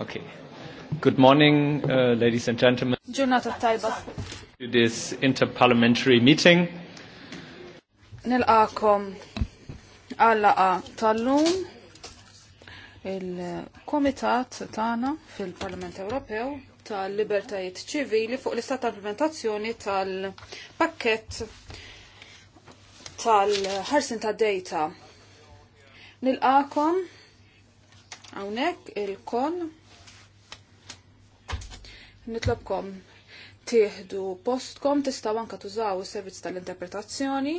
Okay. Good morning, uh, ladies and gentlemen. Ġurnata tajba. To this interparliamentary meeting. Nilqakom għallaqa tal-lum il-Komitat tagħna fil-Parlament Ewropew tal-Libertajiet Ċivili fuq l-istat tal-implementazzjoni tal-pakket tal-ħarsin tad-data. Nilqakom hawnhekk il-kon nitlobkom tieħdu postkom tistgħu anke tużaw is-servizz tal-interpretazzjoni,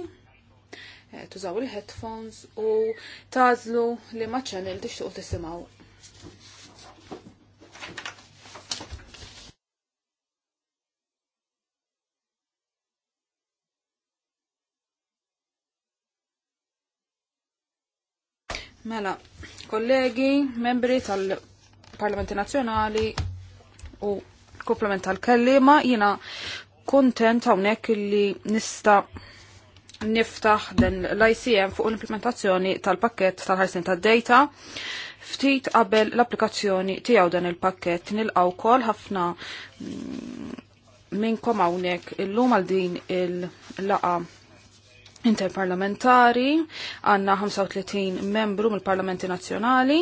eh, tużaw il-headphones u tażlu li ma' channel tixtuqu tisimgħu. Mela, kollegi, membri tal-Parlamenti Nazzjonali u Komplement tal-kellima jina kontent hawnhekk li nista' niftaħ den l-ICM fuq l-implementazzjoni tal-pakket tal-ħarsin tad-data ftit qabel l-applikazzjoni tiegħu dan il-pakket nilqgħu wkoll ħafna mm, minnkom hawnhekk illum għal din il-laqa interparlamentari għandna 35 membru mill-Parlamenti Nazzjonali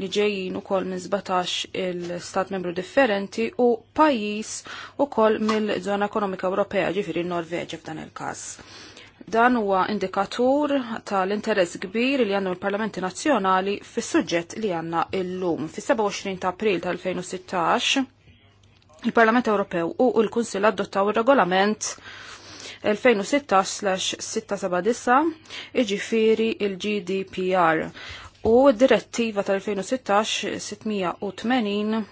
li ġejjin ukoll minn 17 il-stat membru differenti u pajjiż ukoll mill-żona ekonomika Ewropea ġifieri Norveġa f'dan il-każ. Dan huwa indikatur tal-interess kbir li għandu il parlamenti Nazzjonali fis-suġġett li għandna illum. Fis-27 ta' April tal-2016 il-Parlament Ewropew u l-Kunsill adottaw ir-regolament 2016-679 iġifiri il-GDPR u direttiva tal-2016-680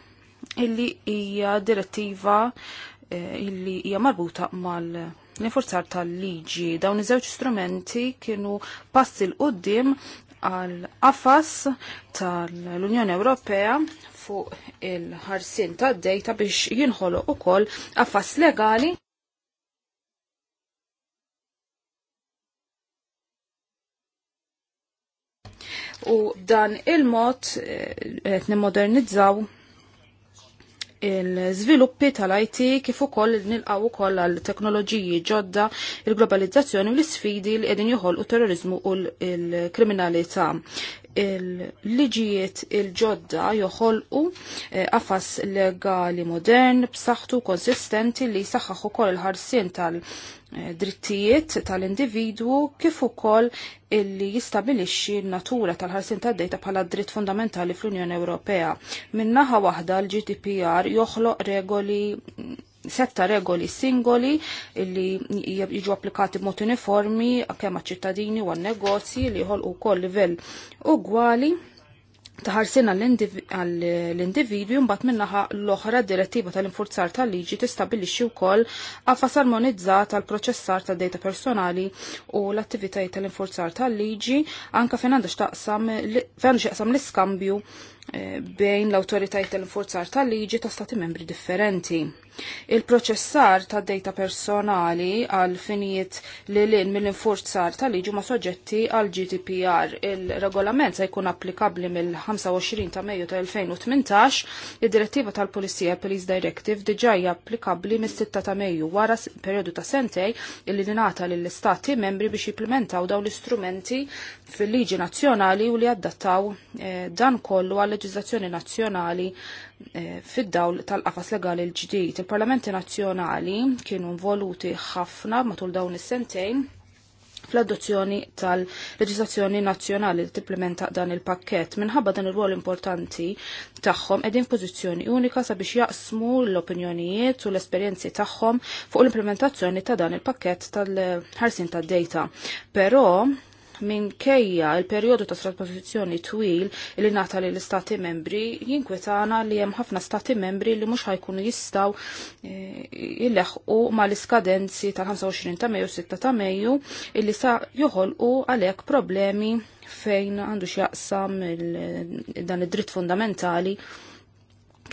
illi hija direttiva eh, illi hija marbuta mal inforzar tal-liġi. Dawn iż-żewġ strumenti kienu passi l-qoddim għal qafas tal-Unjoni Ewropea fuq il-ħarsin tad-dejta biex jinħoloq ukoll qafas legali u dan il-mod eh, qed nimmodernizzaw il-żviluppi tal-IT kif ukoll nilqgħu ukoll għal teknoloġiji ġodda, il-globalizzazzjoni u l-isfidi li qegħdin joħolqu terrorizmu u l-kriminalità il-liġijiet il-ġodda joħolqu eh, qafas legali modern b'saħħtu konsistenti li jsaħħaħ ukoll il-ħarsien tal-drittijiet tal-individwu kif ukoll illi jistabilixxi n-natura tal-ħarsien tad-dejta bħala dritt fundamentali fl-Unjoni Ewropea. Min-naħa waħda l-GDPR joħloq regoli setta regoli singoli li jiġu applikati b'mod uniformi kemm għaċ-ċittadini u għan-negozji li jħolqu wkoll livell ugwali taħarsin għall-individwi mbagħad minnaħa l-oħra direttiva tal-infurzar tal-liġi tistabbilixxi wkoll għafas armonizzat tal proċessar ta' data personali u l-attivitajiet tal-infurzar tal-liġi anke fejn għandux taqsam l-iskambju eh, bejn l-awtoritajiet tal-infurzar tal-liġi ta' stati membri differenti. Il-proċessar ta' data personali għal finijiet li l-in mill-infurzar ta' liġu ma' soġġetti għal GDPR. Il-regolament se jkun applikabli mill-25 ta' Mejju ta' 2018, id-direttiva tal-Polizija Police Directive diġa hija applikabli mis-6 ta' Mejju wara periodu ta' sentej illi dinata lill-istati membri biex jipplementaw dawn l-istrumenti fil-liġi nazzjonali u li addattaw eh, dan kollu għal leġiżlazzjoni nazzjonali Eh, fid-dawl tal-qafas legali l-ġdid. Il-Parlamenti Nazzjonali kienu voluti ħafna matul dawn is-sentejn fl-adozzjoni tal-leġislazzjoni nazzjonali li tipplementa dan il-pakket. Minħabba dan ir ruol importanti tagħhom qegħdin pożizzjoni unika sabiex jaqsmu l-opinjonijiet u l-esperjenzi tagħhom fuq l-implementazzjoni ta' dan il-pakket tal-ħarsin tad-data. Però minkejja il-perjodu ta' trasposizjoni twil li nata li l-istati membri jinkwetana li hemm ħafna stati membri li mhux ħajkunu jistgħu jilleħqu eh, ma l-iskadenzi tal-25 ta' meju, 6 ta' Mejju illi sa joħolqu għalhekk problemi fejn għandu x'jaqsam dan id-dritt fundamentali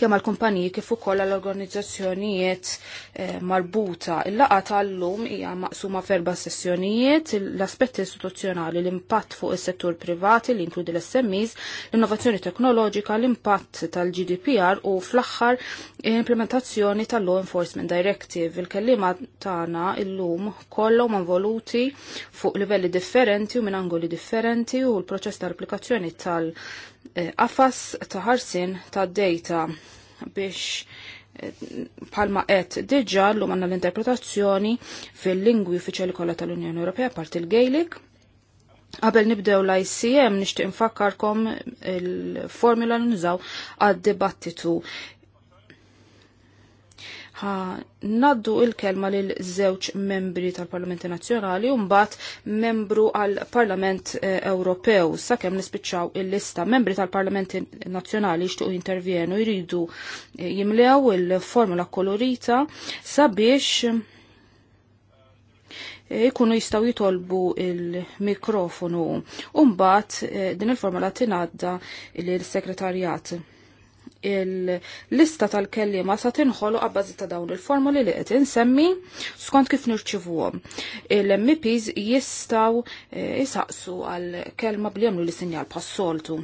kemm għal kumpaniji kif ukoll għal organizzazzjonijiet eh, marbuta. il laqgħa tal-lum hija maqsuma f'erba' sessjonijiet, l aspett istituzzjonali, l-impatt fuq is-settur privati li inkludi l-SMEs, l-innovazzjoni teknoloġika, l-impatt tal-GDPR u fl-aħħar implementazzjoni tal-Law Enforcement Directive. Il-kellima tagħna illum ma voluti fuq livelli differenti u minn angoli differenti u l-proċess ta' applikazzjoni tal afas ta' ħarsin ta' data biex eh, palma qed diġà llum għandna l-interpretazzjoni fil-lingwi uffiċjali kollha tal-Unjoni Ewropea parti il gaelic Qabel nibdew l-ICM nixtieq infakkarkom il-formula l-nżaw għad-dibattitu. Ha, naddu il-kelma lil żewġ membri tal-Parlamenti Nazzjonali u mbagħad membru għal Parlament eh, Ewropew sakemm nispiċċaw il-lista membri tal-Parlamenti Nazzjonali jixtiequ intervjenu jridu eh, jimlew il-formula kolorita sabiex eh, ikunu jistaw jitolbu il-mikrofonu. Umbat din il-formula tinadda l-sekretarjat. il formula tinadda il sekretarjat il il-lista tal-kellima sa tinħolu għabbażi ta' dawn il-formuli li qed insemmi skont kif nirċivuhom. Il-MPs jistaw jisaqsu eh, għal kelma bli jagħmlu li sinjal pas-soltu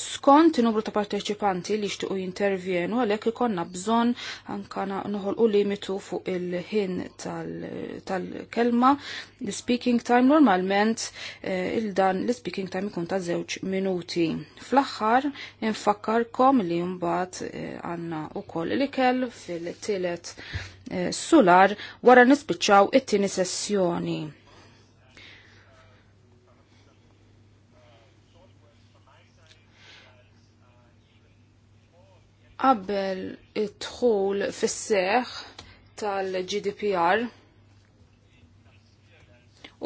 skont numru ta' parteċipanti li xtiqu jintervjenu għalhekk ikonna bżonn anka noħolqu limitu fuq il-ħin tal-kelma tal l-speaking time normalment eh, il-dan l-speaking time ikun ta' żewġ minuti. Fl-aħħar infakkarkom li mbagħad eh, għandna eh, ukoll l-ikel fil-tielet eh, sular wara nispiċċaw it-tieni sessjoni. Qabel id-dħul fis-seħ tal-GDPR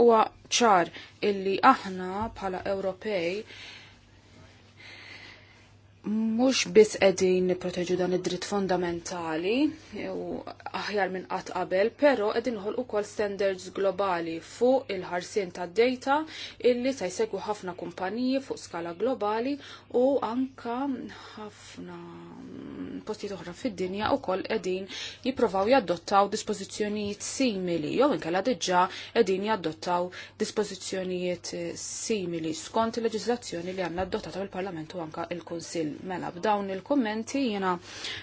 huwa ċar illi aħna bħala Ewropej mux bis edin proteġu dan id-dritt fondamentali u aħjar minn qatt qabel, pero edin ħol u kol standards globali fuq il-ħarsien ta' data illi ta' jsegu ħafna kumpaniji fuq skala globali u anka ħafna postijiet oħra fid-dinja u kol edin jiprovaw jaddottaw dispożizzjonijiet simili, jew inkella diġà edin jaddottaw dispozizjonijiet simili skont il-leġiżlazzjoni li għandna addottata il-Parlament u anka il-Kunsill Mela b'dawn il-kummenti jiena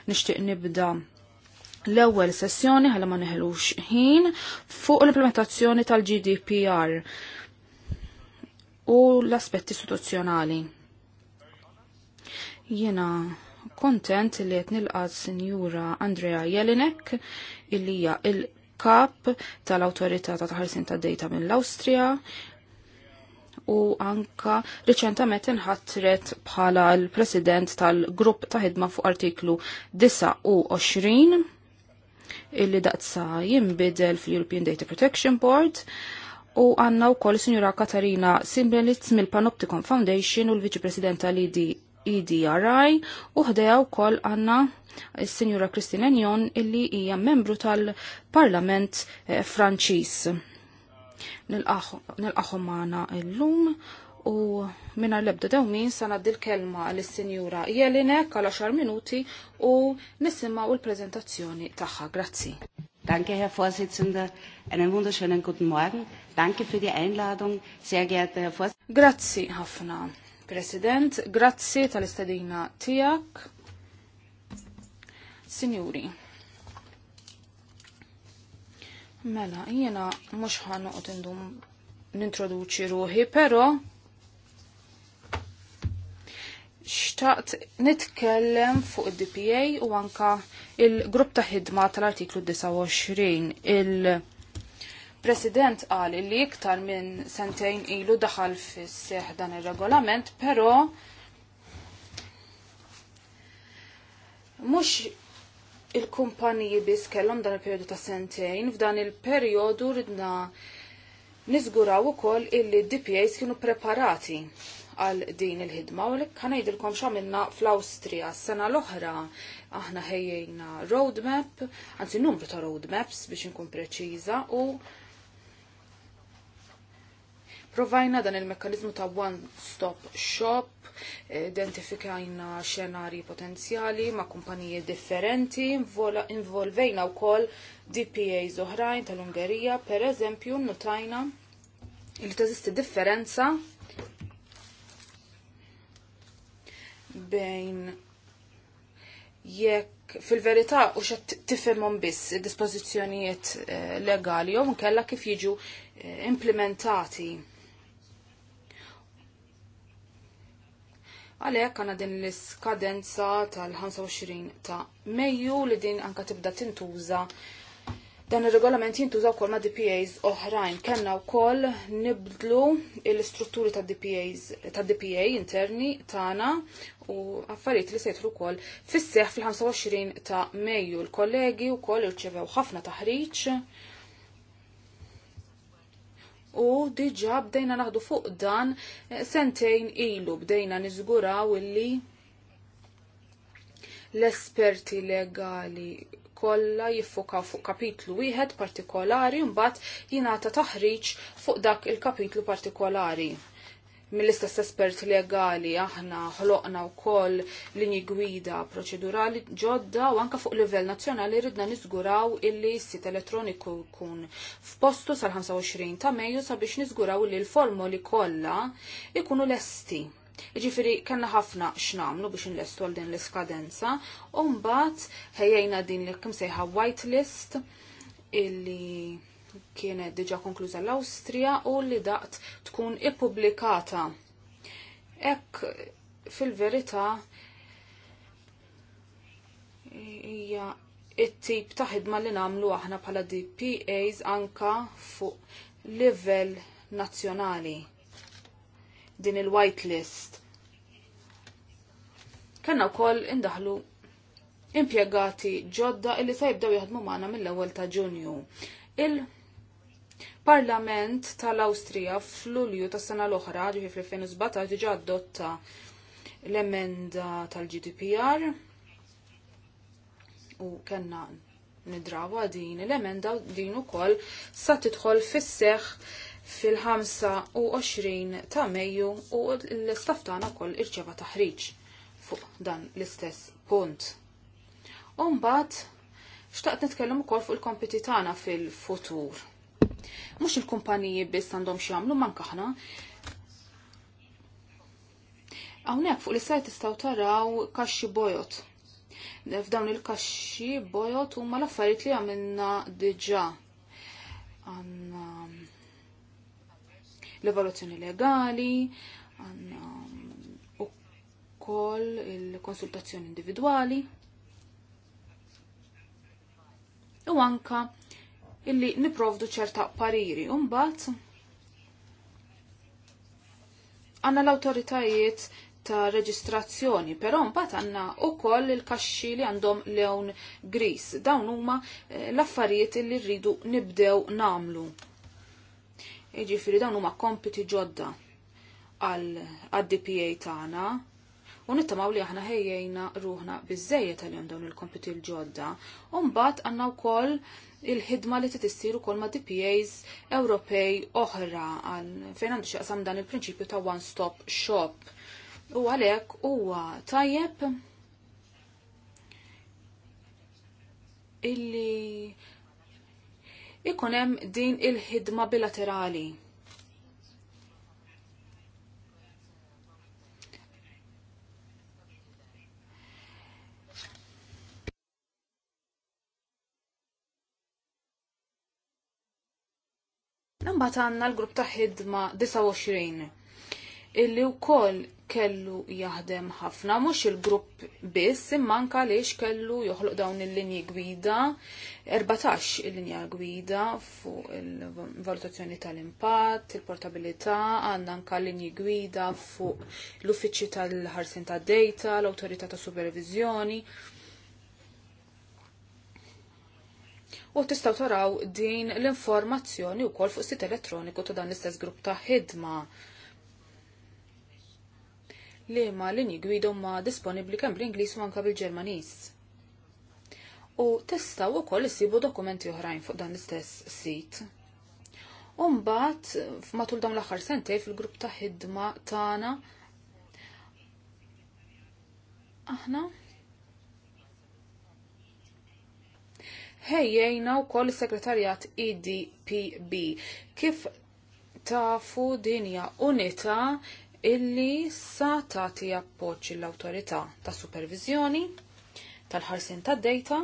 nixtieq nibda l-ewwel sessjoni ħalli ma neħlux ħin fuq l-implementazzjoni tal-GDPR u l-aspetti istituzzjonali. Jiena kontent li qed nilqad Sinjura Andrea Jelinek illi hija il-kap tal-Awtorità ta' Tħarsin ta' Dejta mill-Awstrija u anka riċentament inħatret bħala l-president tal-grupp ta' ħidma fuq artiklu 29 illi daqsa jimbidel fil-European Data Protection Board u għanna u koll sinjura Katarina Simbelitz mill-Panopticon Foundation u l-Viċi President tal-IDI e EDRI u ħdeja u koll għanna s-Sinjura Kristina Njon illi hija membru tal-Parlament eh, Franċis nil aħu maħna il lum u minna l-ebda dawmin sana dil-kelma l-senjura jelinek għal xar minuti u nisimma u l prezentazzjoni taħħa. Grazzi. Danke, Herr Vorsitzender. Einen wunderschönen guten Morgen. Danke für die Einladung, sehr geehrter Herr Vorsitzender. Grazzi, Hafna. President, grazzi tal-istadina tijak. Signori. Mela, jiena mhux ħanoqgħod indum nintroduċi ruħi, però xtaqt nitkellem fuq id-DPA u anka il-grupp ta' ħidma tal-artiklu 29 il-President qal li iktar minn sentejn ilu daħal fis-seħ dan ir-regolament, però mhux il-kumpaniji biss kellhom dan il-perjodu ta' sentejn, f'dan il-perjodu ridna niżguraw ukoll illi DPAs kienu preparati għal din il-ħidma u lek ħanajdilkom xamilna fl-Awstrija sena l-oħra aħna ħejjejna roadmap, għanzi numru ta' roadmaps biex nkun preċiża u provajna dan il-mekkanizmu ta' one-stop shop identifikajna xenari potenzjali ma' kumpaniji differenti, involvejna u koll DPA zoħrajn tal-Ungerija, per eżempju, notajna il teżisti differenza bejn jekk fil-verità u xa tifemon biss dispozizjonijiet eh, legali u nkella kif jiġu eh, implementati Għalhekk għandna din l-iskadenza tal-25 ta' Mejju li din anka tibda tintuża Dan ir-regolament jintużaw wkoll ma' DPAs oħrajn. Kellna wkoll nibdlu l-istrutturi ta' DPAs ta' DPA interni tagħna u affarijiet li sejtru wkoll fis seħħ fil-25 ta' Mejju. L-kollegi wkoll irċevew ħafna taħriġ u diġa bdejna naħdu fuq dan sentejn ilu bdejna nizguraw illi l-esperti legali kollha jiffokaw fuq kapitlu wieħed partikolari mbagħad jingħata taħriġ fuq dak il-kapitlu partikolari mill-istess espert legali aħna ħloqna wkoll linji gwida proċedurali ġodda u anka fuq livell nazzjonali ridna niżguraw illi s-sit elettroniku jkun f'postu sal-25 ta' Mejju sabiex niżguraw li l-formoli kollha ikunu lesti. Iġifiri, kena ħafna x'namlu biex nlestu għal din l-iskadenza, u mbagħad ħejjejna din li kemm sejħa whitelist illi kienet diġa konkluża l-Awstrija u li daqt tkun ippubblikata. Ek fil-verità hija it-tip ta' ħidma li nagħmlu aħna bħala DPAs anka fuq livell nazzjonali. Din il-whitelist. Kanna wkoll indaħlu impjegati ġodda illi se jibdew jaħdmu magħna mill-ewwel ta' Ġunju. Il- parlament tal-Awstrija fl-Ulju tas-sena l-oħra, ġifi fl-2017, diġa adotta l-emenda tal-GDPR u kena nidrawa din l-emenda din ukoll sa tidħol fis-seħħ fil-25 ta' Mejju u l-istaff tagħna wkoll irċeva taħriġ fuq dan l-istess punt. Umbagħad xtaqt nitkellem ukoll fuq il-kompiti tagħna fil-futur Mhux il-kumpaniji biss għandhom xi jagħmlu manka aħna. Hawnhekk fuq l sajt tistgħu taraw kaxxi bojot. F'dawn il-kaxxi bojot huma l-affarijiet li għamilna diġà. Għanna l-evaluazzjoni legali, għanna u koll il-konsultazzjoni individuali. U anka illi niprovdu ċerta pariri. Umbat, għanna l-autoritajiet ta' reġistrazzjoni, però mbagħad għandna wkoll il-kaxxi li għandhom lewn gris. Dawn huma eh, l-affarijiet li rridu nibdew namlu. Jiġifieri dawn huma kompiti ġodda għal dpa tagħna u nittamaw li aħna ħejjejna ruħna biżejjed tal-jom dawn il-kompiti l-ġodda. Umbat għanna wkoll il-ħidma li t-tissir u ma' DPAs Ewropej oħra għal fejn għandu xaqsam dan il-prinċipju ta' one stop shop. U għalhekk huwa tajjeb illi ikonem din il-ħidma bilaterali. Imbagħad għandna l-grupp ta' ħidma 29 illi wkoll kellu jaħdem ħafna, mhux il-grupp biss, imma anke għaliex kellu joħloq dawn il-linji gwida, 14 il-linja gwida fuq il-valutazzjoni tal-impatt, il-portabilità, għandna anke linji gwida fuq l-uffiċċju tal-ħarsin tad-data, l-awtorità ta' supervizjoni. Ta u tistaw taraw din l-informazzjoni u kol fuq sit elettroniku ta' dan l-istess grupp ta' ħidma. Li ma l-inji gwidu ma disponibli kemm bl-Inglis u anka bil-Ġermanis. U tistaw u kol issibu dokumenti oħrajn fuq dan l-istess sit. Umbat, matul dawn l-axar sentej fil-grupp ta' ħidma tagħna aħna ħejjejna wkoll is-Segretarjat EDPB. Kif tafu dinja unità illi sa tagħti appoġġ l-awtorità ta' supervizjoni tal-ħarsin ta' data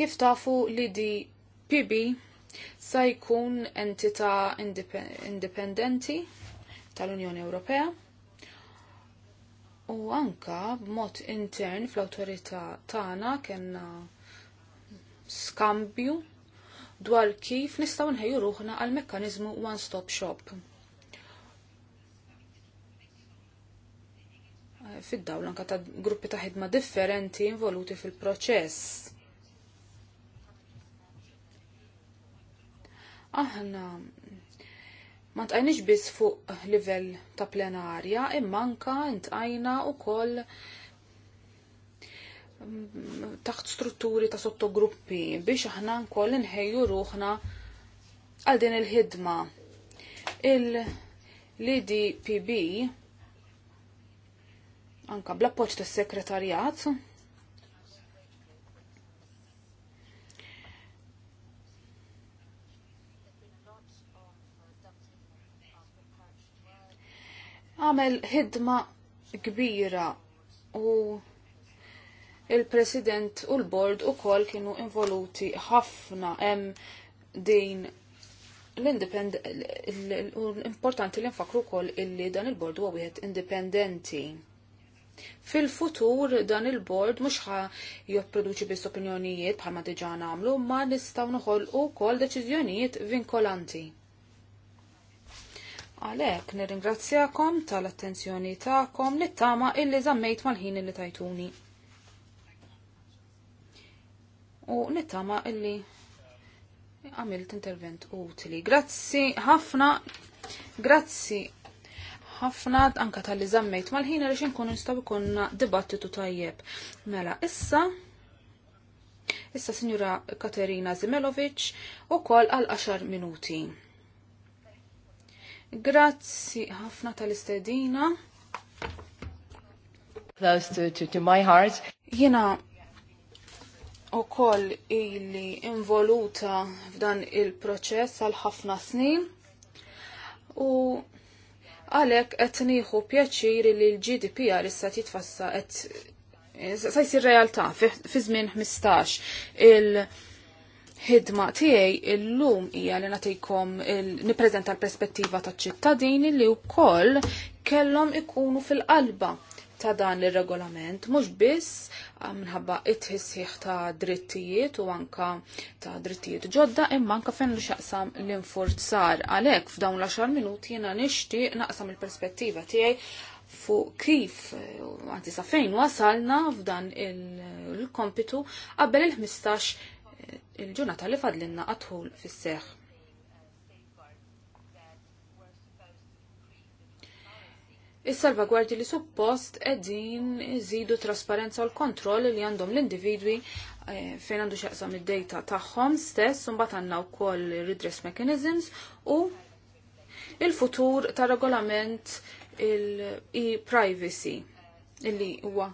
kif tafu li di PB sa jkun entità indipendenti tal-Unjoni Ewropea U anka b'mod intern fl-autorità tagħna kellna skambju dwar kif nistgħu nħejju ruħna għal mekkaniżmu one stop shop. Fid-dawl anka ta' gruppi ta' ħidma differenti involuti fil-proċess. Aħna ma tqajniex biss fuq livell ta' plenarja, imma anka ntqajna wkoll mm, taħt strutturi ta' sottogruppi biex aħna nkoll nħejju ruħna għal din il-ħidma. Il-LDPB anka bl-appoġġ tas-sekretarjat għamel ħidma kbira u il-President u l-Bord u kol kienu involuti ħafna hemm din l-importanti li nfakru kol illi dan il-Bord huwa wieħed indipendenti. Fil-futur dan il-bord mhux ħa jopproduċi biss opinjonijiet bħalma diġà nagħmlu, ma nistgħu noħolqu wkoll deċiżjonijiet vinkolanti. Għalek, nirringrazzjakom tal-attenzjoni ta'kom li tama illi zammejt mal-ħin illi tajtuni. U nittama illi għamilt intervent utili. Grazzi ħafna, grazzi ħafna anka tal-li zammejt mal-ħin għalix xinkun nistaw konna dibattitu tajjeb. Mela, issa, issa signora Katerina Zimelovic u kol għal 10 minuti. Grazzi ħafna tal-istedina. Close to, to, to my heart. Jena u koll illi involuta f'dan il-proċess għal ħafna snin u għalek qed nieħu pjaċir li l-GDPR issa titfassa qed sa jsir realtà fi żmien 15 il- ħidma tiegħi illum hija li nagħtikom nippreżenta l-perspettiva taċ-ċittadini li wkoll kellhom ikunu fil-qalba ta' dan il-regolament, mhux biss ah, minħabba it-ħissieħ ta' drittijiet u anka ta' drittijiet ġodda imma anka fejn li xaqsam l-infurzar għalhekk f'dawn l-10 minuti jiena nixtieq naqsam il-perspettiva tiegħi fuq kif, għanti eh, sa' fejn wasalna f'dan il-kompitu qabel il-15 il-ġurnata li fadlinna għadħul fis-seħ. Is-salvagwardji li suppost qegħdin iżidu trasparenza u l-kontroll li għandhom l-individwi eh, fejn għandu xaqsam id-data tagħhom stess u mbagħad għandna wkoll redress mechanisms u il-futur ta' regolament il-privacy illi huwa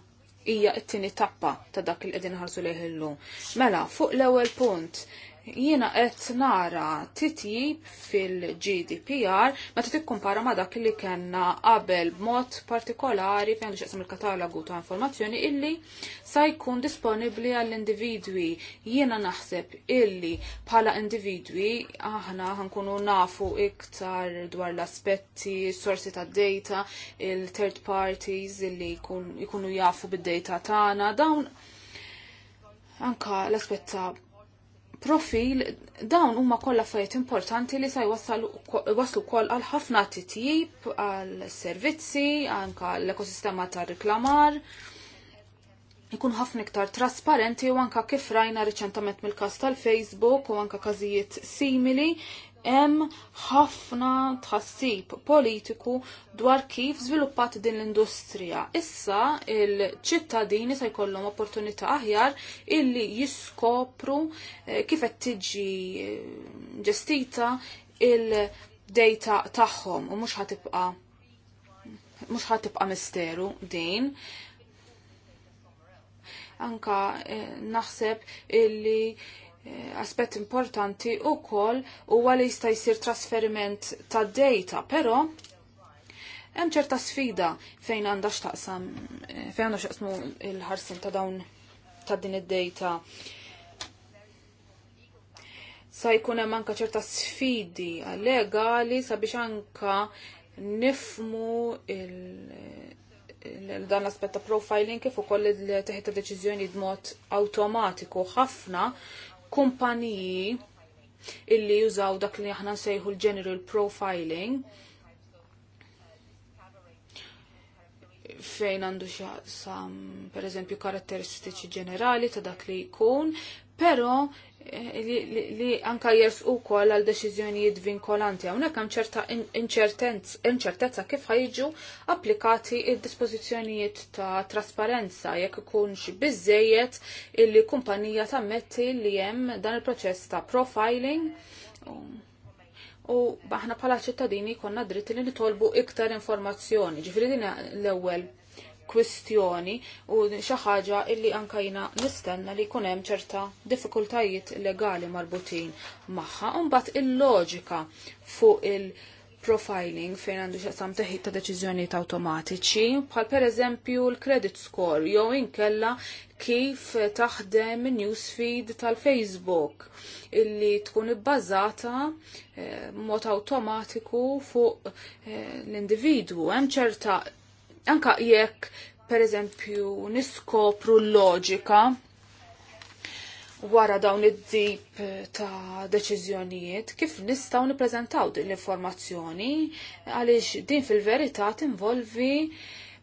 hija t tini tappa ta' dak il qegħdin ħarsu lejh illum. Mela, fuq l-ewwel punt, jiena qed nara titjib fil-GDPR meta tikkumpara ma dak li kellna qabel b'mod partikolari fejn li xaqsam il-katalogu ta' informazzjoni illi sa jkun disponibbli għall-individwi. Jiena naħseb illi bħala individwi aħna ħankunu nafu iktar dwar l-aspetti, sorsi ta' data, il-third parties illi jkunu jafu bid-data tagħna dawn anka l aspetta profil dawn huma kollha affarijiet importanti li sa jwasslu wkoll għal ħafna titjib għal servizzi, anka l-ekosistema ta' riklamar, ikun ħafna iktar trasparenti u anka kif rajna riċentament mill-każ tal-Facebook u anka każijiet simili hemm ħafna tħassib politiku dwar kif żviluppat din l-industrija. Issa il-ċittadini se jkollhom opportunità aħjar illi jiskopru eh, kif qed tiġi eh, ġestita il-data tagħhom u mhux ħatibqa' mhux ħatibqa' misteru din anka eh, naħseb illi Eh, aspett importanti u kol u għal jista' jisir trasferiment ta' data, pero hemm ċerta sfida fejn għandha x'taqsam eh, fejn għandha x'taqsmu il-ħarsin ta' dawn ta' din id-data. Sa jkun hemm anke ċerta sfidi legali sabiex anka nifmu il- dan l-aspett ta' profiling kif ukoll teħita deċiżjoni b'mod awtomatiku ħafna kumpaniji illi jużaw dak li aħna nsejħu l-general profiling fejn għandu xaqsam per eżempju karatteristiċi ġenerali ta' dak li jkun, pero li anka u kol għal deċiżjonijiet vinkolanti. Hawnhekk hemm ċerta inċertezza kif ħajġu applikati id-dispożizzjonijiet ta' trasparenza jekk ikunx biżejjed illi kumpanija metti li hemm dan il-proċess ta' profiling. U aħna bħala ċittadini konna dritti li nitolbu iktar informazzjoni. Ġifieri din l-ewwel kwistjoni u xi ħaġa illi anka jina nistenna li jkun hemm ċerta diffikultajiet legali marbutin magħha. Imbagħad il-loġika fuq il-profiling fejn għandu xaqsam teħid ta' deċiżjonijiet awtomatiċi, bħal pereżempju l-credit score jew inkella kif taħdem newsfeed tal-Facebook illi tkun ibbażata eh, mod awtomatiku fuq eh, l-individwu. Hemm ċerta anka jekk per eżempju niskopru l-loġika wara dawn id-dip ta' deċiżjonijiet kif nistgħu nippreżentaw din l-informazzjoni għaliex din fil-verità tinvolvi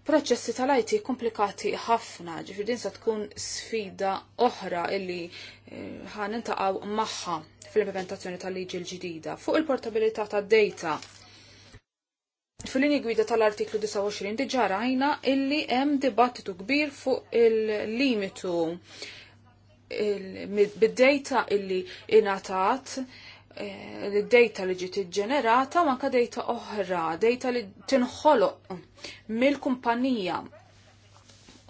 proċessi tal-IT komplikati ħafna, ġifir din se tkun sfida oħra illi eh, ħan intaqaw magħha fl-implementazzjoni tal-liġi l-ġdida. Fuq il-portabilità tad data Fil-lini gwida tal-artiklu 29 diġa rajna illi hemm dibattitu kbir fuq il-limitu il limitu bid data illi inatat eh, id-data li ġiet iġġenerata ma anka data oħra, data li tinħoloq mill-kumpanija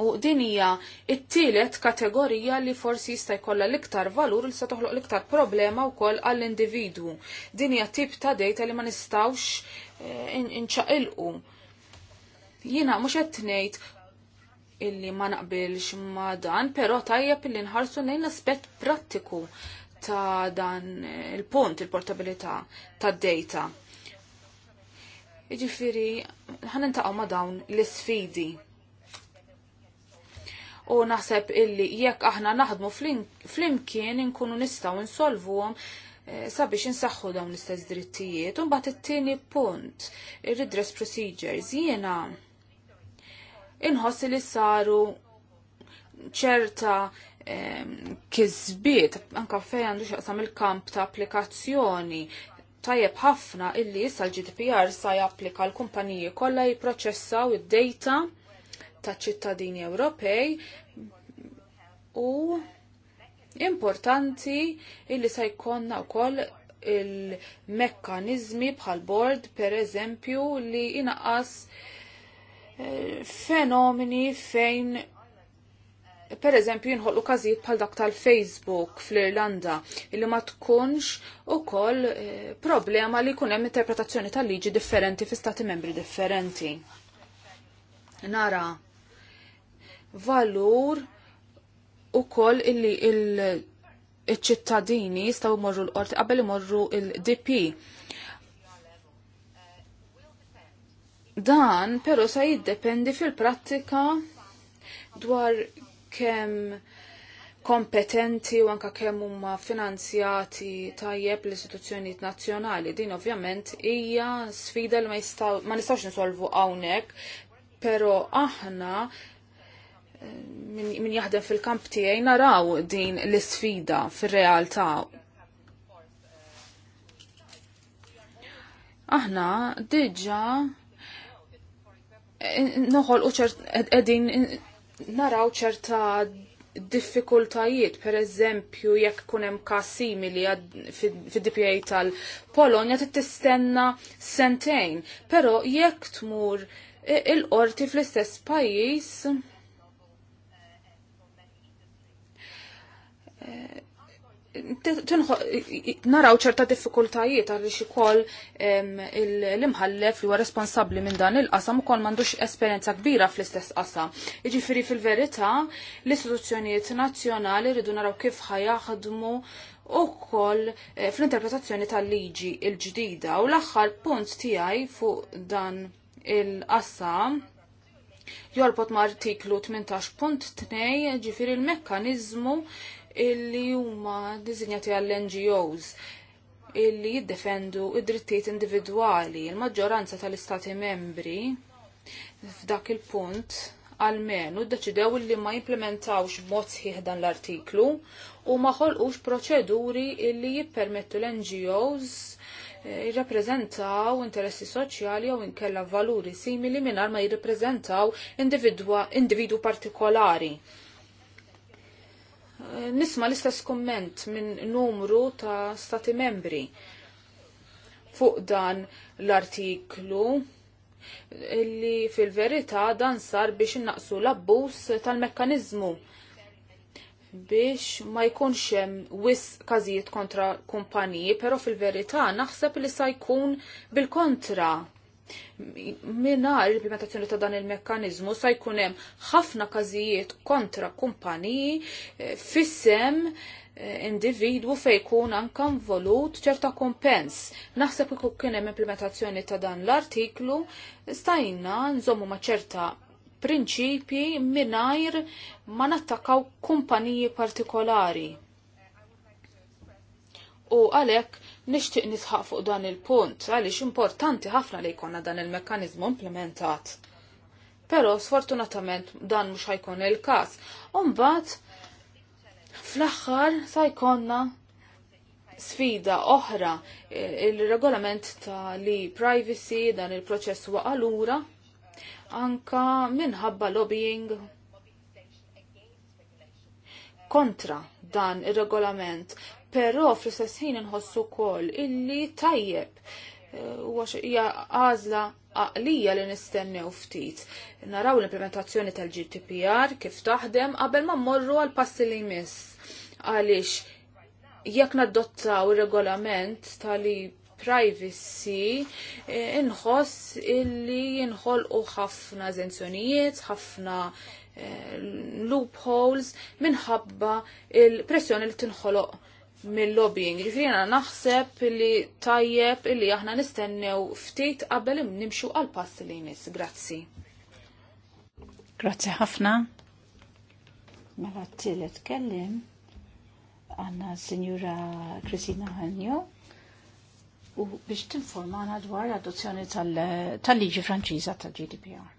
U din hija t-tielet kategorija li forsi jista' jkollha l-iktar valur li se toħloq l-iktar problema wkoll għall-individwu. Din hija tip ta' dejta li ma nistgħux eh, inċaqilqu. Jiena mhux qed ngħid illi ma naqbilx ma dan, però tajjeb illi nħarsu lejn l-aspett prattiku ta' dan eh, il-punt il-portabilità tad-dejta. Jiġifieri ħan ma' dawn l-isfidi u naħseb illi jekk aħna naħdmu flimkien inkunu nistaw insolvuhom eh, sabiex insaħħu dawn l-istess drittijiet. U mbagħad it-tieni punt, ir-redress procedures, jiena inħoss li saru ċerta kizbiet, anka fej għandu xaqsam il-kamp ta' applikazzjoni, tajjeb ħafna illi issa l-GDPR sa japplika l-kumpaniji kollha jipproċessaw id-data ta' ċittadini Ewropej u importanti illi se jkollna wkoll il-mekkanizmi bħal bord per eżempju li inaqqas eh, fenomeni fejn per eżempju jinħolqu każijiet bħal dak tal-Facebook fl-Irlanda illi ma tkunx ukoll eh, problema li jkun hemm interpretazzjoni tal-liġi differenti fi stati membri differenti. Nara valur u koll illi il-ċittadini jistaw morru l-qorti qabel imorru il-DP. Dan pero sa jiddependi fil-prattika dwar kemm kompetenti u anka kemm huma finanzjati tajjeb l-istituzzjonijiet nazzjonali. Din ovvjament hija sfida li ma, jistaw, ma nistawx nisolvu hawnhekk, però aħna min jaħdem fil-kamp tiegħi naraw din l-isfida fir-realtà. Aħna diġà e, noħol u edin naraw ċerta diffikultajiet, per eżempju, jekk kunem kasimi li fid-DPA tal-Polonja tistenna sentejn, pero jekk tmur il-qorti fl-istess pajis Eh, naraw ċerta diffikultajiet għaliex ukoll l-imħallef li huwa responsabbli minn dan il-qasam ukoll m'għandux esperjenza kbira fl-istess qasam. Jiġifieri fil-verità l-istituzzjonijiet nazzjonali rridu naraw kif ħajaħdmu ukoll eh, fl-interpretazzjoni tal-liġi l-ġdida u l-aħħar punt tiegħi fuq dan il-qasam jorbot ma' artiklu 18.2 ġifiri l-mekkanizmu illi huma diżinjati għall-NGOs illi jiddefendu id-drittijiet individwali. Il-maġġoranza tal-istati membri f'dak il-punt għalmenu ddeċidew li ma jimplementawx mod sħiħ dan l-artiklu u ma ħolqux proċeduri illi jippermettu l-NGOs eh, jirrappreżentaw interessi soċjali jew inkella valuri simili mingħajr ma jirrappreżentaw individwu partikolari nisma l-istess komment minn numru ta' stati membri fuq dan l-artiklu li fil-verità dan sar biex innaqsu l-abbuż tal-mekkanizmu biex ma jkunx hemm wis każijiet kontra kumpaniji, però fil-verità naħseb li sa jkun bil-kontra Minar l-implementazzjoni ta' dan il-mekkanizmu sa' jkunem ħafna kazijiet kontra kumpaniji eh, fissem eh, individwu fej kun ankan involut ċerta kompens. Naħseb ikun kien hemm implementazzjoni ta' dan l-artiklu stajna nżommu ma' ċerta prinċipji minajr ma nattakaw kumpaniji partikolari. U għalek Nixtieq nisħaq fuq dan il-punt għaliex importanti ħafna li jkollna dan il-mekkaniżmu implementat. Però sfortunatament dan mhux ħajkon il-każ. Umbat, fl-aħħar sajkonna jkollna sfida oħra il-regolament ta' li privacy dan il-proċess waqalura anka minħabba lobbying kontra dan ir regolament però fl-istess ħin inħossu wkoll illi tajjeb eh, hija għażla għaqlija li nistennew ftit. Naraw l-implementazzjoni tal-GDPR kif taħdem qabel ma mmorru għal passi li jmiss għaliex jekk nadottaw ir-regolament tal-li privacy eh, inħoss illi jinħolqu ħafna zenzjonijiet, ħafna eh, loopholes minħabba il-pressjoni li tinħoloq mill-lobbying. Ġifirina naħseb li tajjeb li aħna nistennew ftit qabel nimxu għal pass li nis. Grazzi. Grazzi ħafna. Mela t-tillet kellim għanna Signora Kristina Henjo u biex tinformana dwar l-adozzjoni tal-liġi franċiża tal-GDPR.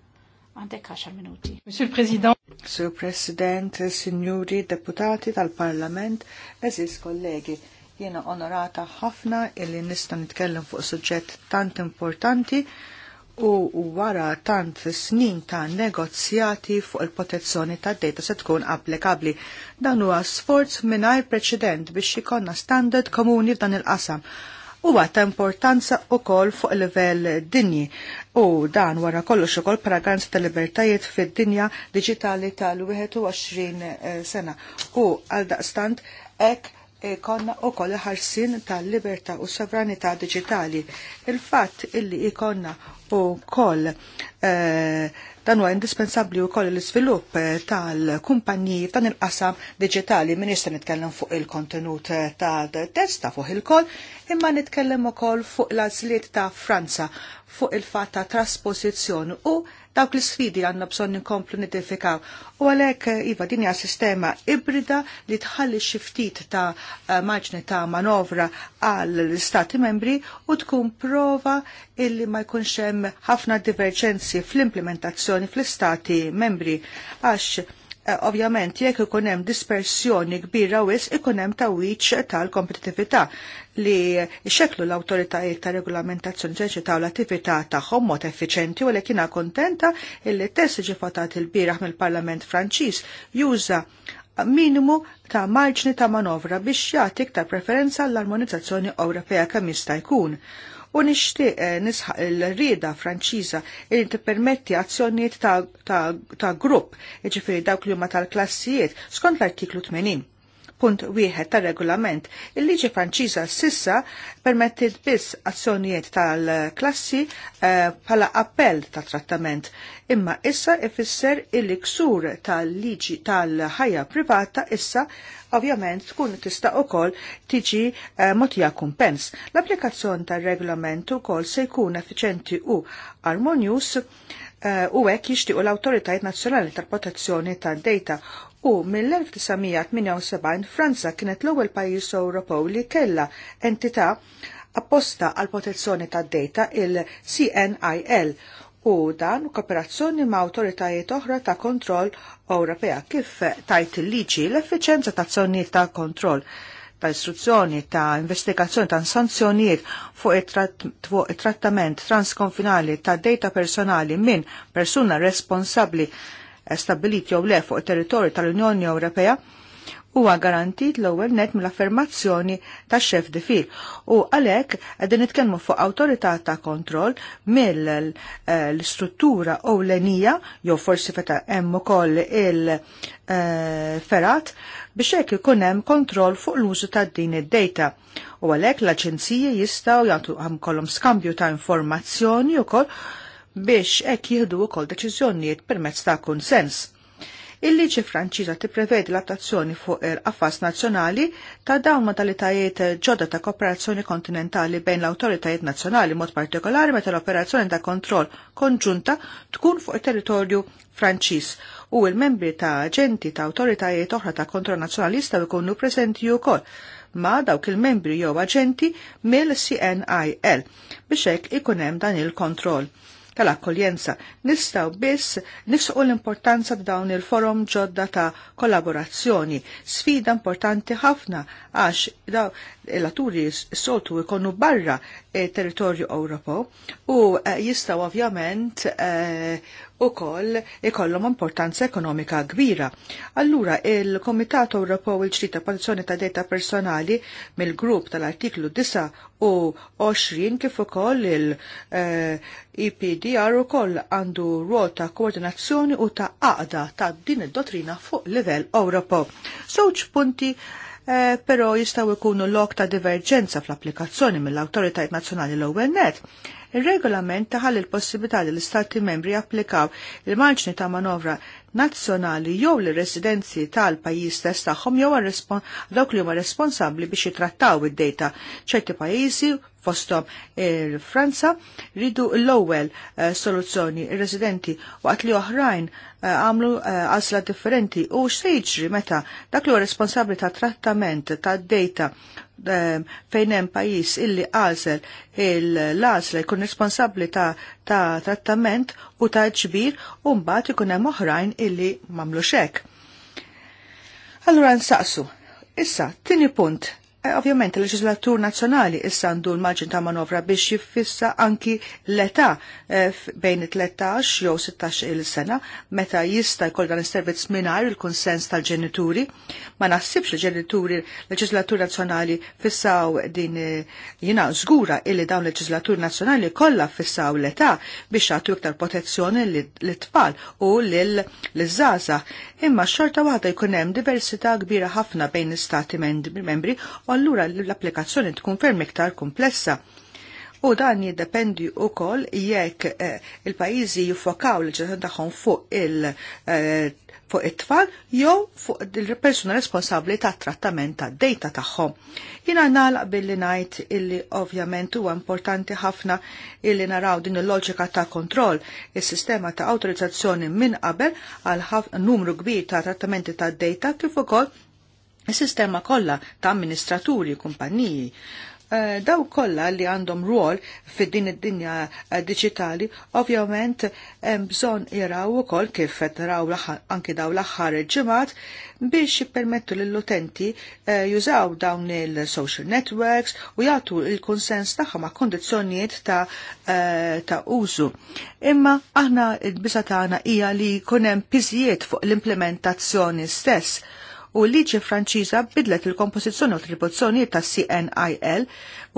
Għandek 10 minuti. Monsieur President. Sur President, Signori Deputati tal-Parlament, eżis kollegi, jiena onorata ħafna illi nista' nitkellem fuq suġġett tant importanti u wara tant snin ta' negozjati fuq il-protezzjoni ta' data se tkun applikabli. Dan huwa sforz mingħajr preċedent biex ikonna standard komuni f'dan il-qasam huwa ta' importanza wkoll fuq livell dinji u dan wara kollox ukoll paraganza ta' libertajiet fid-dinja diġitali tal-21 eh, sena u għal daqstant hekk ikonna eh, u kol ħarsin tal-libertà u sovranità diġitali. Il-fatt illi ikonna u kol eh, Dan huwa indispensabbli wkoll l-iżvilupp eh, tal-kumpanji f'dan il-qasam diġitali minn issa nitkellem fuq il-kontenut eh, tal-test ta' fuq il-koll, imma nitkellem ukoll fuq l-għażliet ta' Franza fuq il-fatt ta' trasposizzjoni u Dawk l-sfidi għandna bżonn nkomplu nidifikaw. U għalhekk eh, iva din hija sistema ibrida li tħalli xi ftit ta' eh, maġni ta' manovra għall istati membri u tkun prova illi ma jkunx hemm ħafna diverġenzi fl-implementazzjoni fl-istati membri għax Eh, ovvjament jekk ikun hemm dispersjoni kbira wis ikun hemm tawwiċ tal-kompetitività li xeklu l-awtoritajiet ta' regolamentazzjoni ta' l-attività tagħhom mod effiċenti u lekin kontenta illi test ġi votat il-bieraħ mill-Parlament Franċiż juża minimu ta' marġni ta' manovra biex jagħti ta' preferenza l-armonizzazzjoni Ewropea kemm jista' jkun u nixtieq eh, nisħaq il-rieda Franċiża li tippermetti azzjonijiet ta', ta, ta grupp, jiġifieri dawk li huma tal-klassijiet skont l-artiklu 80 punt wieħed tar-regolament. Il-liġi Franċiża sissa permettit biss azzjonijiet tal-klassi eh, bħala appell ta' trattament, imma issa ifisser il-ksur tal-liġi tal-ħajja privata issa ovvjament tkun tista' ukoll tiġi eh, motija kumpens. L-applikazzjoni tar-regolament ukoll se jkun effiċenti u armonjus eh, u hekk jixtiequ l-awtoritajiet nazzjonali tal-protezzjoni tad-data u mill-1978 Franza kienet l-ewwel pajjiż Ewropew li kellha entità apposta għal protezzjoni tad-data il-CNIL u dan kooperazzjoni ma' autoritajiet oħra ta' kontroll Ewropea kif tajt il-liġi l-effiċenza ta' azzjonijiet ta' kontroll ta' istruzzjoni ta' investigazzjoni ta' sanzjonijiet fuq it-trattament transkonfinali ta' data personali minn persuna responsabli stabilit jew le fuq territorju tal-Unjoni Ewropea huwa garantit l-ewwel net mill-affermazzjoni tax xef difil u għalhekk qegħdin nitkellmu fuq awtorità ta' kontroll mill-struttura ewlenija jew forsi feta hemm ukoll il-ferat biex hekk ikun hemm kontroll fuq l-użu ta' din id-dejta. U għalhekk l-aġenziji jistgħu jagħtu hemm kollhom skambju ta' informazzjoni wkoll biex hekk jieħdu wkoll deċiżjonijiet permezz ta' kunsens. Il-liġi Franċiża tipprevedi l-attazzjoni fuq il affas nazzjonali ta' dawn modalitajiet ġodda ta' kooperazzjoni kontinentali bejn l-awtoritajiet nazzjonali mod partikolari meta l-operazzjoni ta' kontroll konġunta tkun fuq il-territorju Franċiż u il-membri ta' aġenti ta' awtoritajiet oħra ta' kontroll Nazzjonalista jkunu preżenti wkoll ma' dawk il-membri jew aġenti mill-CNIL biex hekk ikun hemm dan il-kontroll tal-akkoljenza. Nistaw biss nifsuqu l-importanza f'dawn il-forum ġodda ta' kollaborazzjoni, sfida importanti ħafna għax daw l-aturi soltu ikonu barra territorju Ewropew u eh, jistaw ovvjament eh, u koll ikollom importanza ekonomika kbira. Allura il-Komitat Ewropew il-ġdid ta' protezzjoni ta' data personali mill-grupp tal-artiklu 9 u 20 kif ukoll il-EPDR eh, e ukoll għandu ruol ta' koordinazzjoni u ta' għaqda ta' din id-dottrina fuq livell Ewropew. Żewġ punti Eh, però jistaw ikunu lok ta' diverġenza fl-applikazzjoni mill-autoritajt nazzjonali l-ewwel net Il-regolament taħal il-possibilità li l-Istati membri applikaw il-marġni ta' manovra nazzjonali jew l residenzi tal-pajjiż stess tagħhom jew dawk li huma responsabbli biex jitrattaw id-data. ċerti pajjiżi fostom il-Franza ridu l-ewwel eh, soluzzjoni ir-residenti waqt li oħrajn eh, għamlu eh, għasla differenti u x'se jiġri meta dak li huwa responsabbli ta' trattament ta' data fejn hemm pajjiż illi għażel il-għażla jkun responsabbli ta', ta trattament u ta' ġbir u mbagħad ikun hemm oħrajn illi m'għamlux hekk. Allura nsaqsu, issa tini punt Eh, ovvjament, il-leġislatur nazzjonali issa għandu l-maġin ta' manovra biex jiffissa anki l-età eh, bejn 13 jew 16 il-sena meta jista' jkoll dan is-servizz mingħajr il-konsens tal-ġenituri. Ma naħsibx li ġenituri l leġislatur nazzjonali fissaw din eh, jina żgura illi dawn l leġislatur nazzjonali kollha fissaw l-età biex jagħtu iktar protezzjoni lit-tfal u lil-żgħażagħ. Imma xorta waħda jkun hemm diversità kbira ħafna bejn istati membri u allura l-applikazzjoni tkun ferm iktar komplessa. U dan jiddependi u koll jekk eh, il-pajizi jiffokaw l-ġetan taħħon fuq il- eh, fuq it-tfal jew fuq il-persuna responsabli ta' trattament ta' dejta tagħhom. Jina nal billi ngħid illi ovvjament huwa importanti ħafna illi naraw din il-loġika ta' kontroll is-sistema ta' autorizzazzjoni minn qabel għal numru kbir ta' trattamenti ta' dejta kif ukoll Is-sistema kollha ta' amministraturi, kumpanniji, eh, daw kollha li għandhom rwol fid din id-dinja eh, diġitali, ovvjament hemm bżonn jaraw ukoll kif qed naraw anki daw l-aħħar ġimgħat biex jippermettu lill-utenti eh, jużaw dawn il-social networks u jagħtu il-konsens tagħhom ma' kondizzjonijiet ta', ta użu. Imma aħna l biża tagħna hija li jkun hemm piżijiet fuq l-implementazzjoni stess u liġi Franċiża bidlet il-kompożizzjoni u l ta' CNIL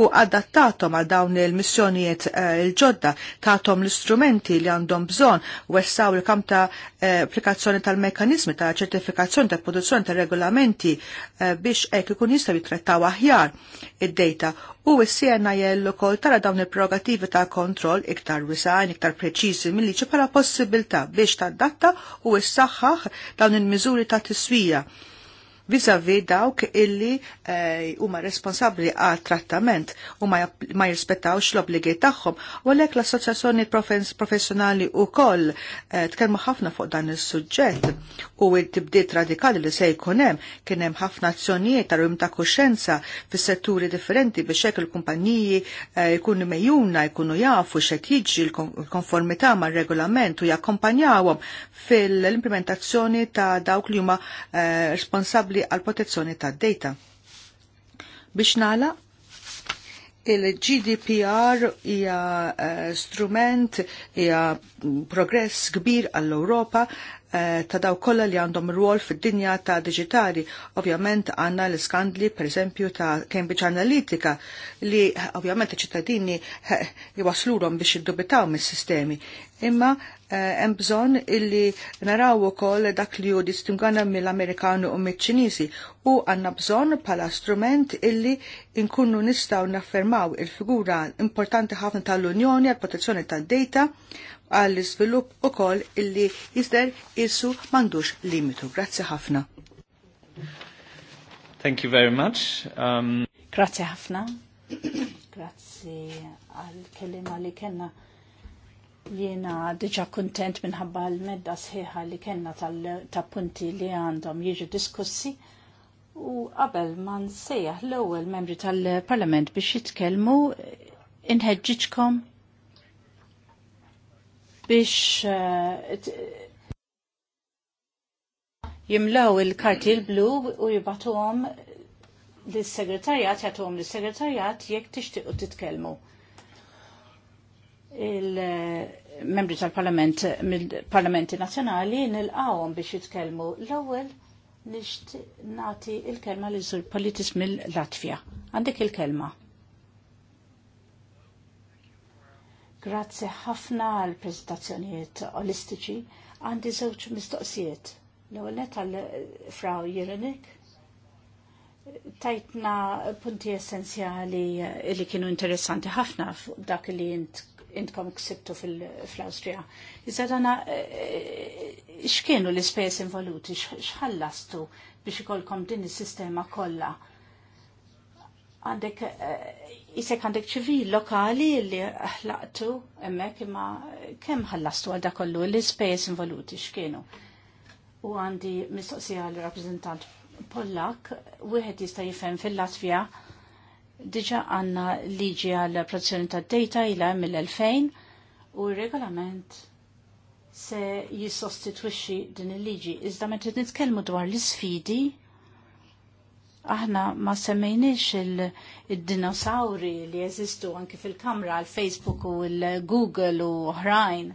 u adattatom għal dawn il-missjonijiet eh, il-ġodda tatom l-istrumenti li għandhom bżon wessaw il-kam ta' eh, applikazzjoni tal-mekanizmi ta' ċertifikazzjoni ta' produzzjoni ta' regolamenti eh, biex ek ikun jistaw jitrettaw aħjar id-data u s-CNIL ukoll tara dawn il-prerogativi ta' kontroll iktar wisajn, iktar preċiżi mill-liġi bħala possibilta biex tadatta u s saxħax dawn il-miżuri ta' tiswija vizavi dawk illi eh, huma responsabbli għal trattament u ma jirspettawx l-obligi tagħhom. U għalhekk l-assoċjazzjoni professjonali wkoll eh, tkellmu ħafna fuq dan is-suġġett u t-tibdiet radikali li se jkun hemm kien hemm ħafna azzjonijiet ta' ta' kuxenza fis-setturi differenti biex hekk il-kumpaniji eh, jkunu mejjuna jkunu jafu x'qed jiġi l-konformità mar-regolament u jakkompanjawhom fil-implementazzjoni ta' dawk li huma responsabbli responsabbli għal protezzjoni tad-data. Biex nala, il-GDPR hija eh, strument hija progress kbir għall-Ewropa Eh, ta' daw kollha li għandhom rwol fid-dinja ta' digitali. Ovvjament għandna l-iskandli pereżempju ta' Cambridge Analytica li ovvjament ċittadini eh, jwaslurom biex jiddubitaw mis-sistemi. Imma eh, hemm eh, bżonn illi naraw ukoll dak li hu distingwana mill-Amerikanu u mill-Ċiniżi u għandna bżonn bħala strument illi nkunu nistgħu naffermaw il-figura importanti ħafna tal-Unjoni għall protezzjoni tad-data għall u ukoll illi jisder issu mandux limitu. Grazzi ħafna. Thank you very much. Um... Grazzi ħafna. Grazzi għal-kelima li kena jiena diġa kontent minħabba l-medda sħiħa li kena ta' punti li għandhom jiġu diskussi u qabel ma nsejjaħ l-ewwel membri tal-Parlament biex jitkellmu inħeġġiġkom biex eh, jimlaw il-karti l-blu u jibatuhom l-segretarjat, jagħtuhom l-segretarjat jekk tixtiequ titkellmu. Il-membri eh, tal-Parlament mill-Parlamenti Nazzjonali nilqawhom biex jitkellmu l-ewwel nixtieq nagħti il-kelma li zur Politis mill-Latvja. Għandek il-kelma. Grazzi ħafna għal prezentazzjonijiet olistiċi. Għandi żewġ mistoqsijiet. L-għolet għal fraw Jirenik. Tajtna punti essenzjali li kienu interessanti ħafna dak li intkom ksibtu fil-Austria. Iżda dana, eh, eh, x'kienu l ispejs involuti, x'ħallastu biex ikolkom din is-sistema kollha għandek jisek eh, għandek ċivil lokali li ħlaqtu emmek imma kem ħallastu għal dakollu l-ispejs involuti xkienu. U għandi mistoqsija għal rappresentant Pollak, wieħed jista' jifhem fil latvija diġa għanna liġi għal protezzjoni tad data ila mill-2000 u regolament se jissostitwixxi din il-liġi. Iżda meta nitkellmu dwar l-isfidi aħna ma semmejniex il-dinosawri li jeżistu anki fil-kamra għal Facebook u l-Google u oħrajn.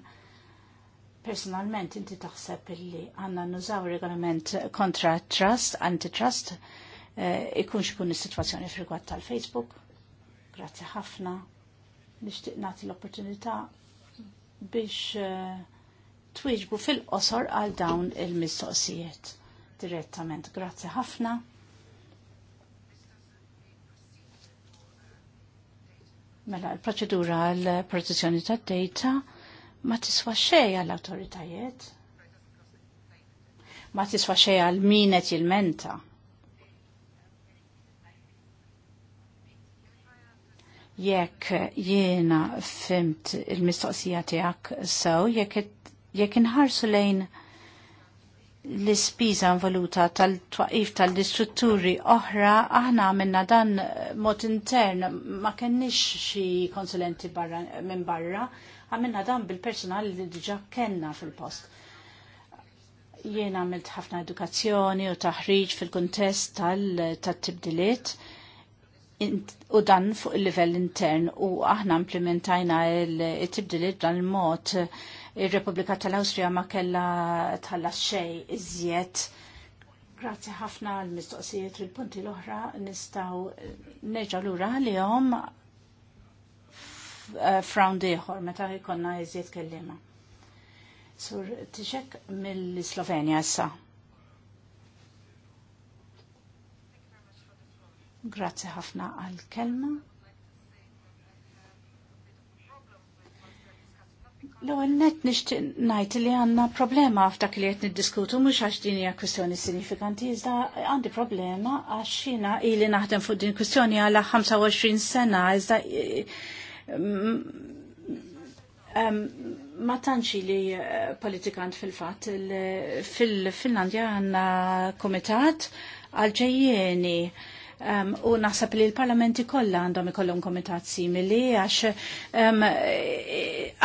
Personalment, inti taħseb li għanna nużaw regolament kontra trust, antitrust, eh, ikunx kun is-situazzjoni frigwat tal-Facebook. Grazzi ħafna. Nishtiq nagħti l-opportunità biex eh, twiġbu fil-qosor għal dawn il-mistoqsijiet direttament. Grazzi ħafna. Mela, l-proċedura l protezzjoni ta' data ma tiswa xej għall-autoritajiet. Ma tiswa xej għal-minet il-menta. Jekk jiena fimt il-mistoqsija tiegħek sew, jekk inħarsu lejn l-ispiża valuta tal-twaqif tal-distrutturi oħra, aħna minna dan eh, mod intern, ma kenniex xi konsulenti barra, minn barra, għamilna dan bil-personal li diġa kenna fil-post. Jien għamilt ħafna edukazzjoni u taħriġ fil-kontest tal-tibdiliet u dan fuq il-livell intern u aħna implementajna il-tibdiliet dan il-mod il mod ir-Repubblika tal-Awstrija ma kellha tal xej iżjed. Grazzi ħafna għal mistoqsijiet il punti l-oħra nistaw nerġa' lura għalihom eh, f'round ieħor meta jkollna iżjed kellima. Sur tixek mill-Slovenja issa. Grazzi ħafna għal kelma Lo, ewwel net nixtieq ngħid li għandna problema f'dak li qed niddiskutu mhux għax din hija kwistjoni sinifikanti, iżda għandi problema għax xina ili naħdem fuq din kwestjoni għal 25 sena iżda eh, mm, mm, ma tantx li eh, politikant fil-fatt fil-Finlandja għandna komitat għal Um, u naħseb li l-parlamenti kollha għandhom ikollhom komitat simili għax um,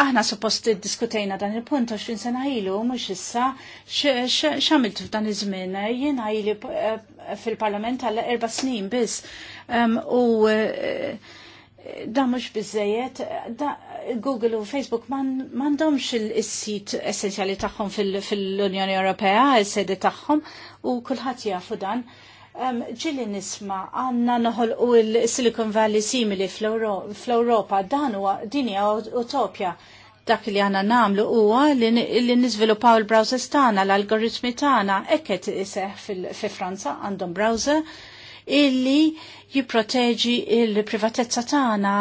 aħna suppost diskutejna dan il-punt xin sena ilu mhux issa x'għamiltu f'dan iż-żmien jiena ili eh, fil-parlament għal erba' snin biss um, u dan eh, da mux bizzejiet, da Google u Facebook mandomx man il-sit essenzjali tagħhom fil-Unjoni fil Ewropea, il sedi tagħhom u kulħadd jafu dan ġili nisma għanna u il-Silicon Valley simili fl-Europa dan u dinja utopja dak li għanna namlu huwa li nizvilupaw il-browsers tagħna l-algoritmi tagħna ekket iseħ fi Franza għandhom browser illi jipproteġi il-privatezza tagħna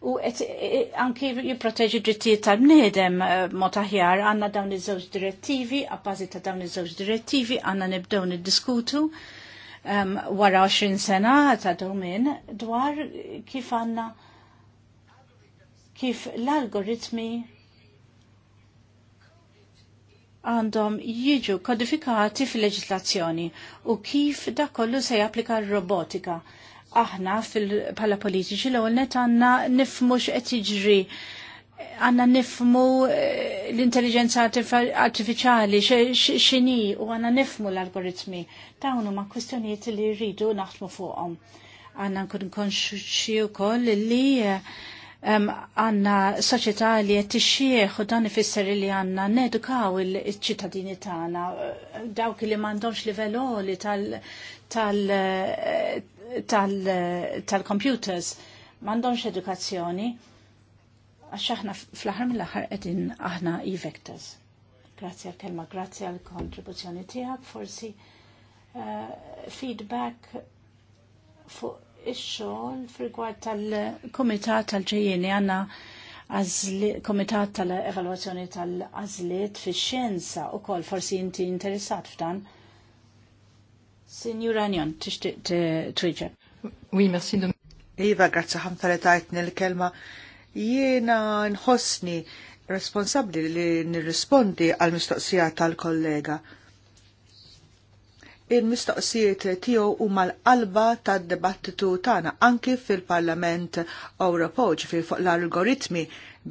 u e, e, anki jiproteġi drittijiet tal-bniedem e, mod aħjar għandna dawn iż-żewġ direttivi, appażi ta' dawn iż-żewġ direttivi għandna nibdew niddiskutu um, wara 20 sena ta' domin dwar kif għandna kif l-algoritmi għandhom jiġu kodifikati fil-leġislazzjoni u kif da kollu se japplika r-robotika aħna fil-pala politiċi l-ewwel net għandna nifmu x'qed jiġri għanna nifmu eh, l-intelligenza artificiali xini u għanna nifmu l-algoritmi. Dawn huma kwistjonijiet li rridu naħdmu fuqhom. Għanna nkun u wkoll li eh, għanna soċjetà li qed tixxieħ u dan ifisser li għanna nedukaw il-ċittadini tagħna eh, dawk li m'għandhomx livell li tal tal-computers tal mandomx edukazzjoni għax aħna fl-aħħar mill-aħħar qegħdin aħna e-vectors. Grazzi għal-kelma, grazzi għal-kontribuzzjoni tiegħek, forsi eh, feedback fuq ix-xogħol fil tal-Kumitat tal-ġejjieni għandna kumitat tal-Evalwazzjoni tal-Għażliet fix-Xjenza wkoll forsi inti interessat f'dan Signora Njon, tixtieq triġa. merci. Iva, grazzi ħamta li tajtni l-kelma. Jiena nħossni responsabli li nirrispondi għal mistoqsija tal-kollega. Il-mistoqsijiet tiegħu huma l-qalba tad-dibattitu tagħna anki fil-Parlament Ewropew ġifier fuq l-algoritmi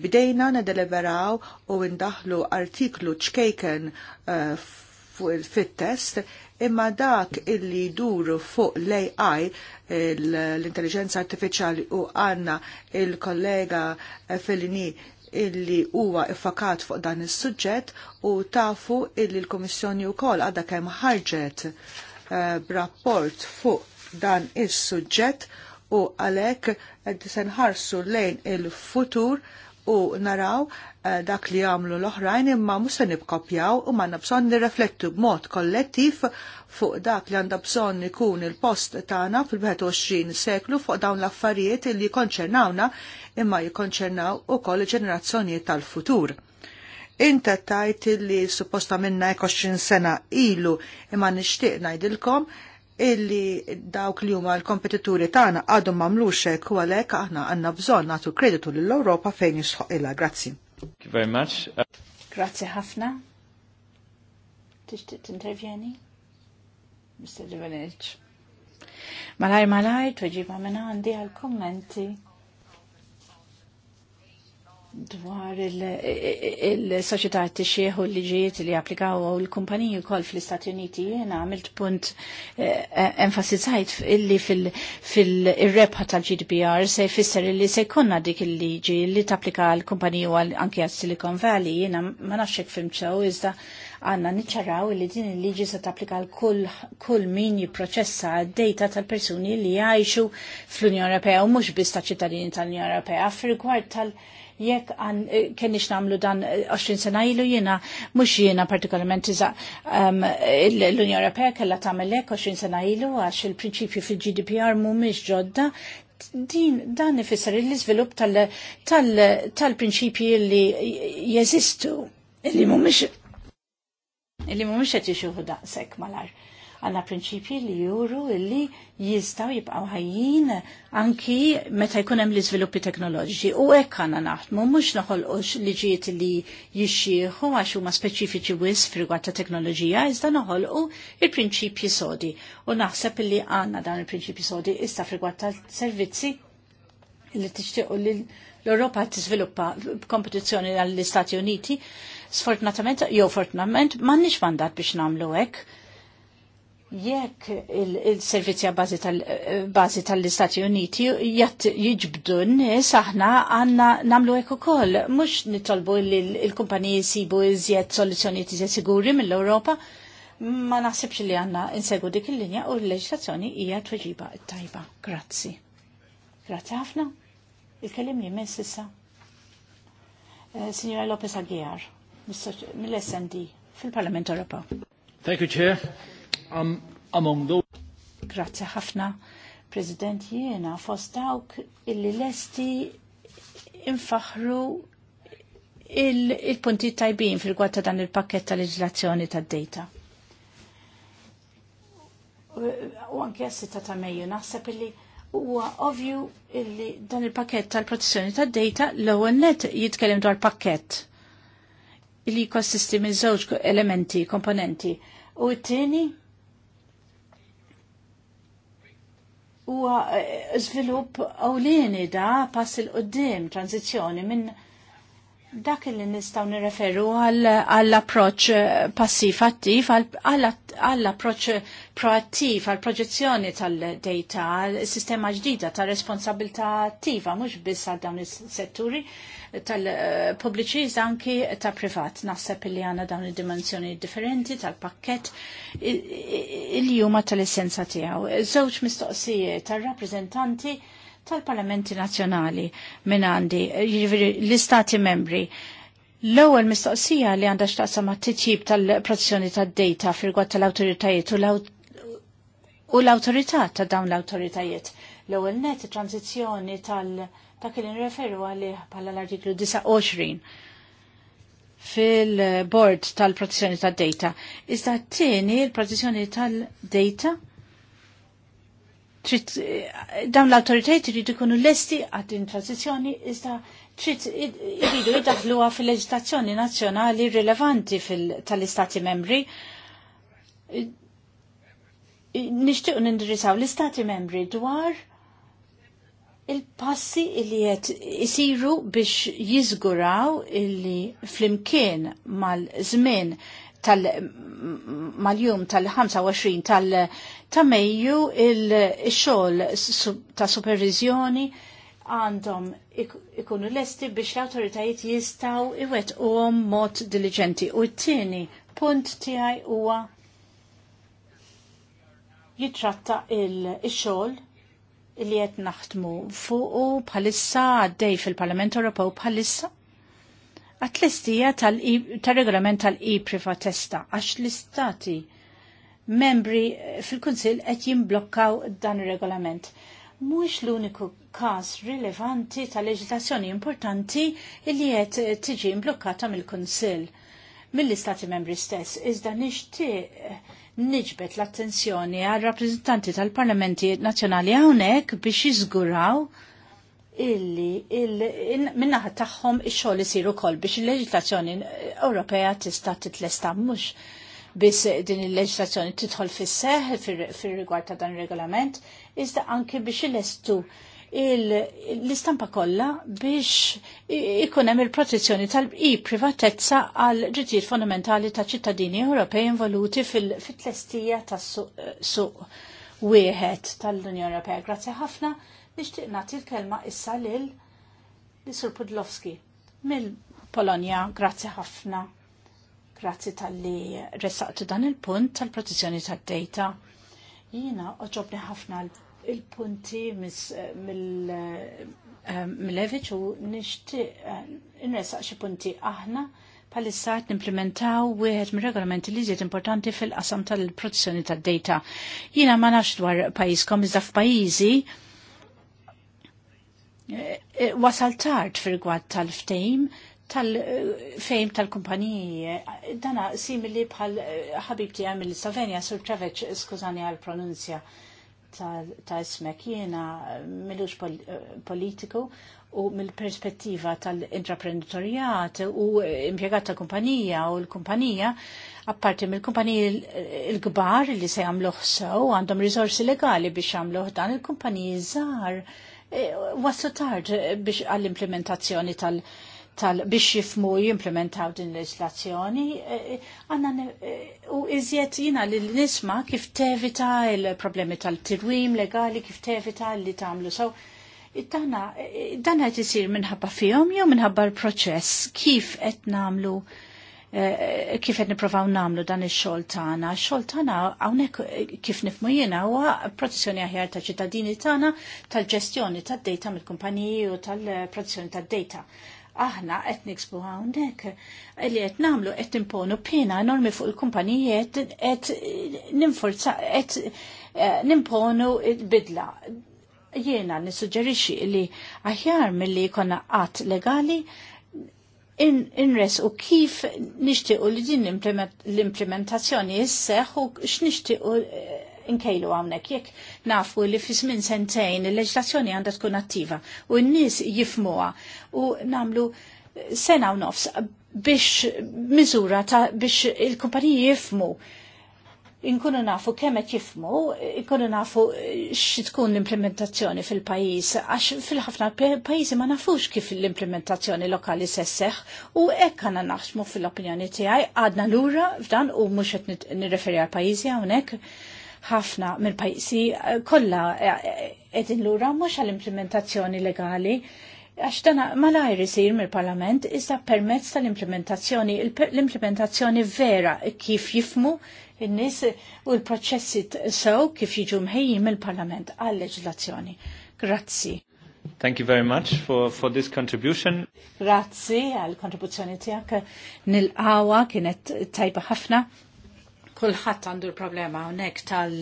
bdejna nedeliberaw u ndaħlu artiklu ċkejken uh, eh, fit-test imma dak illi jduru fuq l-AI, l-intelligenza artificiali u għanna il-kollega eh, Fellini illi huwa effakat fuq dan is-suġġett u tafu illi l-Komissjoni wkoll għadha kemm ħarġet eh, b'rapport fuq dan is-suġġett u għalhekk għed senħarsu lejn il-futur u naraw eh, dak li għamlu l-oħrajn imma musa se nibkopjaw u ma bżonn nirreflettu b'mod kollettiv fuq dak li għandha bżonn ikun il-post tagħna fil-21 seklu fuq dawn l-affarijiet li konċernawna imma jikkonċernaw ukoll koll ġenerazzjonijiet tal-futur. Inta tajt li supposta minna 20 sena ilu imma nishtiq najdilkom illi dawk li huma l-kompetituri tagħna għadhom m'għamlux hekk u għalhekk aħna għandna bżonn nagħtu kreditu lill-Ewropa fejn jisħoq ilha. Grazzi. very much. Grazzi ħafna. Tixtieq tintervjeni? Mr. Divanilġ. Malaj malaj, tweġiba minn għandi għal-kommenti dwar il-soċieta il t-xieħu l-liġijiet li applikaw u l-kumpaniji kol fl-Istati Uniti jena għamilt punt eh, eh, enfasizzajt illi fil-rebħa tal-GDPR se fisser illi se konna dik il-liġi li t-applika l-kumpaniji u anki għas Silicon Valley jena ma nafxek fimċaw iżda għanna niċċaraw li din il-liġi se tapplika kull min jipproċessa d-data tal-persuni li jgħajxu fl-Unjoni Europea u mhux biss ta' ċittadini tal-Unjoni Ewropea fir-rigward tal-, -Unjoni Europea, jekk għan eh, kenix namlu dan 20 eh, sena ilu jina, mux jina partikolarment iza um, ehm, l-Unjon Europea kella tamellek 20 sena ilu għax il-prinċipju fil-GDPR mumiex ġodda din dan ifisser il izvilup tal-prinċipji tal, tal li jeżistu li mumiex li mumiex qed jixuħu daqshekk malar għanna prinċipji li juru illi jistaw jibqaw ħajjin anki meta jkun hemm l-iżviluppi teknoloġiċi. U hekk għandna naħdmu mhux noħolqux liġijiet li jixxieħu għax huma speċifiċi wis frigwat ta' teknoloġija, iżda noħolqu il-prinċipji sodi. U naħseb illi għandna dan il-prinċipji sodi issa frigwat ta' servizzi li tixtiequ li l-Europa tiżviluppa kompetizzjoni għall istati Uniti, sfortunatament, jew fortunatament, m'għandniex mandat biex nagħmlu hekk jekk il-servizja bazi tal-Istati Uniti jiġbdu n-nis aħna għanna namlu ekku kol, mux nitolbu il-kumpaniji sibu iżjed soluzzjoniet iżjed siguri mill-Europa, ma naħsibx li għanna insegu dik il-linja u l-leġislazzjoni hija tweġiba tajba. Grazzi. Grazzi ħafna. Il-kelim li minn sissa. Eh, Signora Lopez Aguiar, mill-SND, fil-Parlament Ewropew. Thank you, Chair um, among those. Grazie ħafna, President jiena fost dawk illi lesti infaħru il-punti tajbin fil-gwad ta' dan il-pakket tal-leġlazzjoni tad-data. U anke s ta' ta' Mejju naħseb illi huwa ovvju illi dan il-pakket tal-protezzjoni tad-data l-ewwel net jitkellem dwar pakket il jikkonsisti minn żewġ elementi, komponenti. U t-tieni huwa eh, żvilupp ewlieni da pass il qudiem tranzizzjoni minn dak li nistgħu nirreferu għall-approċċ passiv attiv għall-approċċ proattiv għal proġezzjoni tal-data, sistema ġdida tal responsabilità attiva, mhux biss għal dawn is-setturi tal-pubbliċi anki ta' privat. Naħseb li għandna dawn id-dimensjoni differenti tal-pakket li huma tal-essenza tiegħu. Żewġ mistoqsijiet tar-rappreżentanti tal-Parlamenti Nazzjonali minn għandi, jiġifieri l-Istati membri. L-ewwel mistoqsija li għandha x'taqsam mat-titjib tal-protezzjoni tad-data firgwad tal-awtoritajiet u l-awt u l-autorità ta' dawn l-autoritajiet. L-ewwel net tranzizzjoni tal- ta' kelli nirreferu għalih bħala l-artiklu 29 fil-bord tal-protezzjoni tad-data. Iżda t-tieni l-protezzjoni tal-data dawn l-autoritajiet iridu jkunu lesti għad din transizzjoni iżda trid iridu jidaħluha fil-leġitazzjoni nazzjonali rilevanti tal-istati membri nixtiequ nindirisaw l-istati membri dwar il-passi li jett isiru biex jiżguraw illi flimkien mal-żmien mal-jum tal-25 tal- ta' Mejju il-xogħol ta' supervizjoni għandhom ikunu lesti biex l-autoritajiet jistaw iwet u mod diligenti. U t-tini punt tijaj huwa jitratta il-xogħol li qed naħdmu fuq u bħalissa għaddej fil-Parlament Ewropew bħalissa għat-listija tal-regolament tal-IPRIVA testa għax l-istati membri fil-Kunsil qed jimblokkaw dan ir-regolament. Mhuwiex l-uniku każ rilevanti ta' leġislazzjoni importanti li qed tiġi mblokkata mill-Kunsill mill-istati membri stess, iżda nixtieq niġbet l-attenzjoni għal rappresentanti tal-parlamenti nazjonali hawnhekk biex jiżguraw illi ill, minnaħat tagħhom ix jisiru kol wkoll biex il-leġislazzjoni Ewropea tista' titlesta mhux biss din il-leġislazzjoni tidħol fis-seħ fir-rigward ta' dan ir-regolament, iżda anke biex ilestu l-istampa kollha biex ikun hemm il-protezzjoni tal-privatezza għal ġittijiet fondamentali ta' ċittadini Ewropej involuti fil-tlestija tas suq wieħed tal-Unjoni Ewropea. Grazzi ħafna nixtieq nagħti l-kelma issa lil Sur Pudlowski mill-Polonja. Grazzi ħafna. Grazzi tal-li ressaqtu dan il-punt tal-protezzjoni tad-data. Jiena oġobni ħafna l il-punti eh, mill-Levich eh, eh, u nishtiq nresaq xi punti aħna palissa n nimplementaw wieħed mir-regolamenti li jżied importanti fil-qasam tal-protezzjoni tad-data. Jiena ma nafx dwar pajjiżkom iżda f'pajjiżi wasal tard fil-gwad tal-ftejm tal-fejm tal-kumpaniji, dana simili bħal ħabib tijam mill slovenia sur Traveċ, skużani għal-pronunzja, ta' ismek jiena milux politiku u mill-perspettiva tal intraprenditorijat u impjegat ta' kumpanija u l-kumpanija apparti mill-kumpaniji l-kbar li se jagħmluh sew għandhom rizorsi legali biex jagħmluh dan il-kumpaniji żgħar eh, waslu tard biex għall-implementazzjoni tal-, -tal tal biex jifmu jimplementaw din l-legislazzjoni, eh, għanna eh, u iżjed jina li nisma kif tevita il-problemi tal-tirwim legali kif tevita li tamlu so dana eh, dan qed isir minħabba fihom jew minħabba l-proċess kif qed namlu kif qed nipprovaw namlu dan ix-xogħol tagħna. X-xogħol tagħna hawnhekk kif nifmu jiena huwa protezzjoni aħjar ta' ċittadini tagħna tal-ġestjoni tad-dejta mill-kumpaniji u tal-protezzjoni tad-dejta aħna qed niksbu hawnhekk li qed nagħmlu qed imponu pena enormi fuq il-kumpanijiet qed ninforza qed eh, nimponu bidla. Jiena nissuġġerixxi li aħjar milli jkollna qatt legali inres u kif nixtiequ li din l-implementazzjoni jisseħ u x'nixtiequ eh, inkejlu hawnhekk jekk nafu li fi żmien sentejn il-leġlazzjoni għandha tkun attiva u n-nies jifmuha u namlu eh, sena u nofs biex miżura ta' biex il-kumpaniji jifmu inkunu nafu kemet jifmu, inkunu nafu eh, tkun l-implementazzjoni fil-pajis, għax fil-ħafna pajizi ma nafux kif l-implementazzjoni lokali sesseħ, u ekk għana naħsmu fil-opinjoni tijaj, għadna l-ura f'dan u mux qed nirreferi għal pajizi għonek, ħafna mill kolla eh, kollha eh, qegħdin lura mhux għall-implementazzjoni legali għax dan malajr isir mill-Parlament iżda permezz tal-implementazzjoni, l-implementazzjoni vera kif jifmu in-nies u l-proċessi sew kif jiġu mħejji mill-Parlament għal leġlazzjoni Grazzi. Thank you very much for, for this contribution. Grazzi għal kontribuzzjoni tiegħek nil-qawa kienet tajba ħafna. Kulħadd għandu l-problema hawnhekk tal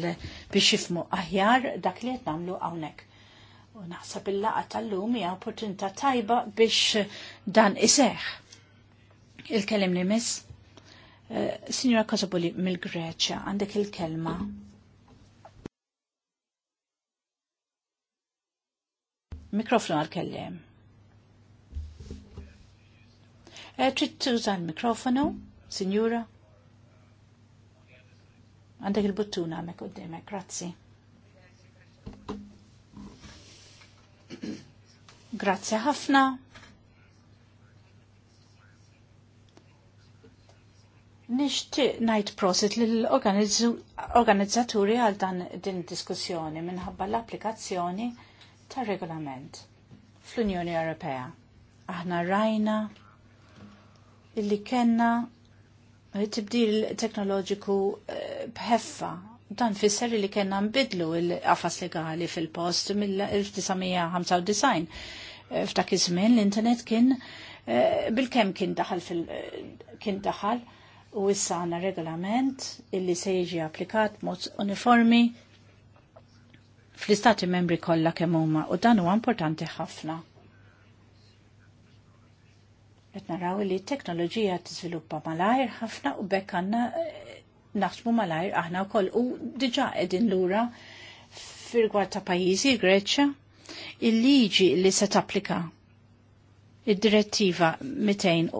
biex jifmu aħjar dak li qed nagħmlu hawnhekk. U naħseb il-laqa tal-lum hija opportunità tajba biex eh, dan iseħħ. Il-kelim li miss. Uh, Signora Kosaboli mill-Greċja, għandek il-kelma. Mikrofonu għal-kellem. Eh, trid tuża l-mikrofonu, Signora? Għandek il-buttuna għamek u d-demek, grazzi. Grazzi ħafna. Nishtiq najt prosit l-organizzaturi għal dan din diskussjoni minħabba l-applikazzjoni tar regolament fl-Unjoni Ewropea. Aħna rajna illi kenna tibdil teknoloġiku eh, bħeffa dan fisser li kena nbidlu il-qafas legali fil-post mill-1995. Eh, f'dak iż-żmien l-internet kien eh, bil-kem kien daħal kien daħal u issa għandna regolament illi se jiġi applikat mod uniformi fl-istati membri kollha kemm huma u dan huwa importanti ħafna qed naraw li t-teknoloġija tiżviluppa malajr ħafna u bekk għandna eh, naħsbu malajr aħna wkoll u diġà qegħdin lura fir ta' pajjiżi Greċja il-liġi li se tapplika id-direttiva 216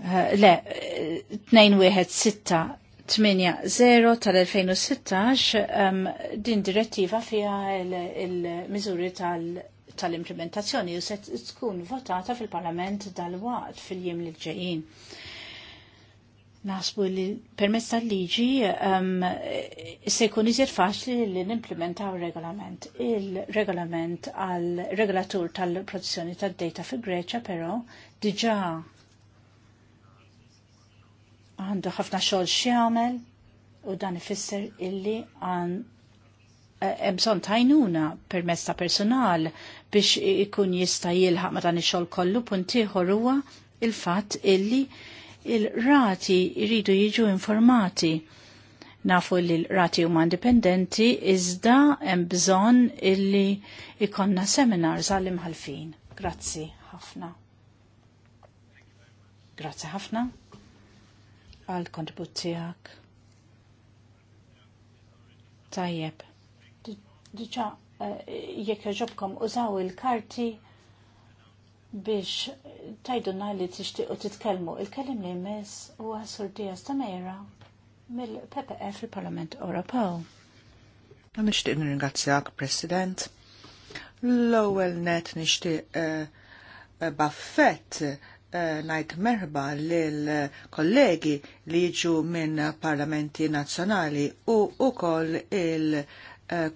eh, le 216 tal-2016 din direttiva fija il-mizuri il, il tal tal-implementazzjoni u se tkun votata fil-Parlament dal-waqt fil-jiem li ġejjin. Nasbu li permezz tal-liġi um, se jkun iżjed faċli li nimplementaw regolament. Il-regolament għal regolatur tal produzzjoni tad-data fi Greċja però diġa' għandu ħafna xogħol x'jagħmel u dan ifisser illi għan eh, bżon tajnuna permess ta' personal biex ikun jista' jilħaq ma dan ix-xogħol kollu puntieħor huwa il-fatt illi il-rati jridu jiġu informati. Nafu li l-rati huma indipendenti iżda hemm bżonn illi ikonna seminars għal imħalfin. Grazzi ħafna. Grazzi ħafna għal kontribut tiegħek. Tajjeb. Diċa Eh, jekk joġobkom użaw il-karti biex tajdunna li tixtiqu titkellmu. il kelim li jmiss u għasur Diaz Tamera mill-PPF e il-Parlament Ewropew. Nishtiq nirringrazzjak, President. L-ewwel net nixtieq eh, baffett eh, najt merba lill kollegi li jiġu minn parlamenti nazzjonali u ukoll il-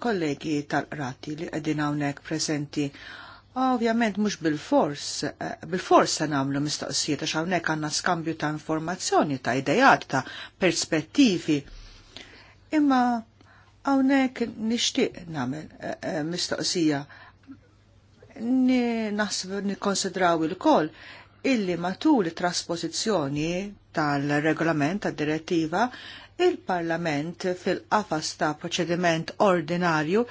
kollegi tal-qrati li qegħdin hawnhekk prezenti, Ovvjament mhux bil-fors, eh, bil-fors se nagħmlu mistoqsijiet għax hawnhekk għandna skambju ta' informazzjoni, ta' idejat, ta' perspettivi. Imma hawnhekk nixtieq nagħmel eh, eh, mistoqsija naħseb nikkonsidraw il-kol illi matul trasposizjoni tal-regolament tad-direttiva il-Parlament fil-qafas ta' proċediment ordinarju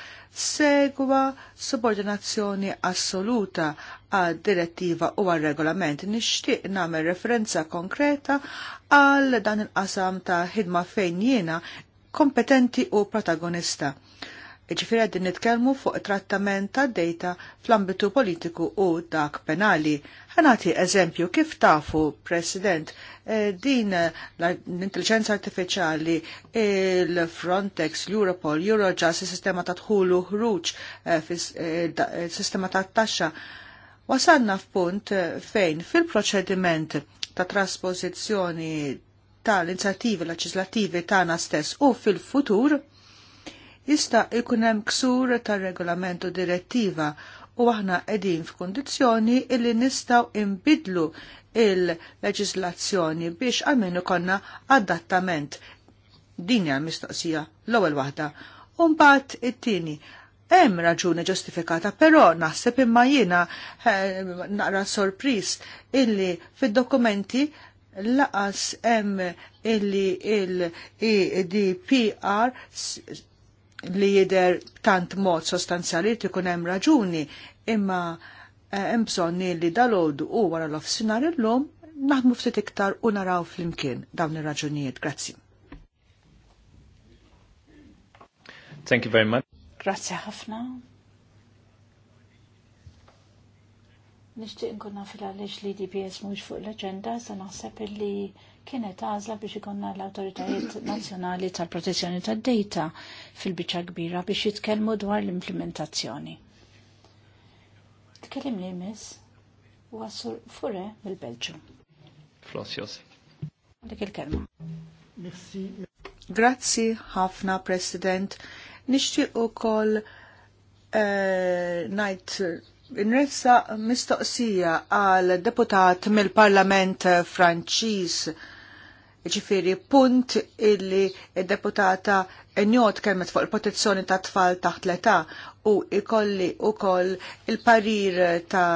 segwa subordinazzjoni assoluta għad direttiva u għal regolament nixtieq nagħmel referenza konkreta għal dan il-qasam ta' ħidma fejn jiena kompetenti u protagonista. Iġifiri għaddin nitkelmu fuq trattament ta' data fl-ambitu politiku u dak penali. Għanati eżempju kif tafu, President, eh, din l-intelligenza artificiali, il-Frontex, l-Europol, Eurojust, il-sistema ta' tħulu ħruġ, eh, il-sistema eh, ta' taxxa. Wasanna f'punt fejn fil-proċediment ta' trasposizjoni tal-inizjattivi leġislativi tagħna stess u fil-futur jista' jkun hemm ksur tar-regolamentu direttiva u aħna qegħdin f'kundizzjoni illi nistgħu imbidlu il-leġislazzjoni biex għalmenu konna adattament. Din hija mistoqsija l-ewwel waħda. Umbagħad it-tieni Hemm raġuni ġustifikata, però naħseb imma jiena eh, naqra sorpris illi fid-dokumenti laqas hemm illi il-EDPR li jider tant mod sostanzjali tikun hemm raġuni imma eh, hemm bżonn li dalodu u wara l-offsinar illum naħdmu ftit iktar u naraw flimkien dawn ir-raġunijiet. Grazzi. Thank you very much. Grazzi ħafna. Nishtiq nkun nafil għaliex li DBS mhux fuq l-aġenda, sa naħseb li kienet għazla biex ikonna l-autoritajiet nazjonali tal-protezzjoni tad-data fil-biċa kbira biex jitkellmu dwar l-implementazzjoni. Tkellim li miss u għassur fure mill-Belġu. Flossjos. Dik il-kelma. Merci. Grazzi ħafna, President. Nixtieq ukoll eh, najt Inressa mistoqsija għal deputat mill-Parlament Franċiż ġifiri punt illi deputata Njot kemmet fuq il-protezzjoni ta' tfal taħt l-età u ikolli u koll il-parir ta'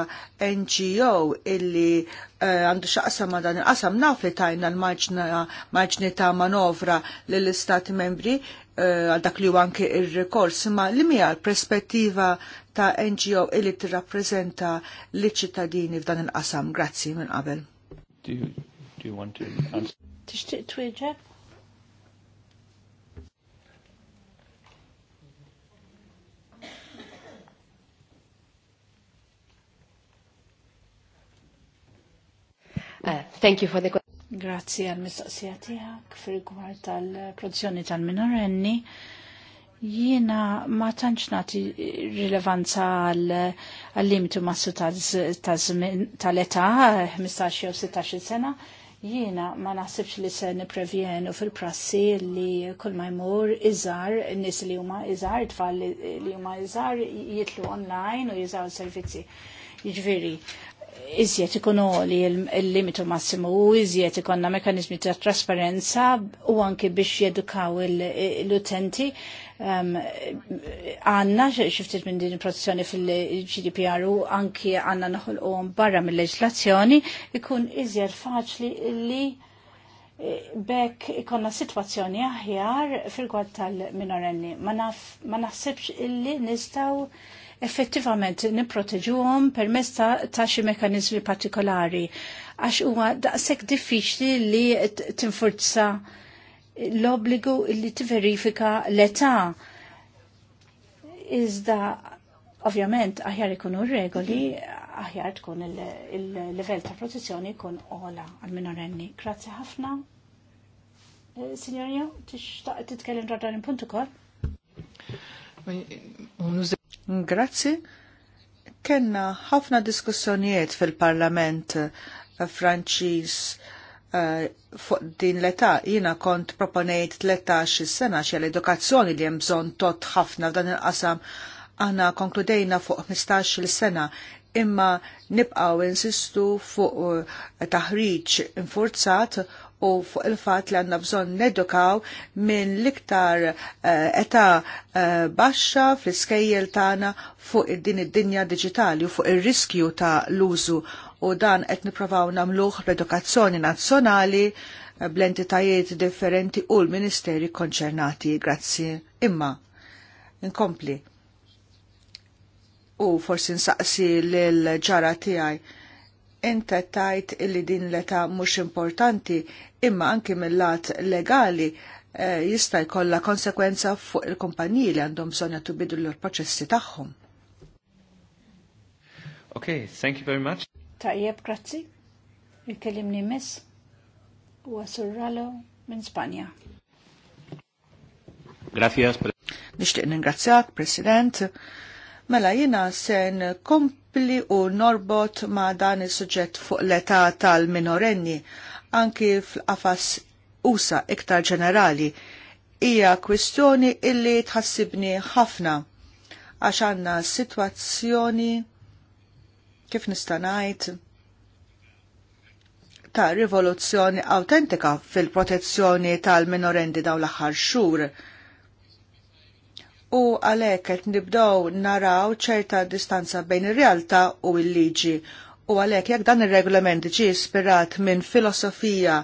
NGO illi eh, għandu uh, xaqsam ma' dan il-qasam naf li tajna l maġni ta' manovra l-istati membri eh, għal uh, dak li u anki il-rekors ma' li mija l-perspettiva ta' NGO illi t-rapprezenta li ċittadini f'dan il-qasam. Grazzi minn qabel. Do do you want to answer? Tixtieq twieġeb? Uh, thank you for the question. Grazzi għal mistoqsija tiegħek fil-gwar tal-produzzjoni tal-minorenni. Jiena ma tantx nagħti rilevanza għal limitu massu tal-età 15 eh, jew 16 sena. Jiena ma naħsibx li se niprevjenu fil-prassi li kull ma jmur iżar, nis li huma iżar, tfal li huma iżar jitlu online u jizaw servizzi. Jiġviri, iżjed ikunu li il limitu massimu u iżjed ikonna mekanizmi ta' trasparenza u anki biex jedukaw l-utenti għanna xiftit minn din protezzjoni fil-GDPR u anki għanna u barra mill-leġlazzjoni ikun iżjed faċli li eh, bekk ikonna situazzjoni aħjar fil-gwad tal-minorenni. Ma naħsebx illi nistaw effettivament niproteġuhom permezz ta' xi mekanizmi partikolari għax huwa daqshekk diffiċli li tinfurza l-obbligu li t-verifika l-età. Iżda, ovvjament, aħjar ikunu regoli, aħjar tkun il-level ta' protezzjoni jkun ola għal-minorenni. Grazzi ħafna. Eh, Signorja, tixtaq titkellem dwar dan il-punt ukoll? Grazzi. Kenna ħafna diskussjonijiet fil-Parlament eh, Franċiż Eh, fuq din l-età jina kont proponejt 13 sena xie l-edukazzjoni li hemm bżonn tot ħafna f'dan il-qasam aħna konkludejna fuq 15 sena imma nibqaw insistu fuq eh, taħriġ infurzat u fuq il-fat li għanna bżon nedukaw minn liktar eh, età baxxa fl-iskejjel tagħna fuq din id-dinja diġitali u fuq ir-riskju ta' l-użu u dan qed nipprovaw nagħmluh bl-edukazzjoni nazzjonali bl-entitajiet differenti u l-ministeri konċernati. Grazzi. Imma, inkompli. U forsi nsaqsi l-ġara tiegħi. Inta tajt illi din l-età mhux importanti, imma anki mill-lat legali eh, jista' jkollha konsekwenza fuq il-kumpaniji li għandhom bżonn jagħtu bidu l-proċessi tagħhom. Okay, thank you very much. Tajjeb, grazzi. Il-kellimni miss u għasurralo minn Spanja. Grazie. Nishtiq ningrazzjak, President. Mela jina sen kompli u norbot ma dan il suġġett fuq l-età tal-minorenni, anki fl-qafas usa iktar ġenerali. Hija kwistjoni illi tħassibni ħafna għax għanna situazzjoni kif nista' ngħid ta' rivoluzzjoni autentika fil-protezzjoni tal-minorendi daw l-aħħar xhur. U għalhekk qed nibdew naraw ċerta distanza bejn ir-realtà u l-liġi. U għalhekk jekk dan ir-regolament ġie ispirat minn filosofija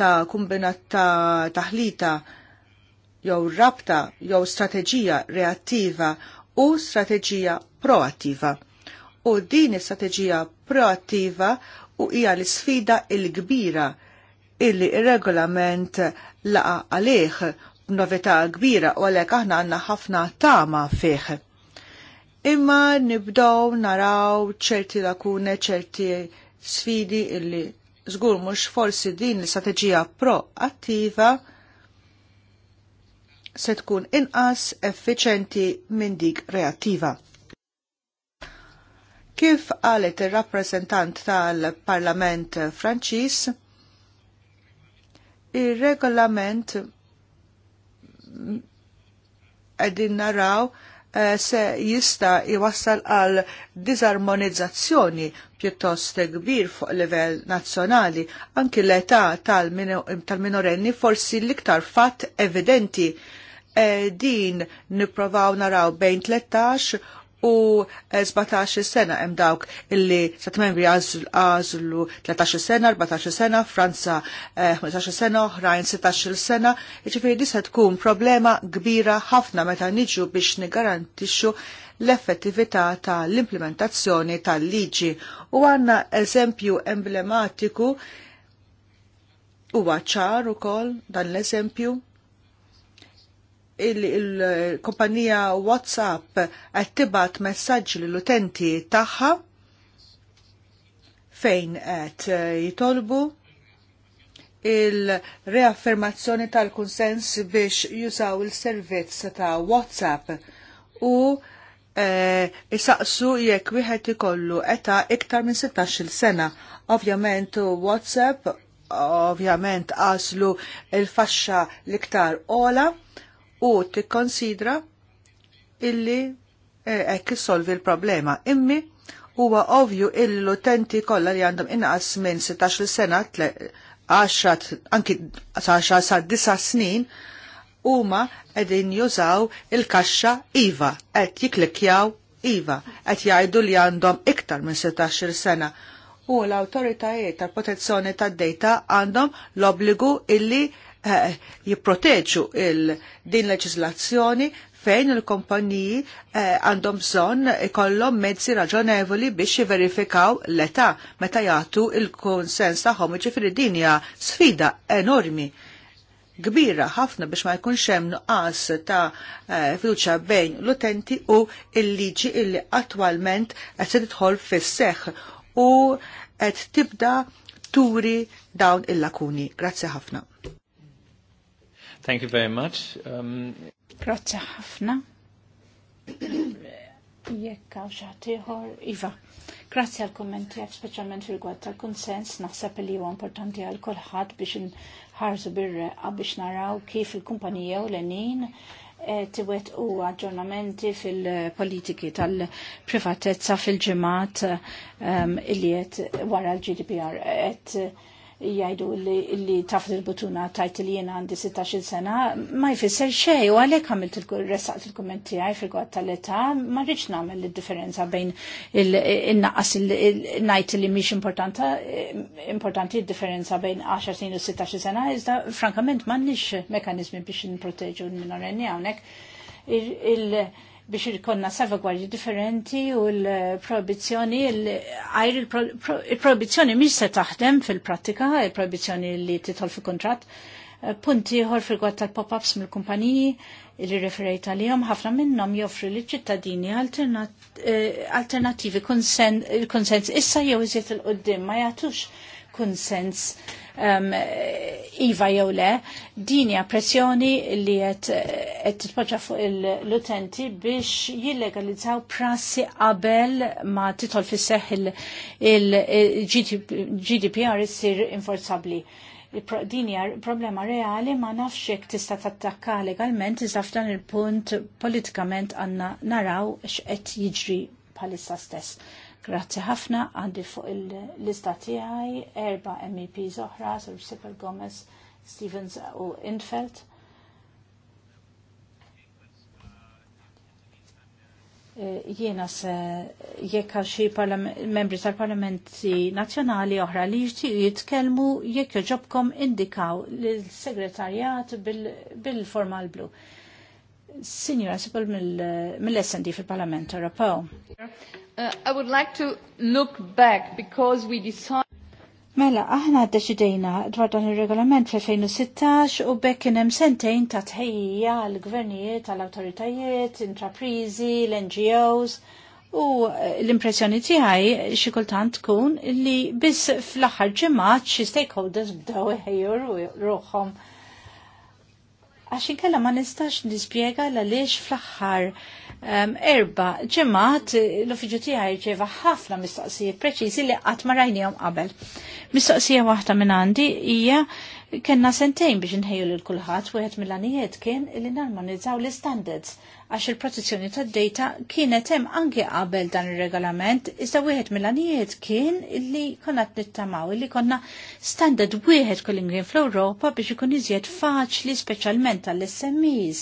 ta' kumbinat ta' taħlita jew rabta jew strateġija reattiva u strateġija proattiva u din is-strateġija proattiva u hija l-sfida il-kbira illi regolament laqa għalih b'novità kbira u għalhekk aħna għandna ħafna tama fih. Imma nibdow naraw ċerti lakune, ċerti sfidi illi żgur mhux forsi din l-istrateġija proattiva se tkun inqas effiċenti minn dik reattiva. Kif qalet ir-rappreżentant tal-Parlament Franċiż, ir-regolament qegħdin naraw eh, se jista jwassal għal disarmonizzazzjoni pjuttost kbir fuq livell nazzjonali, anki l-età tal-minorenni forsi l-iktar fatt evidenti. Eh, din niprovaw naraw bejn 13 u 17 eh, sena hemm dawk illi sat membri għażlu 13 sena, 14 sena, Franza 15 eh, sena, oħrajn 16 sena, jiġifieri disa tkun problema kbira ħafna meta niġu biex nigarantixxu l-effettività tal-implementazzjoni tal-liġi u għanna eżempju emblematiku huwa ċar ukoll dan l-eżempju il-kompanija WhatsApp qed tibat messaġġi lill-utenti tagħha fejn qed eh, jitolbu il-reaffermazzjoni tal-kunsens biex jużaw il-servizz ta' WhatsApp u e, jekk wieħed ikollu età iktar minn 16 sena. Ovvjament WhatsApp ovvjament għaslu il-faxxa l-iktar ola u t-konsidra illi eh, ekk solvi l-problema. Immi huwa ovju illi l-utenti kollha li għandhom inqas minn 16 sena 10 anki 10 sa 9 snin huma qegħdin jużaw il-kaxxa IVA qed jiklikjaw IVA qed jgħidu li għandhom iktar minn 16 sena u l-autoritajiet tal-protezzjoni tad dejta għandhom l-obbligu illi Eh, jipproteġu il-din leġislazzjoni fejn il-kompaniji eh, għandhom bżonn ikollhom mezzi raġonevoli biex jiverifikaw l-età meta jagħtu il-konsens tagħhom ġifieri din hija sfida enormi kbira ħafna biex ma jkunx hemm nuqqas ta' eh, fiduċja bejn l-utenti u l-liġi illi attwalment qed se tidħol fis-seħħ u qed tibda turi dawn il-lakuni. Grazzi ħafna. Thank you very much. Um... Grazie ħafna. Jekka u xaħtiħor, Iva. Grazzi għal kommenti għak specialment rigward tal-konsens, naħseb li huwa importanti għal kolħadd biex nħarżu bir-reqqa biex naraw kif il-kumpanija u l-enin eh, tiwet u aġġornamenti fil-politiki tal-privatezza fil-ġemat eh, um, illi qed wara l-GDPR jgħidu li taf il-butuna tajt li jena għandi 16 sena, ma jfisser xej, u għalek għamilt il-ressaqt il-kommenti għaj fil-għat tal-età, ma rriċ namel il-differenza bejn il-naqas il-najt li miex importanti il-differenza bejn 10 snin u 16 sena, iżda frankament ma nix mekanizmi biex n-proteġu n-minorenni għawnek biex ikonna salvagwardji differenti u l-proibizjoni, għajr il proibizzjoni miex se taħdem fil-prattika, il proibizzjoni li titol fi kontrat, eh, punti ħor fil-gwad tal-pop-ups mill-kumpaniji li referejt għalihom ħafna minnhom joffri li ċittadini eh, alternativi konsens issa jew iżjed il-qoddim ma jagħtux konsens um, iva jew le, din hija pressjoni li qed titpoġġa fuq l-utenti biex jillegalizzaw prassi qabel ma titol fis-seħħ il-GDPR il issir inforzabbli din hija problema reali ma nafx jekk tista' tattakka legalment iżda f'dan il-punt politikament għandna naraw x'qed jiġri bħalissa stess. Grazzi ħafna għandi fuq il-lista tiegħi erba MEP oħra, Sir Sipper Gomez, Stevens u Infeld. Eh, jiena se jekk għal xi membri tal-parlamenti nazzjonali oħra li jixtiequ jitkellmu jekk joġobkom indikaw lill segretarjat bil-formal blu. Signora Sipol mill-SND fil-Parlament Ewropew. Uh, I would like to look back because we decided Mela, aħna deċidejna dwar dan il-regolament fl-2016 u bekk kien hemm sentejn ta' tħejja għall gvernijiet għall-awtoritajiet, intraprizi, l-NGOs u eh, l-impressjoni tiegħi xi kultant tkun li biss fl-aħħar ġimgħat xi stakeholders bdew iħejju ruħhom. Ru għax inkella ma nistax nispjega la għaliex fl-aħħar um, erba ġemat l uffiġu tijaj ġeva ħafna mistoqsijiet preċiżi li qatt ma għom qabel. Mistoqsija waħda minn għandi hija kellna sentejn biex l lil kulħadd wieħed mill-għanijiet kien li narmonizzaw l-standards għax il-protezzjoni tad data kienet hemm anke qabel dan ir-regolament, iżda wieħed mill-għanijiet kien illi konna nittamaw, illi konna standard wieħed kull ingrin fl-Ewropa biex ikun iżjed faċli speċjalment għall-SMEs.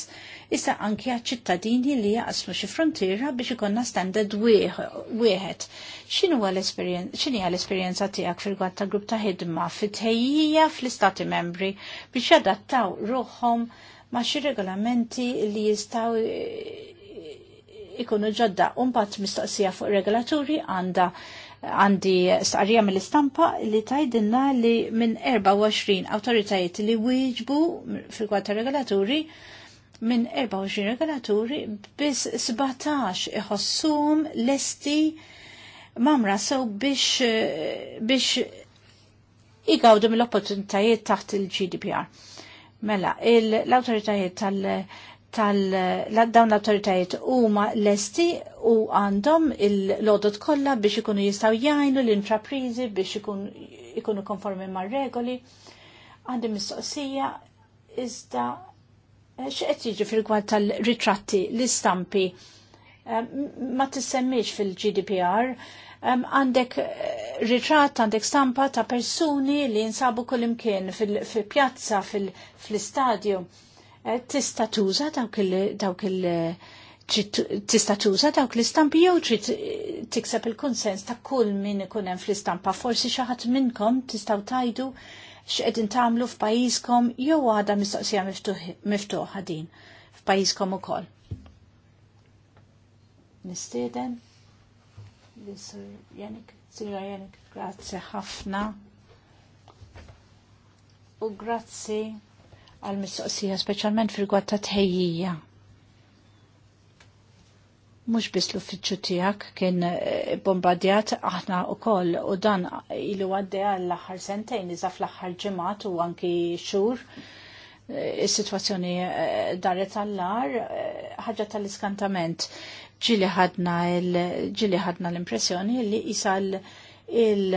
Issa anke għaċ-ċittadini li jaqsmu xi frontiera biex ikonna standard wieħed. X'inhu x'inhi l-esperjenza tiegħek fil-gwatt ta' grupp ta' ħidma fit-tejjija fl-istati membri biex jadattaw ruħhom ma xi regolamenti li jistaw eh, eh, ikunu ġodda unbat mistoqsija fuq regolaturi għanda għandi staqrija mill-istampa li tajdinna li minn 24 autoritajiet li wieġbu fil-kwata regolaturi minn 24 regolaturi bis 17 iħossum lesti mamra sew biex eh, biex igawdu mill-opportunitajiet taħt il-GDPR Mela, l-autoritajiet tal- tal-dawn l-autoritajiet huma lesti u għandhom il-lodot kollha biex ikunu jistgħu jajnu l-intraprizi biex ikunu konformi mar regoli. Għandhom mistoqsija iżda eh, x'qed jiġu fil-gwad tal-ritratti, l-istampi. Eh, ma tissemmix fil-GDPR għandek eh, ritratt, għandek stampa ta' persuni li jinsabu kullimkien fil-pjazza, fil-istadju. Eh, tista' tuża dawk il- tuża dawk l-istampi jew trid eh, tikseb il-konsens ta' kull min ikun hemm fl-istampa. Forsi xi ħadd minnkom tistgħu tajdu x'qegħdin tagħmlu f'pajjiżkom jew għadha mistoqsija miftuħa din f'pajjiżkom ukoll. Nistieden? l-Sur Janik, Janik, ħafna. U grazzi għal-mistoqsija, specialment fil-gwad ta' tħejjija. Mux bis l-uffiċu tijak kien eh, bombardjat aħna u koll u dan ilu għaddeja l-axar sentejn, nizaf fl-axar ġemat u anki xur eh, is-situazzjoni eh, daret għall lar ħaġa tal-iskantament ġili ħadna l-impressjoni li jisal il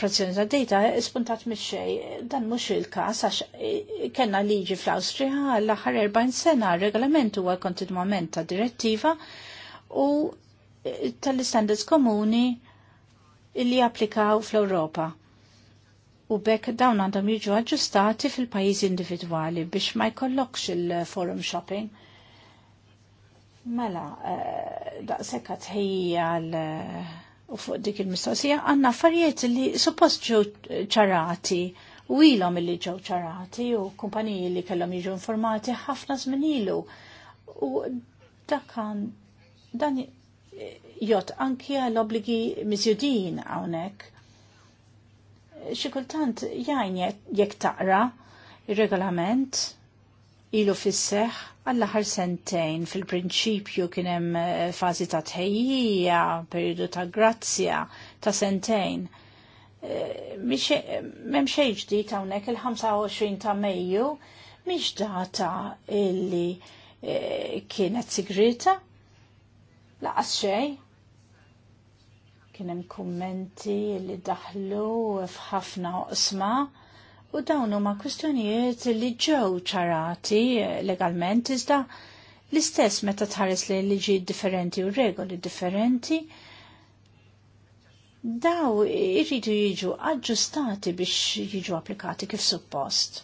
prezzjoni ta' data spuntat mis xej dan mhux il-każ għax eh, kellna liġi fl-Awstrija l-aħħar 40 sena regolament huwa kontinwament ta' direttiva u eh, tal-standards komuni li applikaw fl-Ewropa. U bekk dawn għandhom jiġu aġġustati fil-pajjiżi individwali biex ma jkollokx il-forum shopping Mela, eh, daqsekka tħija l eh, u fuq dik il-mistoqsija, għanna affarijiet li suppost ġew ċarati u ilhom li ġew ċarati u kumpaniji li kellhom jiġu informati ħafna żmien ilu. U dakan dan jot anki għal obligi miżjudin hawnhekk. Xi kultant jgħin jekk taqra ir-regolament ilu fisseħ għall-aħar sentejn fil-prinċipju kien hemm eh, fażi ta' tħejjija, periodu ta' grazzja ta' sentejn. Eh, m'hemm xejn ġdid hawnhekk il-25 ta' Mejju mhix data illi eh, kienet sigrita laqas xejn. Kien hemm kummenti li daħlu f'ħafna oqsma' u dawn huma kwistjonijiet li ġew ċarati legalment iżda l-istess meta tħares li liġi differenti u regoli differenti daw irridu jiġu aġġustati biex jiġu applikati kif suppost.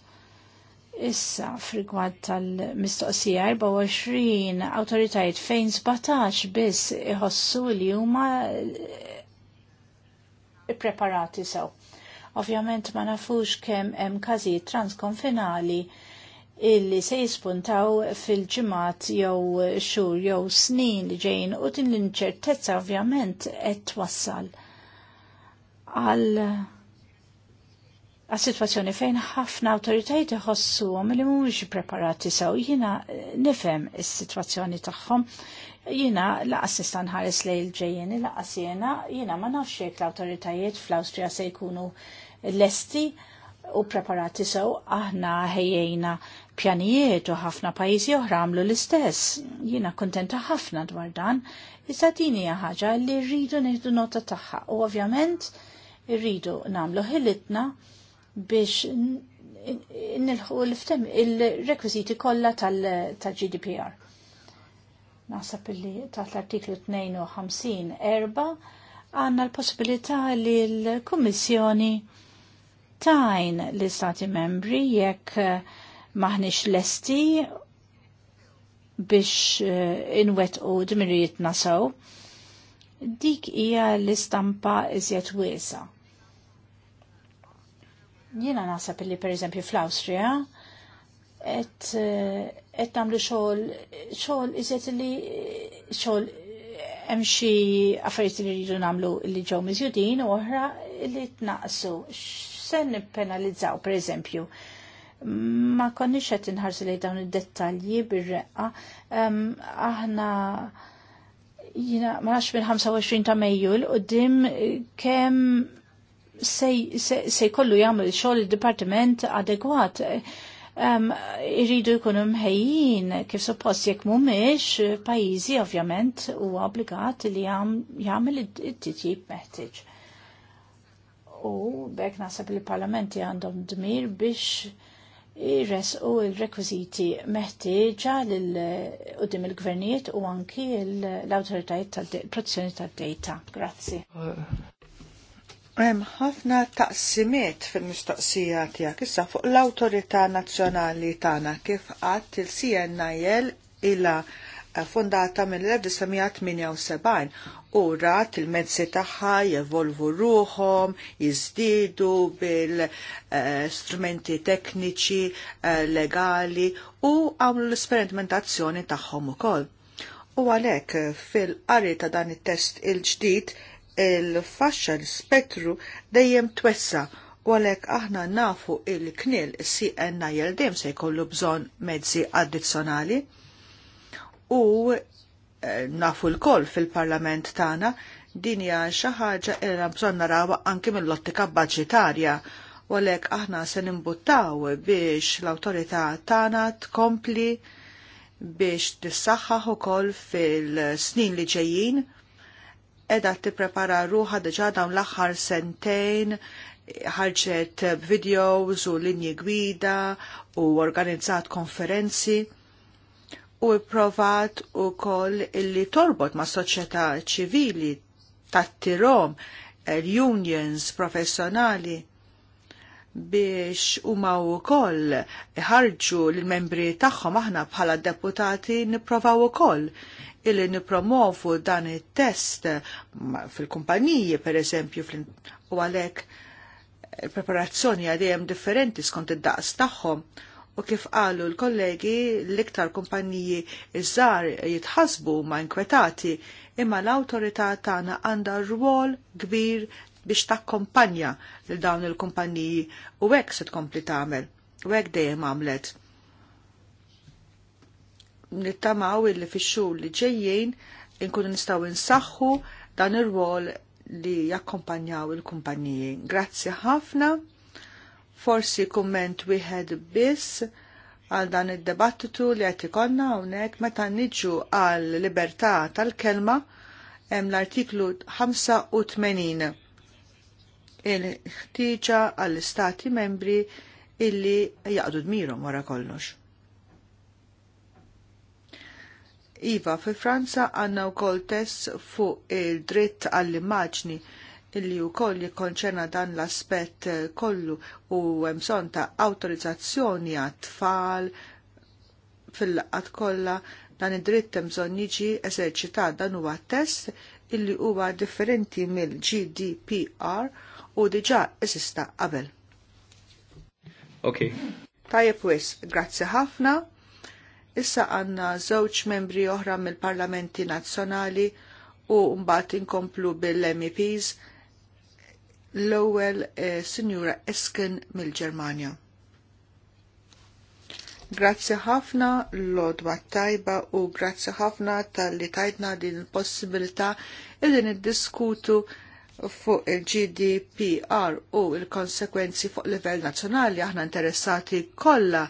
Issa, frigwad tal-mistoqsija 24 autoritajiet fejn 17 biss iħossu li huma preparati sew. Ovvjament ma nafux kemm hemm każijiet transkonfinali illi se jispuntaw fil-ġimat jew xhur jew snin li ġejn u din l-inċertezza ovvjament qed twassal għal a situazzjoni fejn ħafna iħossu iħossuhom li mhumiex preparati sew jina nifhem is-sitwazzjoni tagħhom jina laqas nista' nħares lejl ġejjin ġejjeni laqas jena, jina ma nafx jekk l awtoritajiet fl-Austria se jkunu lesti u preparati sew aħna ħejjejna pjanijiet u ħafna pajjiżi oħra għamlu l-istess. Jiena kuntenta ħafna dwar dan, iżda din hija ħaġa li rridu nieħdu nota tagħha u ovvjament rridu nagħmlu ħilitna biex nilħu l-ftem il-rekwiziti kollha tal-GDPR. Naħseb li taħt l-artiklu 52 erba' għanna l-possibilità li l-Kummissjoni tajn l-istati membri jekk eh, maħnix lesti biex eh, inwet u dmirijiet jitnasaw, dik hija l-istampa iżjed wiesa. Jiena naħseb li pereżempju fl-Awstrija et eh, et namlu xogħol xogħol iżjed li xogħol hemm xi affarijiet li rridu nagħmlu li ġew miżjudin u oħra li tnaqsu se nippenalizzaw, per eżempju. Ma konniex qed inħarsu lejn dawn id-dettalji bir-reqqa. Um, aħna jina ma nafx minn 25 ta' Mejju l qudiem kemm se jkollu jagħmel xogħol id-dipartiment adegwat um, jkunu mħejjin kif suppost jekk mhumiex pajjiżi ovvjament huwa obbligat li jagħmel it-titjib meħtieġ u bekk nasab li parlamenti għandhom dmir biex Ires u il-rekwiziti meħtieġa l-qoddim il-gvernijiet u anki l-autoritajiet tal-protezzjoni tad-dejta. Grazzi. Hemm ħafna taqsimiet fil-mistoqsija tiegħek issa fuq l-Awtorità Nazzjonali tagħna kif qatt il-CNIL ilha eh, fundata mill-1978 u rat il-mezzi tagħha jevolvu ruhom, jizdidu bil-strumenti eh, tekniċi, eh, legali u għamlu l-sperimentazzjoni tagħhom ukoll. U għalhekk eh, fil-qari ta' dan it-test il-ġdid il-faxxa l-spettru dejjem twessa u għalek aħna nafu il-knil CNIL dem se jkollu bżon mezzi addizzjonali u nafu l-koll fil-parlament tagħna din hija xi ħaġa li bżonn narawha anke mill-ottika baġitarja u għalhekk aħna se nimbuttaw biex l-awtorità tagħna tkompli biex tissaħħaħ ukoll fil-snin li ġejjin edha tipprepara ruħa diġà dawn l-aħħar sentejn ħarġet videos u linji gwida u organizzat konferenzi u provat u koll li torbot ma' soċjetà ċivili tat eh, unions professjonali biex huma wkoll ħarġu l-membri tagħhom aħna bħala deputati nipprovaw ukoll illi nipromovu dan it-test fil-kumpaniji pereżempju u għalhekk il-preparazzjoni għadejjem differenti skont id-daqs tagħhom u kif qalu l-kollegi l-iktar kumpanniji iż-żar jitħasbu ma' inkwetati imma l-autorità tagħna għandha rwol kbir biex takkompanja lil dawn il-kumpanniji u hekk se tkompli tagħmel u hekk dejjem għamlet. Nittamaw illi fix-xhur li ġejjin inkunu nistgħu insaħħu dan ir-rwol li jakkompanjaw il-kumpanniji. Grazzi ħafna Forsi kumment wieħed biss għal dan id-debattitu li qed ikollna hawnhekk meta niġu għal libertà tal-kelma hemm l-artiklu 85 il-ħtieġa għall-istati membri illi jaqdu dmirhom wara kollox. Iva, fi Franza għanna u kol test fuq il-dritt għall-immaġni illi u koll jikonċerna dan l-aspett eh, kollu u bżonn ta' autorizzazzjoni għat-tfal fil laqat kollha dan id-dritt emson jiġi eżerċitat dan huwa test illi huwa differenti mill-GDPR u diġa' esista qabel. Ok. Tajjeb wis, grazzi ħafna. Issa għanna żewġ membri oħra mill-Parlamenti Nazzjonali u mbagħad inkomplu bil-MEPs l-ewwel eh, Sinjura Esken mill-Ġermanja. Grazzi ħafna l-odwa tajba u grazzi ħafna tal-li tajtna din il-possibilità illi diskutu fuq il-GDPR u il-konsekwenzi fuq livell nazzjonali aħna interessati kollha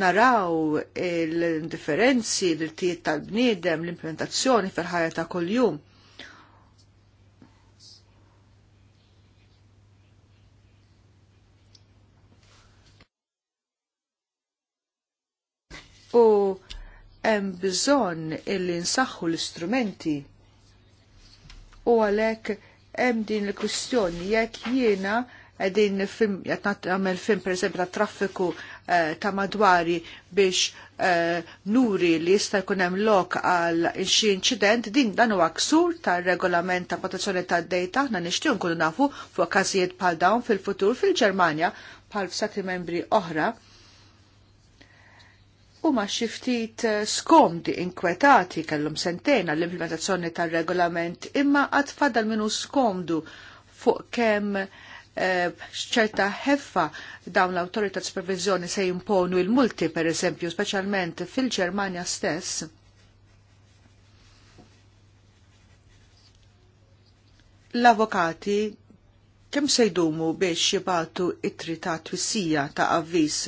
naraw l differenzi l irtijiet tal-bniedem, l-implementazzjoni fil-ħajja ta' kuljum u hemm bżonn illi nsaħħu l-istrumenti. U għalhekk hemm din il-kwistjoni jekk jiena qegħdin film, jgħat nagħmel film pereżempju ta' traffiku eh, ta' madwari biex eh, nuri li jista' jkun hemm lok għal xi inċident, din dan huwa ksur ta' regolament ta' protezzjoni ta' dejta aħna nixtieq nkunu nafu fuq każijiet bħal dawn fil-futur fil-Ġermanja bħal f'stati membri oħra u ma xiftit eh, skomdi inkwetati kellum sentejna l-implementazzjoni tal-regolament imma għatfadal minnu skomdu fuq kem eh, ċerta heffa dawn l-autorità supervizjoni se jimponu il-multi per eżempju, specialment fil-Ġermanja stess. L-avokati kem se jdumu biex jibatu it-tri ta' twissija ta' avvis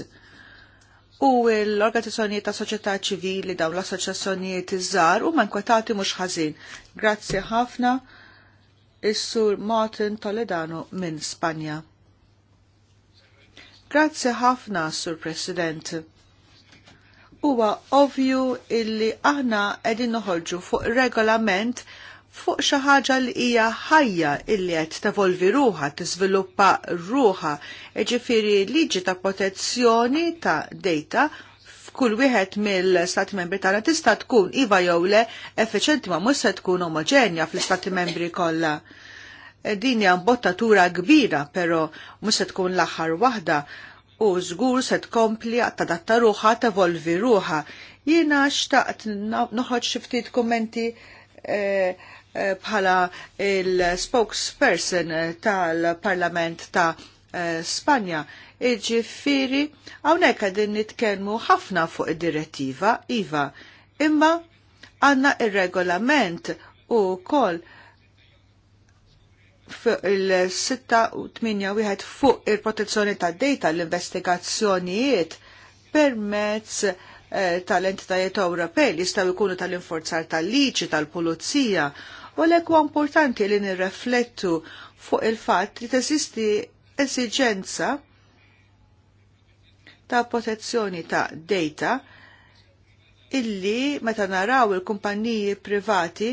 u l-organizzazzjonijiet ta' soċjetà ċivili daw l-assoċjazzjonijiet iż-żgħar huma nkwetati mhux ħażin. Grazzi ħafna is-Sur Martin Toledano minn Spanja. Grazzi ħafna, Sur President. Huwa ovvju illi aħna qegħdin noħolġu fuq regolament fuq xi ħaġa li hija ħajja illi qed tevolvi ruha, tiżviluppa ruha, jiġifieri liġi ta' protezzjoni ta' data f'kull wieħed mill-Stati Membri tagħna tista' tkun iva jew le effiċenti ma mhux se tkun omoġenja fl-Stati Membri kollha e, din hija mbottatura kbira, però mhux se tkun l-aħħar waħda u żgur se tkompli tadatta ruħa tevolvi ruħa. Jiena xtaqt noħroġ xi ftit kummenti eh, Eh, bħala il-spokesperson tal-Parlament ta' eh, Spanja. Iġifiri, għawnek għadin nitkenmu ħafna fuq id-direttiva, IVA, imma għanna il-regolament u kol il-6-8 fuq il-protezzjoni ta' data l-investigazzjonijiet permezz eh, tal-entitajiet Ewropej li jistgħu jkunu tal-inforzar tal-liċi tal-pulizija U l huwa importanti li nirreflettu fuq il-fatt li teżisti esiġenza ta' protezzjoni ta' data illi meta naraw il-kumpanniji privati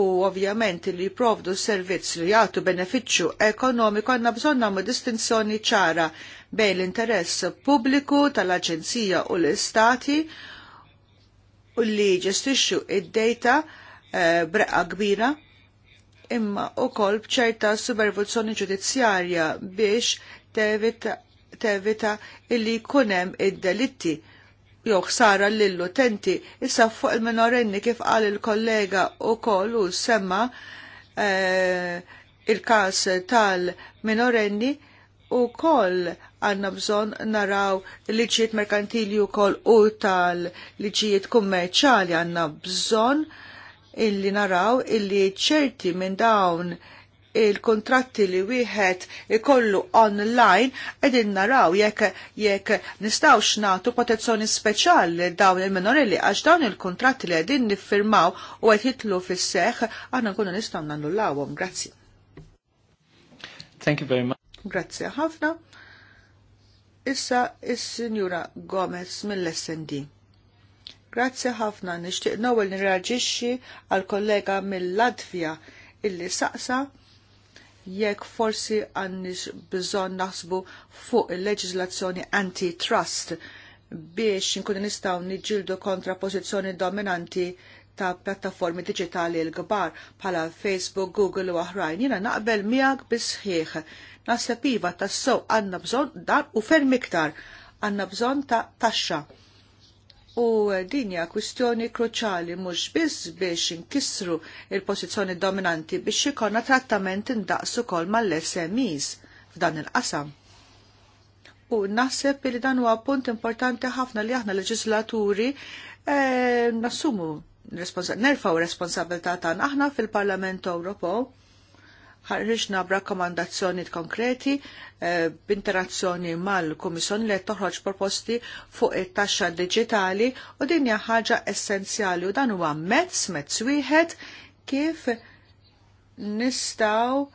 u ovvjament li jiprovdu servizz li jagħtu benefiċċju ekonomiku għandna bżonn nagħmlu distinzjoni ċara bejn l-interess pubbliku tal-Aġenzija u l-Istati u li ġestixxu id-data Eh, breqqa kbira imma wkoll bċerta supervulzjoni ġudizzjarja biex tevita, illi jkun hemm id-delitti jew ħsara lill-utenti issa fuq il-minorenni kif qal il-kollega wkoll u semma eh, il-każ tal-minorenni u koll għanna bżon naraw liġijiet merkantili u koll u tal liġijiet kummerċali għanna bżon illi naraw illi ċerti minn dawn il-kontratti li wieħed ikollu online edin naraw jekk jekk nistawx nagħtu protezzjoni speċjali dawn il minorelli għax dawn il-kontratti li qegħdin niffirmaw u qed jitlu fis-seħħ aħna nkunu nistgħu nannullawhom. Grazzi. Thank you very much. Grazzi ħafna. Issa is-Sinjura Gomez mill-SND. Grazzi ħafna nixtieq nowel nirraġixxi għal kollega mill latvija illi saqsa jekk forsi għandix bżonn naħsbu fuq il-leġiżlazzjoni antitrust biex nkunu nistgħu niġġieldu kontra pożizzjoni dominanti ta' pjattaformi diġitali l-kbar bħala Facebook, Google u aħrajn. Jiena naqbel miegħek bisħieħ. Naħseb iva tassew għandna bżonn dar u ferm iktar għandna bżonn ta' taxxa u dinja kwistjoni kruċali mhux biss biex inkissru il-pożizzjoni dominanti biex ikonna trattament indaqs ukoll mal-SMEs f'dan il-qasam. U naħseb li dan huwa punt importanti ħafna li aħna leġislaturi e, nassumu nerfaw responsabilità tagħna aħna fil-Parlament Ewropew ħarriġna b'rakkomandazzjoni konkreti eh, b'interazzjoni mal-Kummissjoni li toħroġ proposti fuq it-taxxa digitali u din hija ħaġa essenzjali u dan huwa mezz mezz wieħed kif nistgħu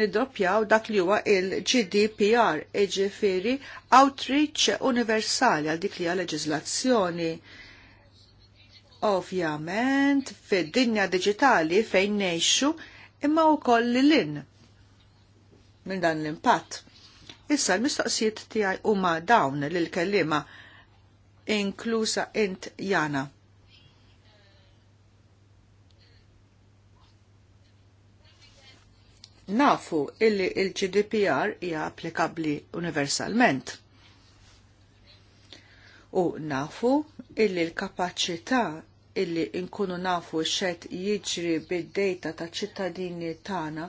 niddoppjaw dak li huwa il-GDPR, iġifieri outreach universali għal dik li hija leġiżlazzjoni. Ovvjament, fid-dinja digitali fejn nejxu imma wkoll li lin minn dan l-impatt. Issa l-mistoqsijiet tiegħi huma dawn l kellima inklusa int jana. Nafu illi il-GDPR hija applikabli universalment. U nafu illi l-kapaċità illi nkunu nafu xed jiġri bid-dejta ta' ċittadini tagħna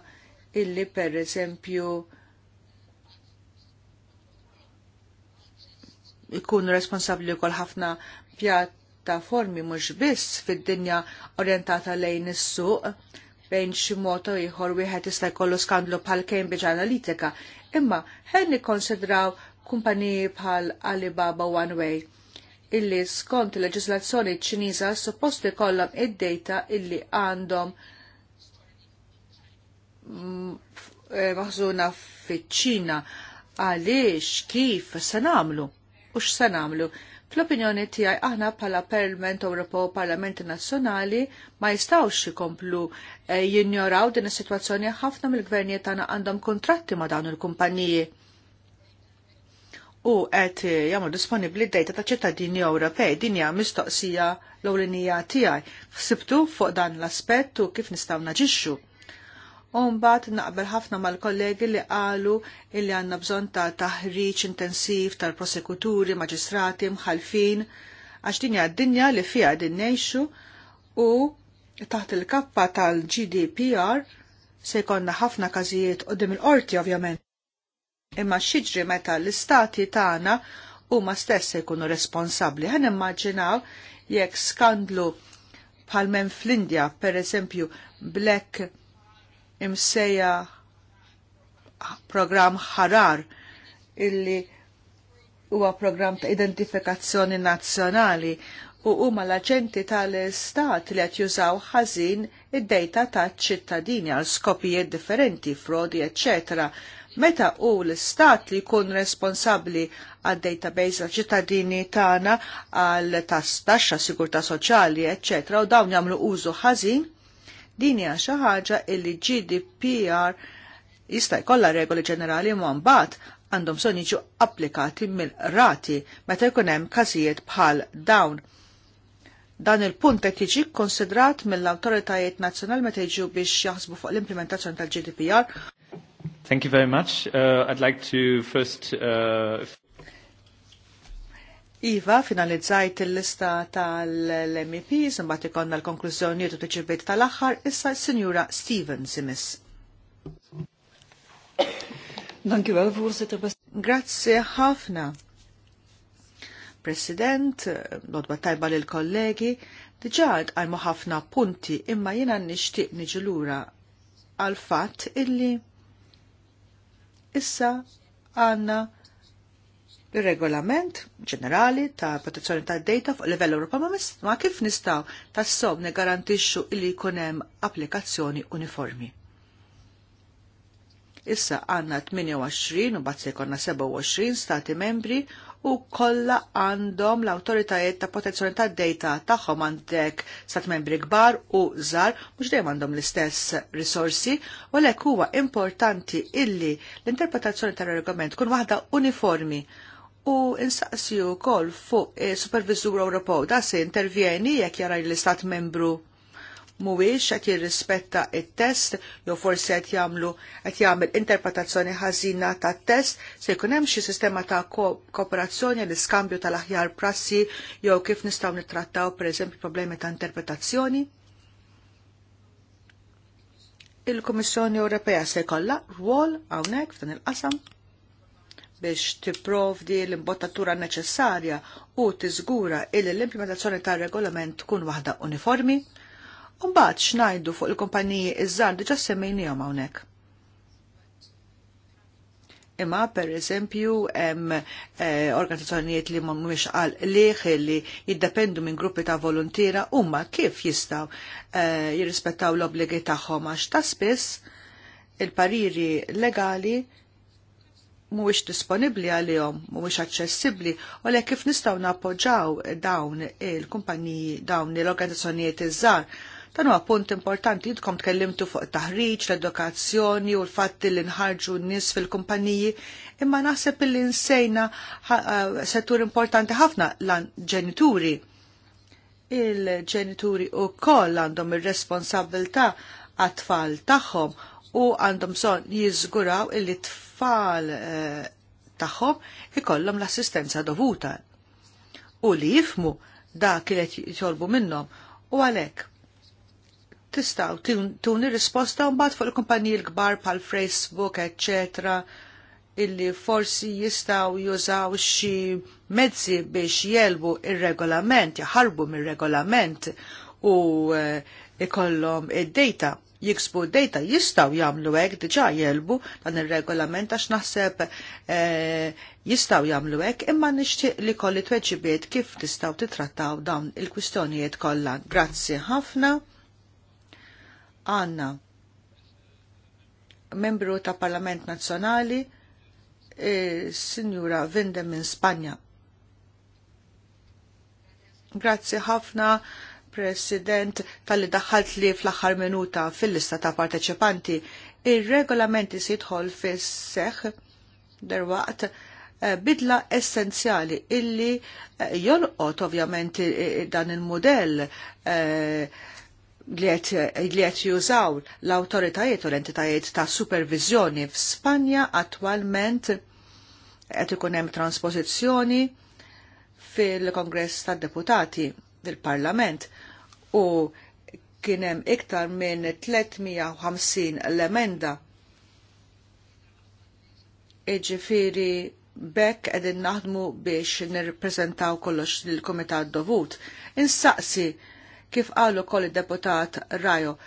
illi per eżempju responsabbli responsabli kol ħafna pjattaformi mhux biss fid-dinja orjentata lejn is-suq bejn xi mod ieħor wieħed jista' jkollu skandlu bħal Cambridge Analytica, imma ħen nikkonsidraw kumpaniji bħal Alibaba One Way illi skont il-leġislazzjoni ċiniża suppost ikollhom id-data illi għandhom mm, eh, maħżuna fiċ-Ċina għaliex kif se nagħmlu u x'se nagħmlu. Fl-opinjoni tiegħi aħna bħala Parlament Ewropew Parlamenti Nazzjonali ma jistgħux ikomplu eh, jinjoraw din is-sitwazzjoni ħafna mill-gvernijiet tagħna għandhom kontratti ma' dawn il-kumpaniji u qed jagħmlu disponibbli d-dejta ta' ċittadini Ewropej. dinja mistoqsija l għolinija tiegħi. Xsibtu fuq dan l-aspett u kif nistgħu naġixxu. Umbat naqbel ħafna mal-kollegi li qalu illi għanna bżon ta' taħriġ intensiv tal-prosekuturi, maġistrati, mħalfin, għax dinja dinja li fiha din nejxu u taħt il-kappa tal-GDPR se jkollna ħafna każijiet qudiem il-qorti ovvjament imma xiġri meta l-istati tagħna huma stess ikunu responsabbli. Ħan immaġinaw jekk skandlu bħal men fl-Indja, per eżempju, Black imsejja program ħarar illi huwa program ta' identifikazzjoni nazzjonali u huma l-aġenti tal-istat li qed jużaw ħażin id-dejta taċ ċittadini għal skopijiet differenti, frodi, eċċetera meta u l-istat li jkun responsabli għad database għal ċittadini tagħna għal taxxa sigurtà soċjali, eċċetra, u dawn jagħmlu użu ħażin, din hija xi ħaġa li GDPR jista' jkollha regoli ġenerali ma mbagħad għandhom son jiġu applikati mill-rati meta jkun hemm każijiet bħal dawn. Dan il-punt qed jiġi konsidrat mill-awtoritajiet nazzjonali meta jiġu biex jaħsbu fuq l-implementazzjoni tal-GDPR Thank you very much. Uh, I'd like to first... Uh... Iva, finalizzajt il-lista tal-MEPs, mbagħad ikonna l konklusjoni u t-ċirbiet tal-aħħar, issa s-Sinjura Stevens imis. Danki għal voorzitter. Grazie ħafna. President, nodba tajba l kollegi, diġad għajmu ħafna punti imma jina nishtiq niġilura għal fat illi issa għanna il-regolament ġenerali ta' protezzjoni ta' data fuq livell Ewropa ma, ma kif nistaw s-sob ne garantixxu illi jkun hemm applikazzjoni uniformi. Issa għanna 28 u bazzi se jkollna 27 stati membri u kollha għandhom l-awtoritajiet ta' protezzjoni tad data tagħhom għandek stat membri kbar u żgħar mhux dejjem għandhom l-istess risorsi u għalhekk huwa importanti illi l-interpretazzjoni tal regolament kun waħda uniformi u insaqsi wkoll fuq eh, Supervisura Ewropew da se intervjeni jekk jara l-istat membru mhuwiex qed jirrispetta it-test jew forsi qed jagħmlu qed jagħmel interpretazzjoni ħażina tat-test se jkun hemm xi sistema ta' kooperazzjoni l iskambju tal-aħjar prassi jew kif nistgħu nittrattaw pereżempju problemi ta' interpretazzjoni? Il-Kummissjoni Ewropea se jkollha rwol hawnhekk f'dan il-qasam biex tipprovdi l-imbottatura neċessarja u tiżgura il l-implementazzjoni tar regolament tkun waħda uniformi Umbaħt xnajdu fuq il-kumpaniji iż-żar diġa għom hawnhekk. Imma per eżempju hemm eh, organizzazzjonijiet li mhumiex għal liħ li jiddependu minn gruppi ta' volontira huma kif jistgħu eh, jirrispettaw l-obbligi tagħhom għax ta' spiss il-pariri legali mhuwiex disponibbli għalihom, mhuwiex aċċessibbli, u lek kif nistgħu nappoġġaw dawn il-kumpaniji, dawn l-organizzazzjonijiet iż-żgħar Dan huwa punt importanti jidkom tkellimtu fuq taħriġ, l-edukazzjoni u l-fatti li nħarġu n-nies fil-kumpaniji, imma naħseb li nsejna eh, settur importanti ħafna lan ġenituri. Il-ġenituri u koll għandhom ir-responsabilta għat-tfal tagħhom u għandhom son jizguraw illi tfal taħħom eh, tagħhom ikollhom l-assistenza dovuta u li jifmu dak li qed jitolbu minnhom u għalhekk tistaw tuni risposta mbagħad fuq il-kumpaniji l-kbar pal Facebook, etc. illi forsi jistaw jużaw xi mezzi biex jelbu ir-regolament, jaħarbu mir-regolament u eh, ikollhom id-data jiksbu data jistaw jamlu hekk diġa' jelbu dan ir-regolament għax naħseb e, jistaw jamlu hekk imma nishtiq li kolli tweġibiet kif tistaw titrattaw dawn il-kwistjonijiet kollha. Grazzi ħafna għanna membru ta' Parlament Nazzjonali, e, Sinjura Vinde minn Spanja. Grazzi ħafna, President, tal-li daħħalt li fl aħħar minuta fil-lista ta' parteċipanti. Ir-regolamenti sitħol fis-seħ derwaqt e, bidla essenzjali illi e, jolqot ovvjament e, dan il-modell eh, li qed jużaw l-awtoritajiet u l-entitajiet ta' supervizjoni f'Spanja attwalment qed ikun hemm transpożizzjoni fil-Kongress tad-Deputati fil-Parlament u kien hemm iktar minn 350 l-emenda. Iġifiri bekk edin naħdmu biex nirrepreżentaw kollox lill komitat Dovut. Insaqsi Kif qalu kol il-deputat Rajo,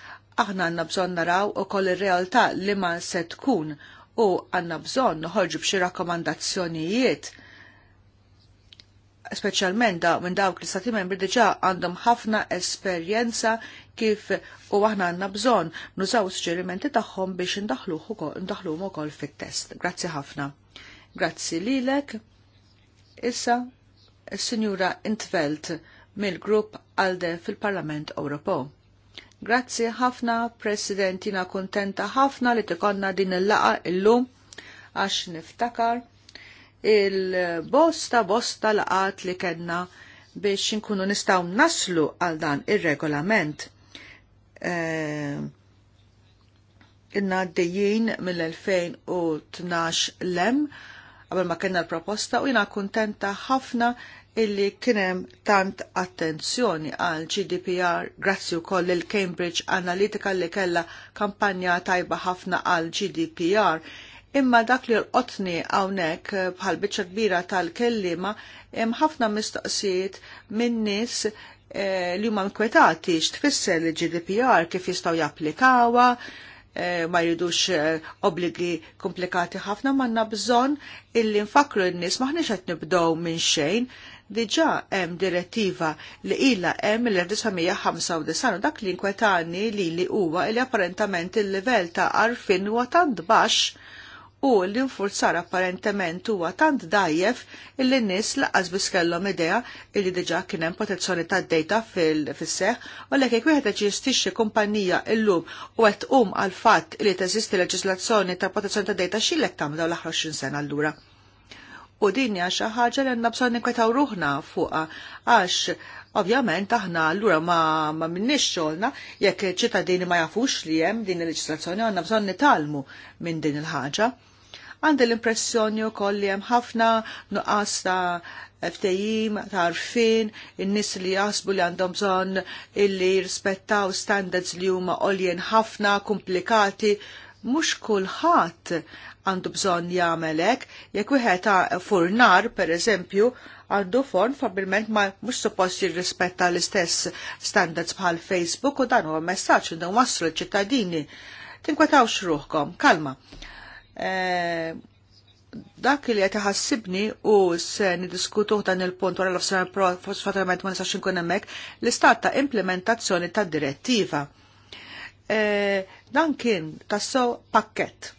aħna għanna bżon naraw u kol il-realtà li ma se tkun u għanna bżon nħorġu b'xi rakkomandazzjonijiet speċjalment da minn dawk li stati membri diġa' għandhom ħafna esperjenza kif u aħna għandna bżonn nużaw suġġerimenti tagħhom biex indaħluhom ukoll fit-test. Grazzi ħafna. Grazzi lilek. Issa, il sinjura Intvelt mill-grupp ALDE fil-Parlament Ewropew. Grazzi ħafna, President, jina kontenta ħafna li tikonna din il-laqa illum għax niftakar il-bosta bosta laqat li kedna biex nkunu nistaw naslu għal dan il-regolament. E, Inna d dijin mill-2012 lem għabel ma kena l-proposta u jina kontenta ħafna illi kienem tant attenzjoni għal GDPR grazzi wkoll il Cambridge Analytica li kella kampanja tajba ħafna għal GDPR imma dak li l-qotni għawnek bħal biċċa kbira tal-kellima ħafna mistoqsijiet minn nies eh, li huma nkwetati x'tfisser li GDPR kif jistgħu japplikawa, eh, ma jridux eh, obligi komplikati ħafna manna bżonn illi nfakru n-nies maħniex qed nibdew minn xejn diġà hemm direttiva li ilha hemm mill-1995 u dak li nkwetani li li huwa li apparentament il-livell ta' arfin huwa tant baxx u l nfurzar apparentement huwa tant dajjef illi n-nies laqas biss kellhom idea illi diġà kien hemm protezzjoni tad-dejta fis-seħħ u lek jekk wieħed ġestixxi kumpanija llum u qed tqum għal fatt li teżisti leġislazzjoni ta' protezzjoni tad-dejta x'ilek tam dawn l-aħħar 20 sena allura u din hija xi ħaġa li għandna bżonn nikwetaw ruħna fuqha għax ovvjament aħna allura ma ma minnix xogħolna jekk ċittadini ma jafux li hemm din il-leġislazzjoni għandna bżonn nitalmu minn din il-ħaġa. Għandi l-impressjoni wkoll li hemm ħafna nuqqas ta' ftejim, tarfin, in-nis li jasbu li għandhom bżonn illi jirrispettaw standards li huma għoljen ħafna, komplikati, mhux kulħadd għandu bżonn jagħmel hekk, jekk wieħed ta' furnar pereżempju għandu forn fabilment ma mhux suppost jirrispetta l-istess standards bħal Facebook u dan huwa messaġġ li waslu l-ċittadini. Tinkwetawx xruħkom, kalma. E, dak li qed iħassibni u se niddiskutuh dan il-punt wara l ofsar fortunatament ma nistax hemmhekk l-istat ta' implementazzjoni tad-direttiva. E, dan kien tassew pakket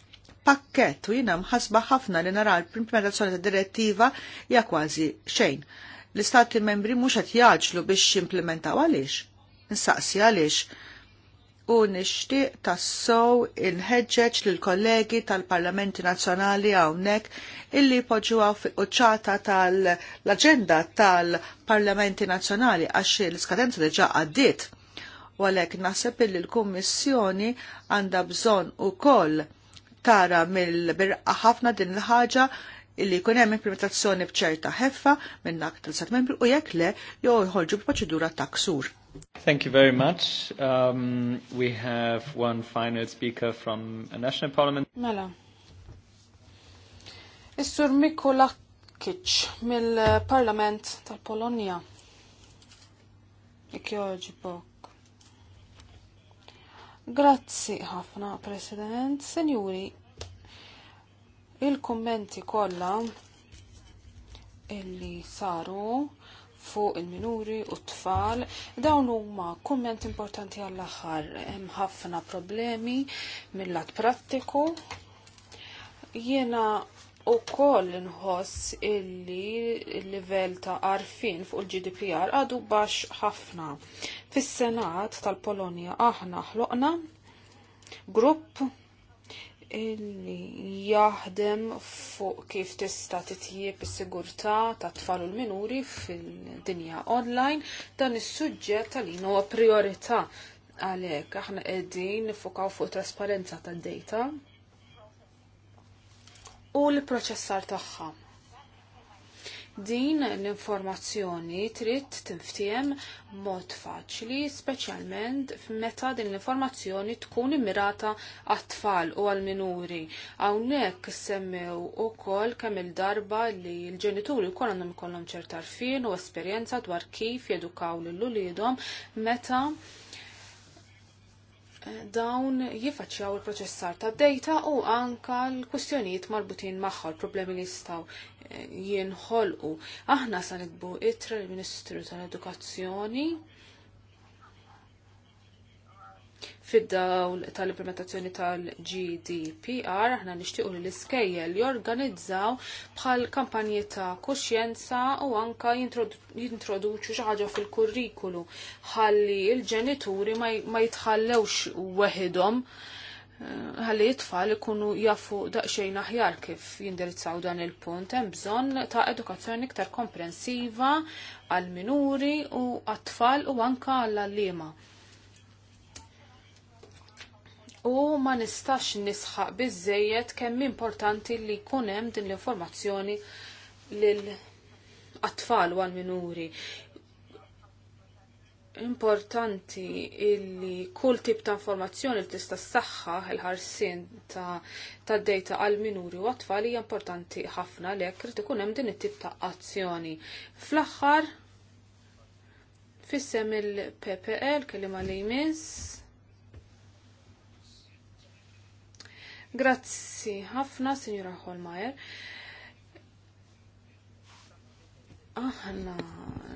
pakket u jina mħasba ħafna li nara l-implementazzjoni ta' direttiva hija kważi xejn. L-istati membri mhux qed jaġlu biex jimplementaw għaliex. Nsaqsi għaliex. U nixtieq tassow inħeġġeġ lil kollegi tal-Parlamenti Nazzjonali hawnhekk illi jpoġġuha fi quċċata tal-aġenda tal-Parlamenti Nazzjonali għax l-iskadenza diġà għaddiet. U għalhekk naħseb illi l-Kummissjoni għandha bżonn ukoll tara mill-birqa ħafna din il-ħaġa illi jkun hemm implementazzjoni bċerta ħeffa minn akt tal-Sat Membri u jekk le jew jħolġu b'proċedura ta' ksur. Thank you very much. Um, we have one final speaker from a national parliament. Mela. Is-Sur Mikola Kic mill-Parlament tal polonia Ik joġibok. Grazzi ħafna, President. Senjuri, il-kommenti kollha illi saru fuq il-minuri u t-tfal, dawn huma kumment importanti għall-aħħar. Hemm ħafna problemi mill-lat prattiku. Jiena u koll nħoss illi l-level ta' arfin fuq il-GDPR għadu bax ħafna. Fis-Senat tal-Polonja aħna ħloqna grupp illi jaħdem fuq kif tista' titjieb is-sigurtà ta' tfal u l-minuri fil-dinja online dan is-suġġett għalin huwa priorità għalhekk aħna qegħdin nifukaw fuq trasparenza tad-data u l-proċessar tagħha. Din l-informazzjoni trid tinftiem mod faċli, speċjalment f'meta din l-informazzjoni tkun immirata għat-tfal u għal-minuri. Hawnhekk semmew ukoll kemm il-darba li l-ġenituri wkoll għandhom ikollhom ċertarfien fin u esperjenza dwar kif jedukaw lil uliedhom meta dawn jifaċċjaw il-proċessar ta' data u anka l-kwistjonijiet marbutin magħha l-problemi li jistgħu eh, jinħolqu. Aħna sa nitbu itra l-Ministru tal-Edukazzjoni fid-dawl tal-implementazzjoni tal-GDPR, aħna nixtiequ li l-iskejjel jorganizzaw bħal kampanji ta' kuxjenza u anka jintroduċu xi ħaġa fil-kurrikulu ħalli l-ġenituri ma jitħallewx weħidhom eh, ħalli it-tfal ikunu jafu daqsxejn aħjar kif jindirizzaw dan il-punt. Hemm bżonn ta' edukazzjoni iktar komprensiva għal minuri u għat-tfal u anka għall-allima u ma nistax nisħaq biżejjed kemm importanti li jkun hemm din l-informazzjoni lil atfal u għal minuri. Importanti illi kull tip ta' informazzjoni li tista' s-saxħa il-ħarsin ta', ta data għal minuri u għatfal hija importanti ħafna li jekk ikun hemm din it-tip ta' azzjoni. Fl-aħħar fissem il-PPL kelima li jmiss Grazzi ħafna, Signora Holmeier. Aħna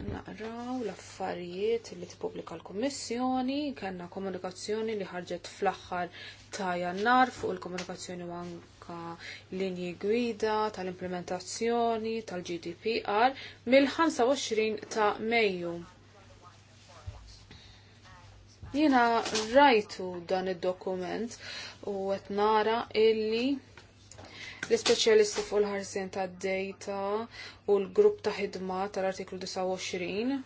naqraw l-affarijiet li tippubblika l kommissjoni kellna komunikazzjoni li ħarġet fl-aħħar ta' jannar fuq il-komunikazzjoni u anka linji gwida tal-implementazzjoni tal-GDPR mill-25 ta' Mejju. Jiena rajtu dan id-dokument u qed nara illi l-ispeċjalisti fuq il-ħarsien tad-data u l-grupp ta' ħidma tal-artiklu 29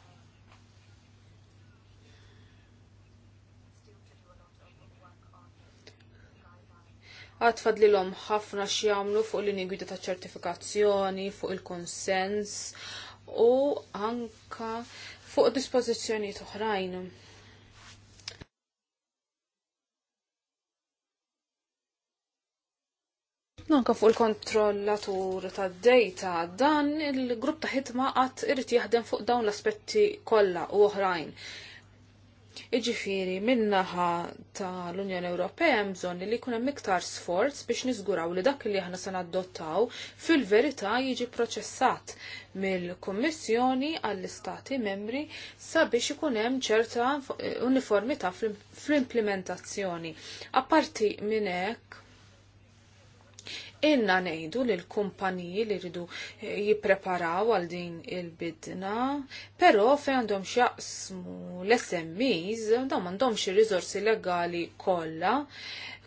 għad om ħafna x'jamlu fuq l-linji ta' ċertifikazzjoni, fuq il-konsens u anka fuq dispożizzjonijiet oħrajn. Nanka fuq il-kontrollatur ta' data dan il-grupp ta' ħitma qatt irid jaħdem fuq dawn l-aspetti kollha u oħrajn. Iġifieri minnaħa ta' l-Unjoni Ewropea hemm bżonn li jkun hemm iktar sforz biex niżguraw li dak li aħna se nadottaw fil-verità jiġi proċessat mill-Kummissjoni għall-Istati membri sabiex ikun hemm ċerta uniformità fl-implementazzjoni. Apparti minn hekk inna nejdu li l-kumpaniji li rridu eh, jipreparaw għal din il-bidna, pero fe għandhom xjaqsmu l-SMEs, għandhom għandhom xi rizorsi legali kollha,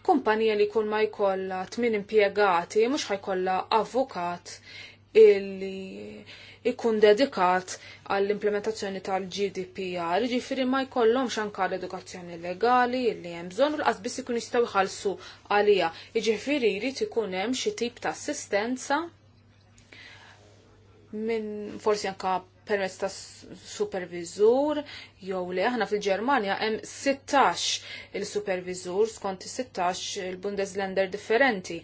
kumpanija li kun ma jkollha tmin impjegati mhux ħajkolla avukat illi ikun dedikat għall-implementazzjoni tal-GDPR, ġifiri ma jkollhomx anka l-edukazzjoni legali li hemm bżonn u l-qasbis ikun jistgħu jħallsu għalija. Jiġifieri jrid ikun hemm xi tip ta' assistenza minn forsi anka permezz ta' supervizur jew li aħna fil-Ġermanja hemm 16 il-supervizur skont 16 il-Bundesländer differenti.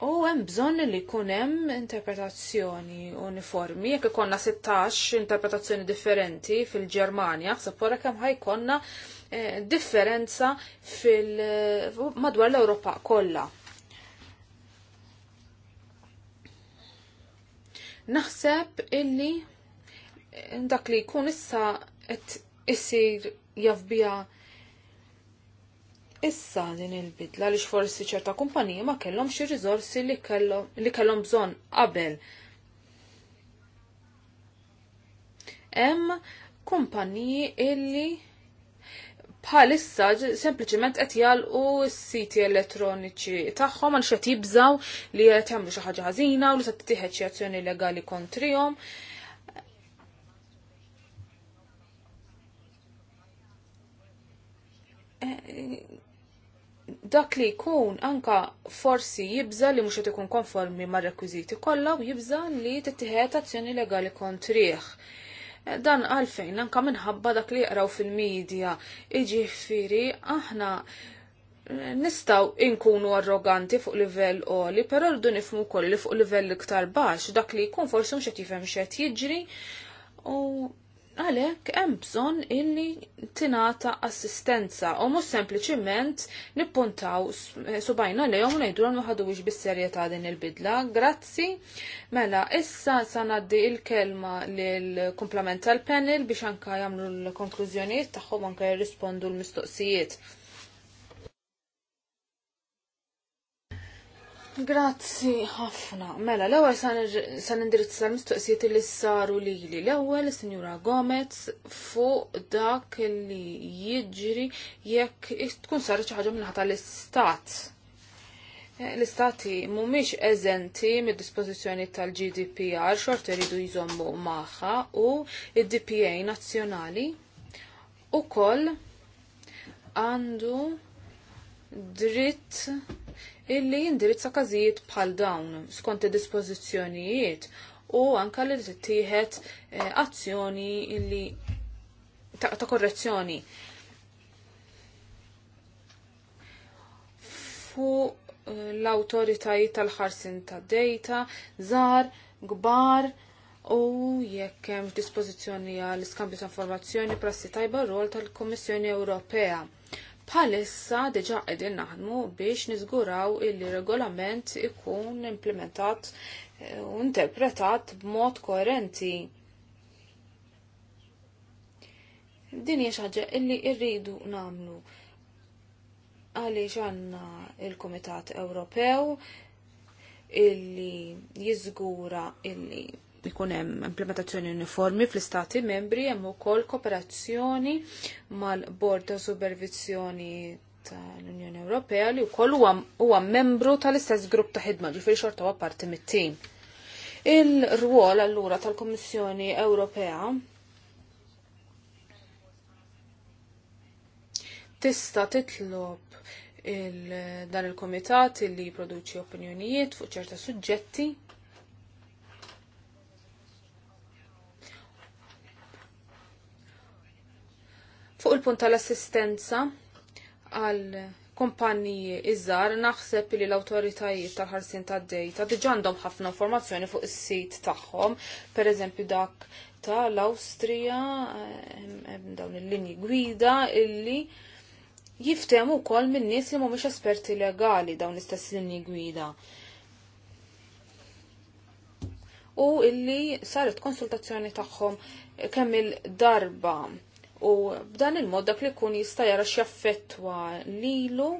U hemm bżonn li jkun hemm interpretazzjoni uniformi, jekk ikonna 16 interpretazzjoni differenti fil-Ġermanja, ħseb wara kemm ħajkonna eh, differenza fil madwar l-Ewropa kollha. Naħseb illi eh, dak li jkun issa qed isir jafbija Issa din il-bidla li forsi ċerta kumpanija ma kellhom xi riżorsi li kellhom bżonn qabel. Hemm kumpaniji illi bħalissa sempliċement qed jalqu s-siti elettroniċi tagħhom għal xed jibżaw li qed jagħmlu xi ħaġa ħażina u li se tittieħed xi azzjoni legali kontrihom. dak li jkun anka forsi jibża li mhux qed ikun konformi mar-rekwiżiti kollha u jibza' li tittieħed azzjoni legali kontrih. Dan għalfejn anka minħabba dak li jaqraw fil-medja, jiġifieri aħna nistaw inkunu arroganti fuq livell oli, però rridu nifmu koll li fuq livell iktar baxx dak li jkun forsi mhux qed jifhem x'għed jiġri u Għalek hemm bżonn illi tingħata assistenza u mhux sempliċiment nippuntaw eh, subajna lejhom u ngħidulhom ma ħadux bis-serjetà din il-bidla. Grazzi. Mela, issa sa ngħaddi l-kelma lil kumplament tal-panel biex anka jagħmlu l-konklużjonijiet tagħhom anke jirrispondu l-mistoqsijiet. Grazzi ħafna. Mela, l-ewwel sa nindirizza l-mistoqsijiet li saru lili. L-ewwel is-Sinjura Gomez fuq dak li jiġri jekk tkun saret xi ħaġa minħata l-istat. Eh, l-istati mhumiex eżenti mid-dispożizzjoni tal-GDPR xort iridu jżommu magħha u id-DPA nazzjonali ukoll għandu dritt illi jindirizza każijiet bħal dawn skont id-dispożizzjonijiet u anka li tittieħed eh, azzjoni illi ta' korrezzjoni. Fu eh, l-autoritajiet tal-ħarsin ta' data, żar, gbar, u jekk hemm dispożizzjoni għall iskambju ta' informazzjoni prassi tajba r rol tal kummissjoni Ewropea. Bħalissa diġa qegħdin naħdmu biex niżguraw il-regolament ikun implementat e, u interpretat b'mod koerenti. Din hija xaġa illi rridu nagħmlu għaliex għandna il-Kumitat Ewropew illi jiżgura illi ikun hemm implementazzjoni uniformi fl-istati membri hemm ukoll kooperazzjoni mal-Bord ta' Supervizjoni tal-Unjoni Ewropea li wkoll huwa membru tal-istess grupp ta' ħidma ġifieri xorta huwa parti mit-tim. Il-rwol allura tal-Kummissjoni Ewropea tista' titlob il dan il-komitat li jipproduċi opinjonijiet fuq ċerta suġġetti Fuq il-punt tal-assistenza għal kumpanniji iżar naħseb li l-awtoritajiet tal-ħarsin tad-dejta diġà għandhom ħafna informazzjoni fuq is-sit tagħhom, pereżempju dak tal-Awstrija hemm dawn il-linji gwida illi jiftemu wkoll minn nies li mhumiex esperti legali dawn l-istess linji gwida. U illi saret konsultazzjoni tagħhom kemm il-darba u b'dan il-mod dak li kun jista' jara x'jaffettwa lilu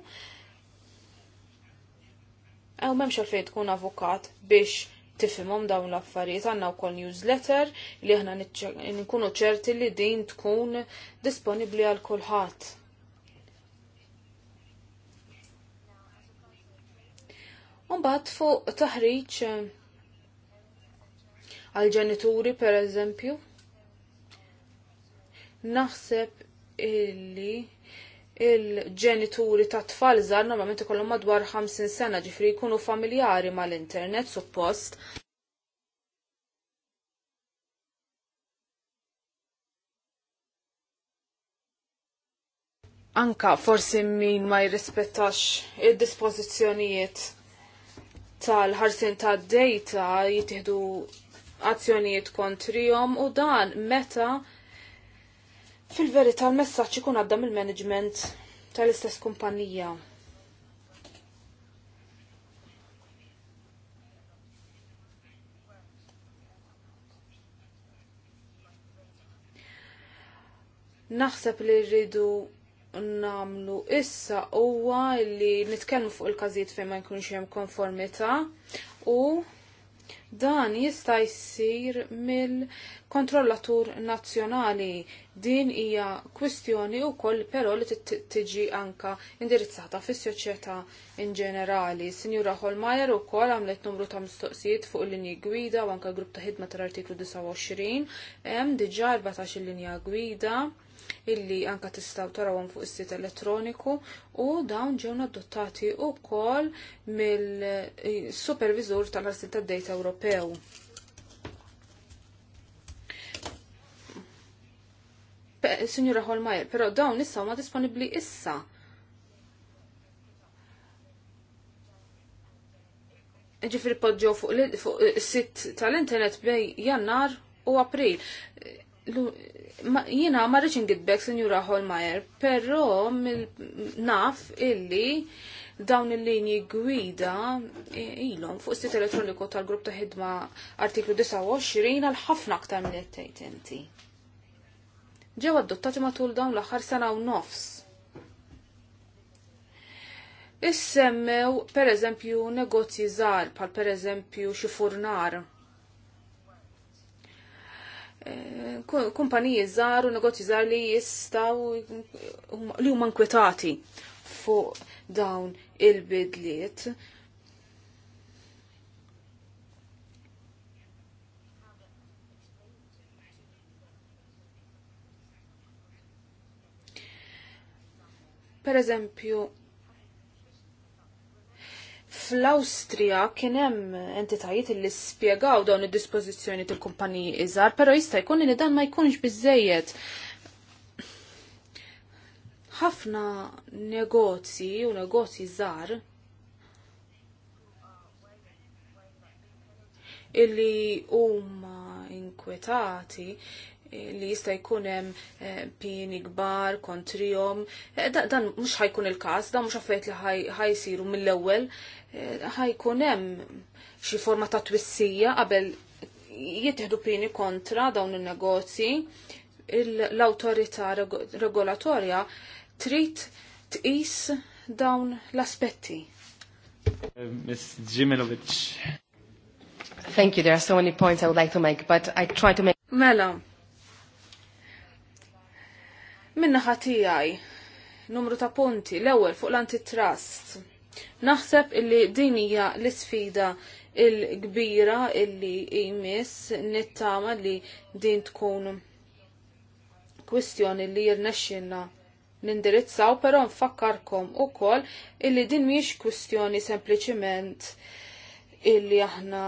Ew memx għalfejn tkun avukat biex tifhimhom dawn l-affarijiet għandna wkoll newsletter li aħna nkunu ċerti li din tkun disponibbli għal kulħadd. Mbagħad fuq taħriġ għal ġenituri per eżempju, Naħseb illi il-ġenituri ta' tfal żgħar normalment ikollhom madwar 50 sena ġifri jkunu familjari mal-internet suppost. Anka forsi min ma jirrispettax id-dispożizzjonijiet tal-ħarsin ta' data jittieħdu azzjonijiet kontrihom u dan meta Fil-verità l-messaġġ ikun għadda mill-management tal-istess kumpanija. Naħseb li rridu namlu issa huwa li nitkellmu fuq il-każijiet fejn ma jkunx hemm konformità u Dan jista' jsir mill-kontrollatur nazzjonali. Din hija kwistjoni wkoll però li tiġi anka indirizzata fis-soċjetà in ġenerali. Sinjura Holmajer ukoll għamlet numru ta' mistoqsijiet fuq il-linji gwida u anka grupp ta' ħidma tal-artiklu 29 hemm diġà 14 linja gwida illi anka tistaw tarawhom fuq is-sit elettroniku u dawn ġew adottati wkoll mill-supervisur tal-Arsil tad-Dejta Ewropew. Signora Holmajer, però dawn issa ma disponibli issa. ġifri podġo fuq, is sit tal-internet bej jannar u april. Jina ma rridx ingidbek Sinjura Holmajer, però naf illi dawn il-linji gwida ilhom fuq sit elettroniku tal-grupp ta' ħidma artiklu 29 għal ħafna aktar minn qed inti. Ġew adottati matul dawn l-aħħar sena u nofs. Issemmew pereżempju negozji żgħar bħal pereżempju xi furnar Eh, kumpaniji żgħar u negozji żgħar li jistgħu li huma nkwetati fuq dawn il-bidliet. Per eżempju, fl-Awstrija kien hemm entitajiet li spjegaw dawn id-dispożizzjoni tal-kumpaniji iżgħar, però jista' jkun li dan ma jkunx biżejjed. Ħafna negozji u negozji żgħar illi huma inkwetati li jista' jkun hemm eh, pieni kbar eh, Dan mhux ħajkun il-każ, dan mhux affarijiet li ħajsiru mill-ewwel, eh, ħajkunem hemm xi forma ta' twissija qabel jittieħdu pieni kontra dawn in-negozji l-awtorità regolatorja trid tqis dawn l-aspetti. Ms. Jimilovic. Thank you. There are so many points I would like to make, but I try to make... Mela, Minnaħa tiegħi numru ta' punti l-ewwel fuq l-antitrust. Naħseb illi din hija l-isfida il-kbira illi jmiss nittama li din tkun kwistjoni li jirnexxinna nindirizzaw, però nfakkarkom ukoll illi din mhijiex kwistjoni sempliċiment illi aħna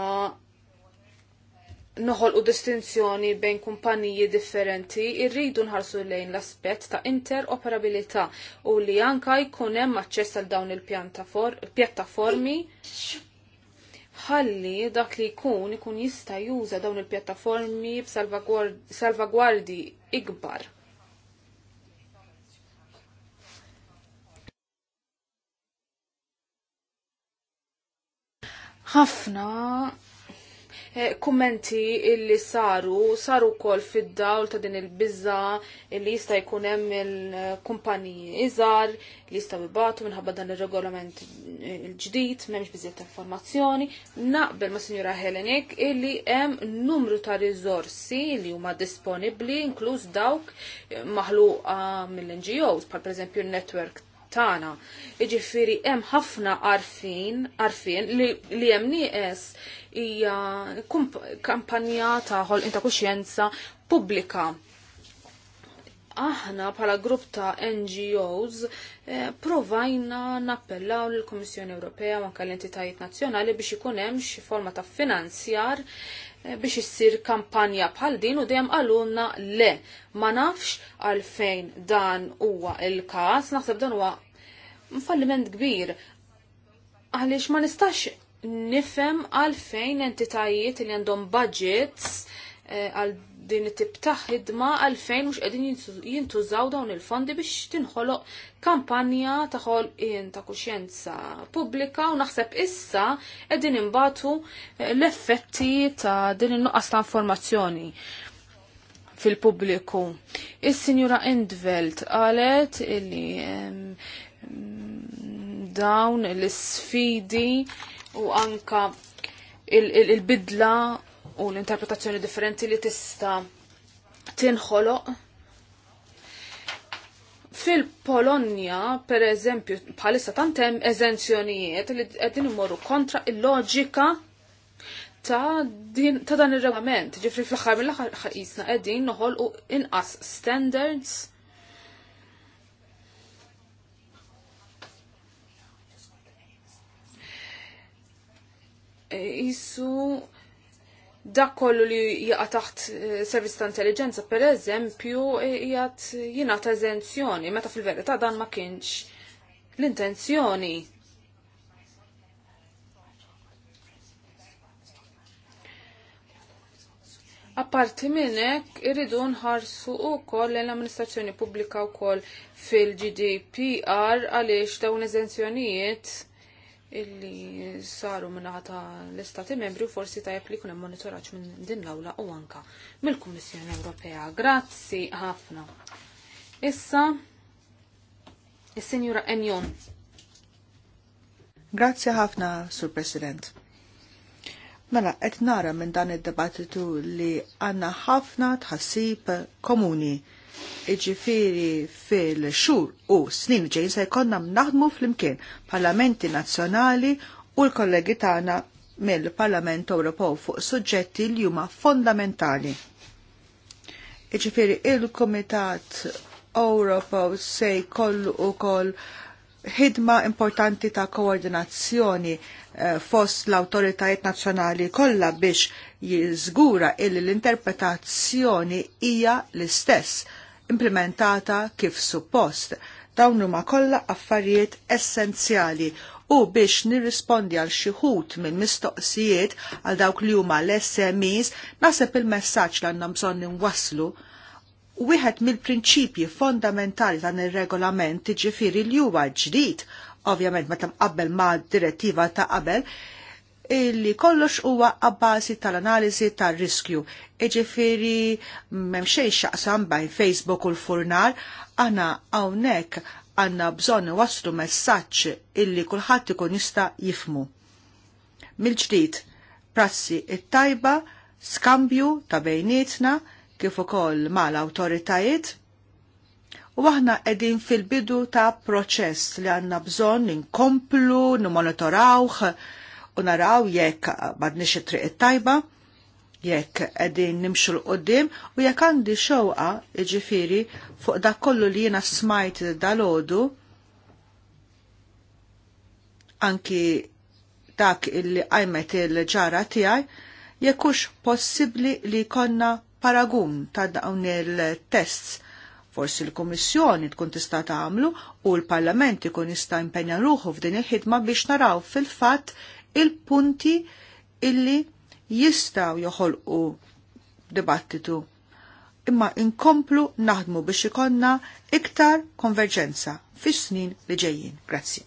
noħolqu distinzjoni bejn kumpaniji differenti, irridu nħarsu lejn l-aspett ta' interoperabilità u li anka jkun hemm aċċess għal dawn il-pjattaformi ħalli dak li jkun ikun jista' juża dawn il-pjattaformi b'salvagwardi ikbar. ħafna Eh, kummenti illi saru, saru kol fid-dawl ta' din il-bizza illi jista' jkun hemm il-kumpaniji iżar li jistgħu ibatu minħabba dan ir-regolament il-ġdid, m'hemmx biżjed informazzjoni. Naqbel ma' Sinjura Helenik illi hemm numru ta' rizorsi li huma disponibbli inkluż dawk maħluqa mill-NGOs, bħal pereżempju n-netwerk Tana, Jiġifieri hemm ħafna arfin għarfien li hemm nijes hija kampanja ta' inta ta' kuxjenza pubblika. Aħna bħala grupp ta' NGOs eh, provajna nappellaw l kummissjoni Ewropea ma' l-entitajiet nazzjonali biex ikun hemm xi forma ta' finanzjar eh, biex issir kampanja bħal din u dejjem għalunna le ma nafx għalfejn dan huwa il-każ, naħseb dan huwa falliment kbir għaliex ma nistax nifhem għalfejn entitajiet li għandhom budgets eh, għal din it-tip ta' ħidma għalfejn mhux qegħdin jintużaw dawn il-fondi biex tinħoloq kampanja ta' ħolqien eh, ta' kuxjenza pubblika u naħseb issa qegħdin imbatu eh, l-effetti ta' din il nuqqas ta' informazzjoni fil-pubbliku. Is-Sinjura Endvelt qalet illi dawn l-sfidi u anka il-bidla u l-interpretazzjoni differenti li tista tinħoloq. Fil-Polonja, per eżempju, bħalissa tantem eżenzjonijiet li għedin imorru kontra il-loġika ta' din ta' dan ir-regolament. Ġifri fl ħar mill-aħħar għedin qegħdin noħolqu inqas standards jissu dak kollu li jaqa taħt eh, servis ta' intelligenza, per eżempju, eh, jgħat jina ta' eżenzjoni, meta fil-verità dan ma kienx l-intenzjoni. Apparti minnek, irridu nħarsu u koll l-amministrazzjoni pubblika u koll fil-GDPR għaliex dawn eżenzjonijiet illi saru minnaħata l-Istati membri u forsi ta' li kunem monitoraċ minn din l-awla u anka mill-Kummissjoni Ewropea. Grazzi ħafna. Issa, il-Sinjura Enjon. Grazzi ħafna, Sur President. Mela, et nara minn dan id-debattitu li għanna ħafna tħassib komuni Iġifiri fil-xur u snin ġejn se jkonna naħdmu fl-imkien parlamenti nazzjonali u l-kollegi tagħna mill-Parlament Ewropew fuq suġġetti li huma fondamentali. Iġifiri il-Komitat Ewropew se jkollu ukoll ħidma importanti ta' koordinazzjoni eh, fost l-autoritajiet nazzjonali kollha biex jiżgura illi l-interpretazzjoni hija l-istess implementata kif suppost. Dawn huma kollha affarijiet essenzjali u biex nirrispondi għal xiħut minn mistoqsijiet għal dawk li huma l-SMEs, naħseb il-messaġġ li għandna bżonn inwasslu wieħed mill-prinċipji fondamentali dan ir-regolament ġifiri li huwa ġdid, ovvjament meta mqabbel ma' direttiva ta' qabel, illi kollox huwa għabbażi tal-analiżi tar-riskju. Iġifieri m'hemm xaqsam bajn Facebook u l-furnar, għana hawnhekk għandna bżonn waslu messaġġ illi kulħadd ikun jista' jifmu. Mill-ġdid, prassi it-tajba, skambju ta' bejnietna kif ukoll mal-awtoritajiet u aħna edin fil-bidu ta' proċess li għanna bżon ninkomplu, nimmonitorawħ, u naraw jekk madniex it-triq tajba jekk qegħdin nimxu l-qoddim u jekk għandi xewqa jiġifieri fuq dak kollu li jiena smajt dalodu anki dak illi għajmet il-ġara tiegħi jekkux possibbli li konna paragun ta' dawn il-tests forsi l-Komissjoni tkun tista' tagħmlu u l-Parlament ikun jista' impenja ruħu f'din il-ħidma biex naraw fil-fatt il-punti illi jistaw joħolqu dibattitu. Imma inkomplu naħdmu biex ikonna iktar konverġenza fis-snin li ġejjin. Grazzi.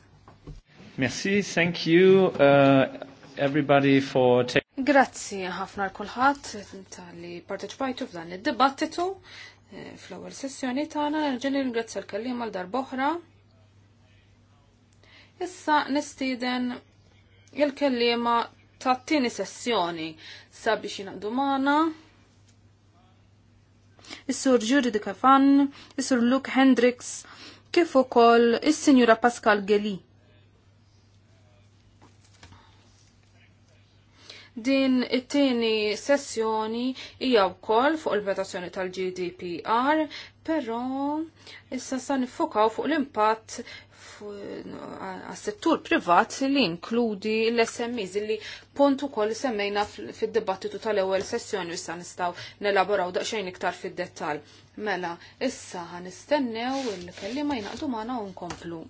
Merci, thank you uh, everybody for taking Grazzi ħafna l-kulħat tal-li parteċipajtu f'dan id-dibattitu eh, fl-ewwel sessjoni tagħna nerġa' ringrazzja l-kelliem għal darba oħra. Issa nistieden il-kellima ta' t-tini sessjoni sabiex xina domana. Is-sur Juri de Kafan, is-sur Luke Hendrix, kif ukoll is-Sinjura Pascal Geli. Din it-tieni sessjoni hija wkoll fuq il-votazzjoni tal-GDPR però issa sa nifokaw fuq l-impatt għas-settur privat li inkludi l-SMEs li pontu ukoll semmejna fid dibattitu tal ewwel sessjoni issa nistgħu nelaboraw daqsxejn iktar fid-dettall. Mela, issa nistennew il-kellima jnaqdu u nkomplu.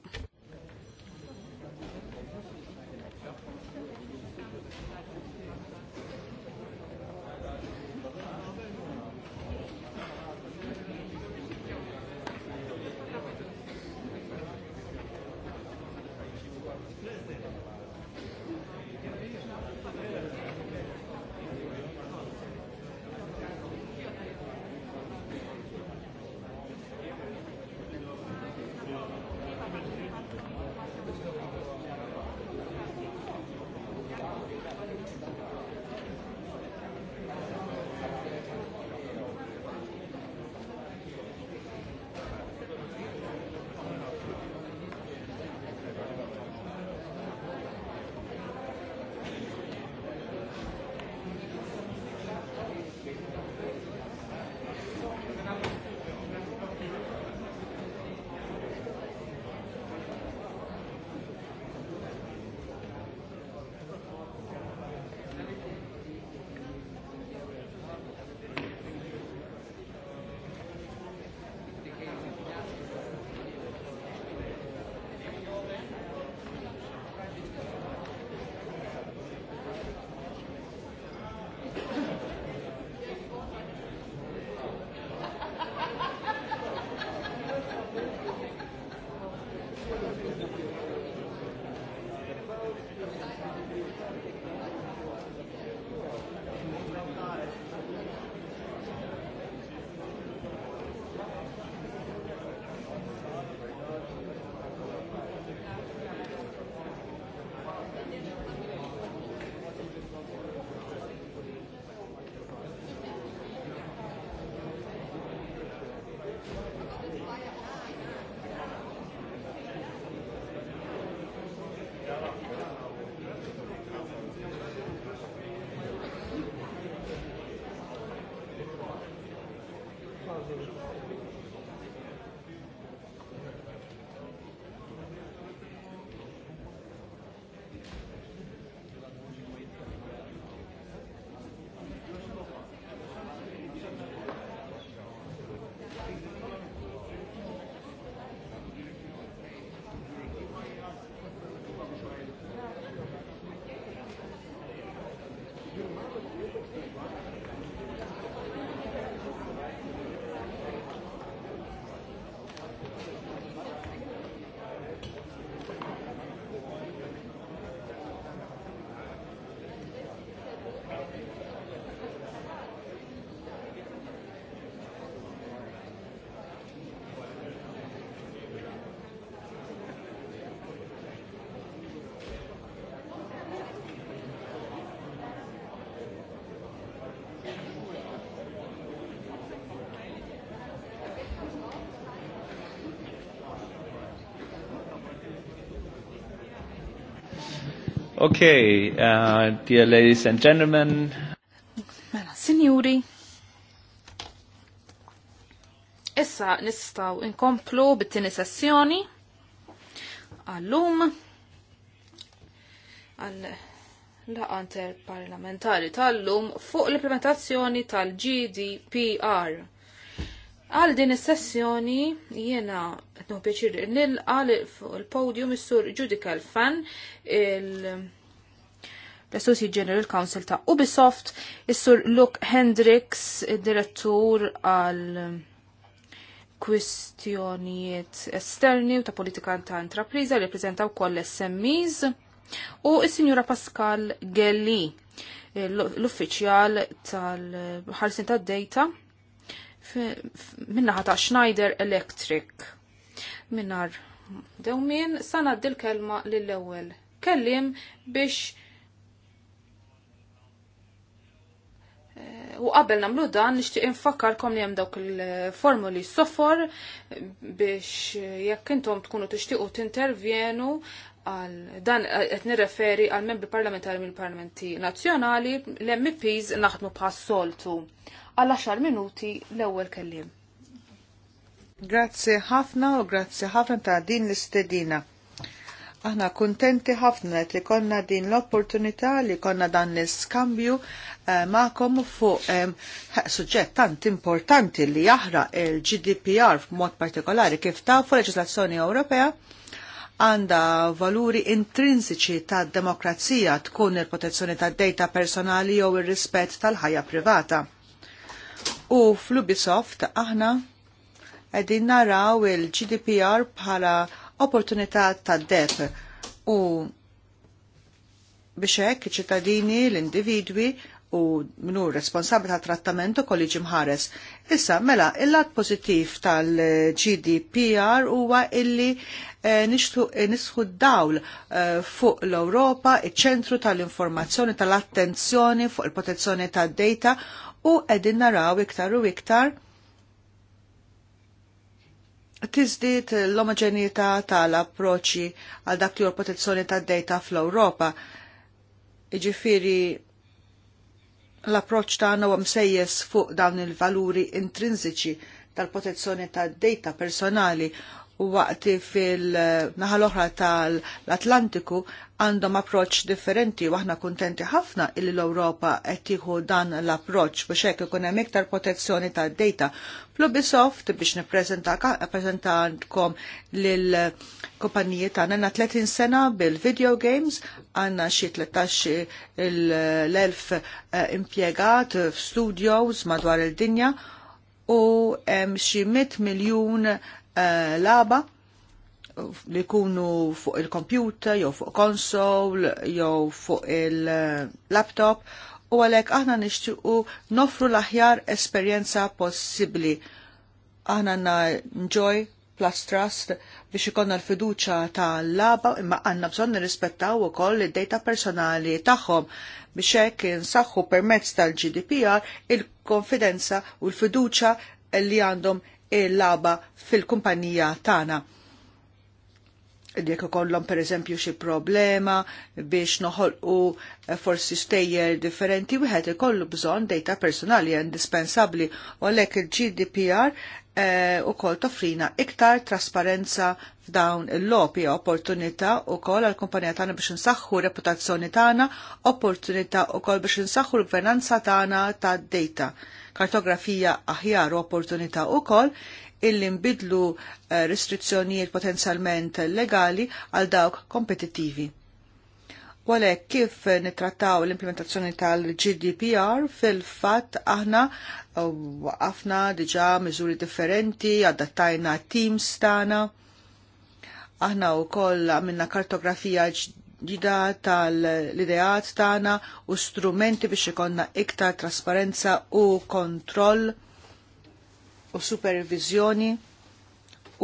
Okay, uh, dear ladies and gentlemen. Mela, signori. Issa nistaw inkomplu bit-tini sessjoni Allum. għall laqanter Parlamentari tal-lum fuq l-implementazzjoni tal-GDPR. Għal din is-sessjoni jiena għatnu pieċir nilqa il-podium is sur Judika l-fan l-Associate General Council ta' Ubisoft, is sur Luke Hendricks, direttur għal kwistjonijiet esterni u ta' politika ta' intrapriza li prezentaw koll SMEs u s sinjura Pascal Gelli, l-uffiċjal tal-ħarsin ta' data minnaħa ta' Schneider Electric minar dewmin sana il-kelma lill-ewwel kellim biex eh, U qabel namlu dan, nishtiq infakkarkom li hemm dawk il-formuli sofor biex eh, jekk intom tkunu tixtiequ tintervjenu għal dan eh, qed nirreferi għal membri parlamentari mill-Parlamenti Nazzjonali l-MPs naħdmu bħas soltu għal 10 minuti l-ewwel kelliem. Grazzi ħafna u grazzi ħafna ta' din l-istedina. Aħna kuntenti ħafna li konna din l-opportunità li konna dan l-skambju eh, ma'kom fuq eh, suġġett tant importanti li jahra il-GDPR f'mod partikolari kif ta' fuq leġislazzjoni Ewropea għanda valuri intrinsiċi ta' demokrazija tkun il-protezzjoni ta' data personali jew ir-rispett tal-ħajja privata. U fl-Ubisoft aħna qegħdin naraw il-GDPR bħala opportunità ta' deb u biex hekk iċ-ċittadini, l-individwi u minnu responsabli ta' trattamentu kolli mħares. Issa, mela, il-lat pozittiv tal-GDPR huwa illi eh, eh nisħu dawl eh, fuq l-Europa, iċ-ċentru tal-informazzjoni, tal-attenzjoni fuq il-protezzjoni tad data u edin naraw iktar u iktar tiżdied l-omoġenità tal-approċċi għal dak li hu protezzjoni tad-dejta fl-Ewropa. Jiġifieri l-approċċ tagħna huwa msejjes fuq dawn il-valuri intrinsiċi tal-protezzjoni tad-dejta personali u waqti fil-naħal oħra tal-Atlantiku għandhom approċ differenti u aħna kuntenti ħafna illi l-Ewropa qed tieħu dan l-approċ biex hekk ikun hemm iktar protezzjoni tad-data. fl biex nippreżentakom lil kumpaniji tagħna għandna 30 sena bil-video games għandna xi 13 l-elf eh, impjegat f'studios madwar il-dinja u hemm xi 100 miljun Eh, laba li jkunu fuq il-kompjuter, jew fuq konsol, jew fuq il-laptop, u għalek aħna nishtiqu nofru l-aħjar esperjenza possibli. Aħna na enjoy plus trust biex ikonna l-fiduċa ta' l-laba imma għanna bżon nirrispettaw u koll id-data personali tagħhom biex hekk insaħħu permezz tal-GDPR il-konfidenza u l-fiduċa li għandhom il-laba fil-kumpanija tagħna jekk ikollhom pereżempju xi problema biex noħolqu forsi stejjer differenti wieħed ikollu bżonn data personali indispensabbli u għalhekk il-GDPR eh, ukoll tofrina iktar trasparenza f'dawn il-lopi opportunità wkoll għall kumpanija tagħna biex insaħħu reputazzjoni tagħna, opportunità wkoll biex insaħħu l-gvernanza tagħna tad-data. Ta kartografija aħjar u opportunità wkoll illi nbidlu eh, restrizzjonijiet potenzjalment legali għal dawk kompetittivi. Wale kif nitrattaw l-implementazzjoni tal-GDPR fil-fat aħna eh, waqafna diġa miżuri differenti, adattajna teams tana. Aħna u koll għamilna kartografija ġida tal-ideat tagħna u strumenti biex ikonna iktar trasparenza u kontroll u supervizjoni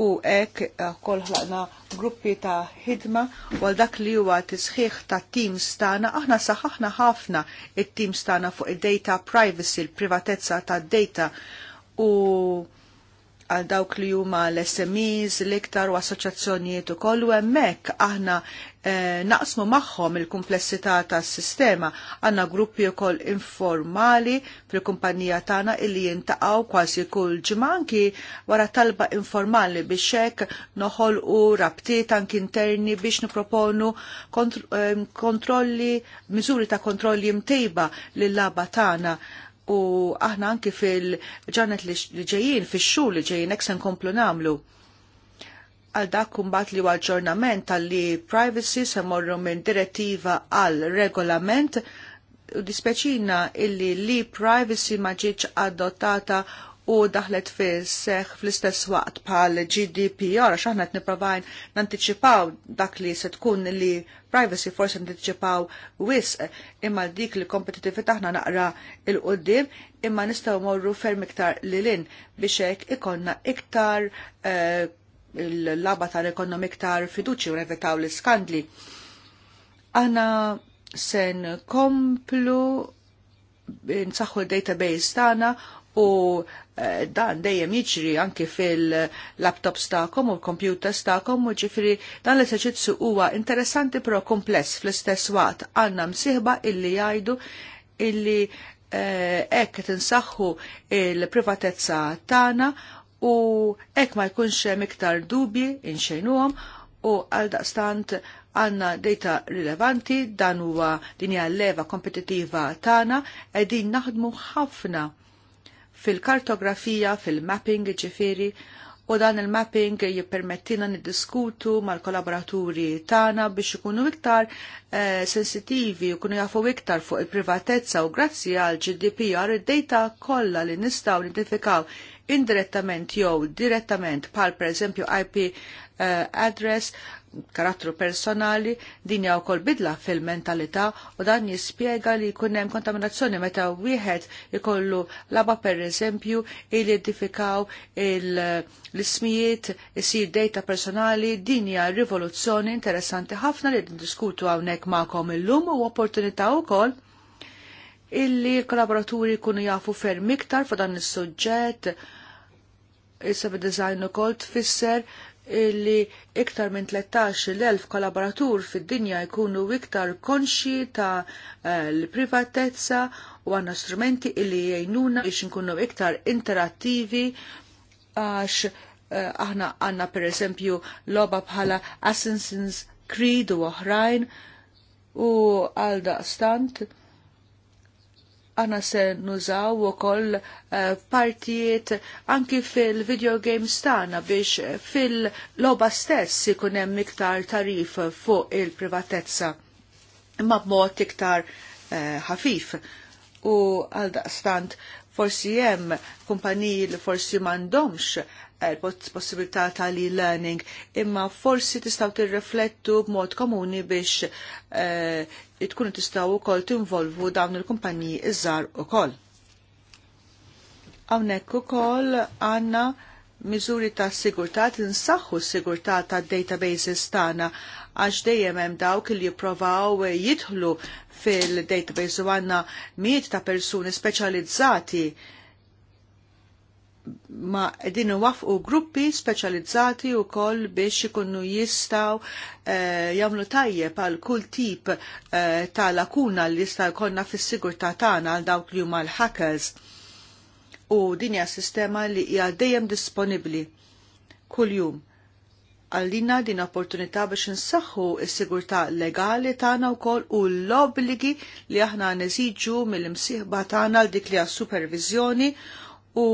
u ek eh, kol ħlaqna gruppi ta' ħidma u għal dak li huwa tisħiħ ta' tim stana aħna saħaħna ħafna it-tim stana fuq id-data privacy, il-privatezza ta' data u għal dawk li huma l-SMEs, l-iktar u assoċjazzjonijiet ukoll u hemmhekk aħna Eh, naqsmu magħhom il komplessità tas-sistema. Għandna gruppi wkoll informali fil-kumpanija tagħna illi jintaqgħu kważi kull ġimgħa anki wara talba informali biex hekk noħolqu rabtiet anki interni biex niproponu eh, kontrolli, miżuri ta' kontrolli mtejba lill-laba tagħna u aħna anki fil-ġanet li ġejjin, fil-xur li ġejjin, eksen komplu namlu għal dak kumbat li għal ġornament tal-li privacy se minn direttiva għal regolament u dispeċina illi li privacy ma ġietx adottata u daħlet fi seħ fl-istess waqt bħal GDPR għax aħna qed nipprovajn nanticipaw dak li se tkun li privacy forsi nanticipaw wisq imma dik li kompetitivi taħna naqra il qoddim imma nistgħu morru ferm iktar lilin biex hekk ikonna iktar uh, il-laba tal ekonomik tar fiduċi u revetaw l-skandli. Għana sen komplu nsaħħu l-database tagħna u eh, dan dejjem jiġri anki fil-laptops tagħkom u l-computers tagħkom u ġifri dan l-eserċizzju huwa interessanti però kompless fl-istess waqt għandna msiħba illi jgħidu illi eh, hekk qed insaħħu il-privatezza tagħna u ek ma jkunx hemm iktar dubji inxejnuhom u għal daqstant għanna data rilevanti dan huwa din hija leva kompetittiva tagħna qegħdin naħdmu ħafna fil-kartografija, fil-mapping ġifiri, u dan il-mapping jippermettina niddiskutu mal-kollaboraturi tagħna biex ikunu iktar eh, sensitivi u kunu jafu iktar fuq il-privatezza u grazzi għal GDPR id-data kollha li nistgħu nidifikaw indirettament jew direttament pal per eżempju IP uh, eh, address, karattru personali, din hija wkoll bidla fil-mentalità u dan jispjega li jkun hemm kontaminazzjoni meta wieħed ikollu laba per eżempju identifikaw l-ismijiet isir data personali din hija rivoluzzjoni interessanti ħafna li diskutu hawnhekk magħkom illum u opportunità wkoll illi kollaboraturi kunu jafu ferm iktar fu dan is-suġġett il-sebe design ukoll tfisser li iktar minn 13.000 kollaboratur fid-dinja jkunu iktar konxi ta' eh, l-privatezza u għanna strumenti illi jgħinuna biex nkunu iktar interattivi għax eh, aħna għanna per eżempju loba bħala Assassin's Creed u oħrajn u għal daqstant stant għana se nużaw u koll eh, partijiet anki fil-video games tana biex fil-loba stess ikunem miktar tarif fuq il-privatezza ma' b'mod iktar eh, ħafif u għal daqstant forsi jem kumpaniji li forsi mandomx Eh, possibilità ta' e-learning, imma forsi tistaw tirriflettu b'mod komuni biex eh, tkunu tistaw ukoll tinvolvu dawn il kumpanji iż-żar ukoll. Hawnhekk ukoll għandna miżuri ta' sigurtà tinsaħħu s-sigurtà ta' databases tagħna għax dejjem hemm dawk li jippruvaw jidħlu fil-database u għandna miet ta' persuni speċjalizzati ma din wafqu gruppi speċjalizzati u koll biex ikunu jistaw eh, jamlu tajjeb pal kull tip eh, ta' lakuna li jista' jkollna fis-sigurtà tagħna għal dawk li huma l-hackers. U din hija sistema li hija dejjem disponibbli kuljum. Għallina din opportunità biex nsaħħu s-sigurtà legali tagħna wkoll u l-obbligi li aħna nesiġu mill-imsieħba tagħna l dik li għas supervizjoni u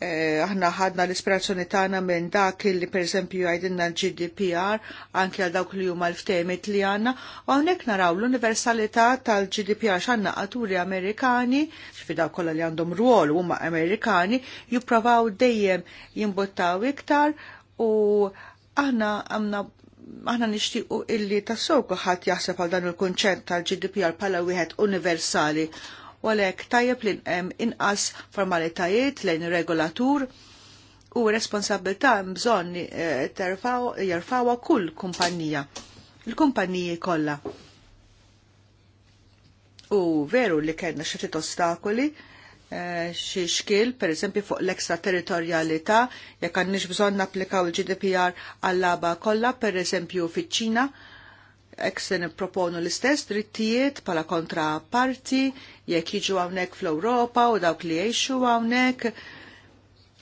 eh, aħna ħadna l-ispirazzjoni tagħna minn dak li pereżempju għajdinna l-GDPR anke għal dawk li huma l-ftehmet li għandna u hawnhekk naraw l-universalità tal-GDPR x'għandna qaturi Amerikani, xfi dawk kollha li għandhom rwol huma Amerikani, jippravaw dejjem jimbuttaw iktar u aħna għamna aħna nixtiequ illi tassow ħadd jaħseb għal dan il-kunċett tal-GDPR bħala wieħed universali u għalhekk tajjeb li hemm inqas formalitajiet lejn regolatur u responsabilità bżonn jerfawa eh, kull kumpanija, il kumpanija kollha. U veru li kellna xi ostakoli, xie eh, xi xkil, per eżempju fuq l-ekstraterritorjalità, jekk għandniex bżonn napplikaw il-GDPR għall-laba kollha, per eżempju fiċ-Ċina, eksen se nipproponu l-istess drittijiet pala kontra parti jekk jiġu hawnhekk fl-Ewropa u dawk li jiexu hawnhekk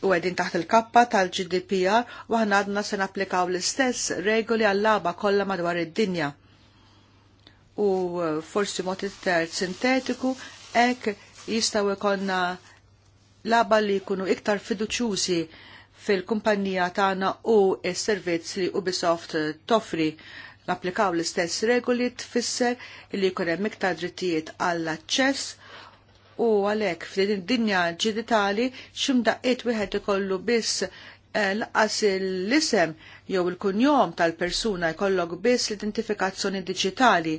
u għedin taħt il-kappa tal-GDPR u ħana għadna se napplikaw l-istess regoli għall-laba kollha madwar id-dinja. U eh, forsi mod terz sintetiku ek jistaw ikonna laba li jkunu iktar fiduċjużi fil-kumpanija tagħna u s-servizz li Ubisoft toffri Napplikaw l-istess regoli tfisser li jkun hemm iktar drittijiet għall-aċċess u għalhekk f'din id-dinja ġiditali x'imdaqqiet wieħed ikollu biss eh, laqas l-isem jew il-kunjom tal-persuna jkollok biss l-identifikazzjoni digitali.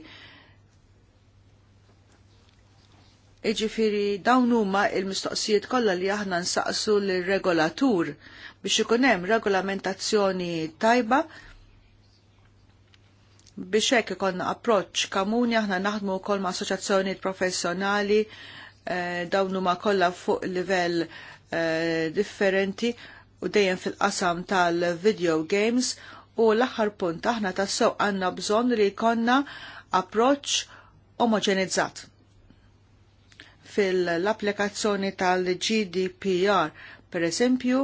Iġifiri dawn huma il-mistoqsijiet kollha li aħna nsaqsu l-regolatur biex ikun hemm regolamentazzjoni tajba biex hekk ikollna approċċ kamuni aħna naħdmu wkoll ma' assoċjazzjonijiet professjonali eh, dawn huma kollha fuq livell eh, differenti u dejjem fil-qasam tal-video games u l-aħħar punt aħna tassew għandna bżonn li jkollna approċċ omogenizzat fil-applikazzjoni tal-GDPR. Per eżempju,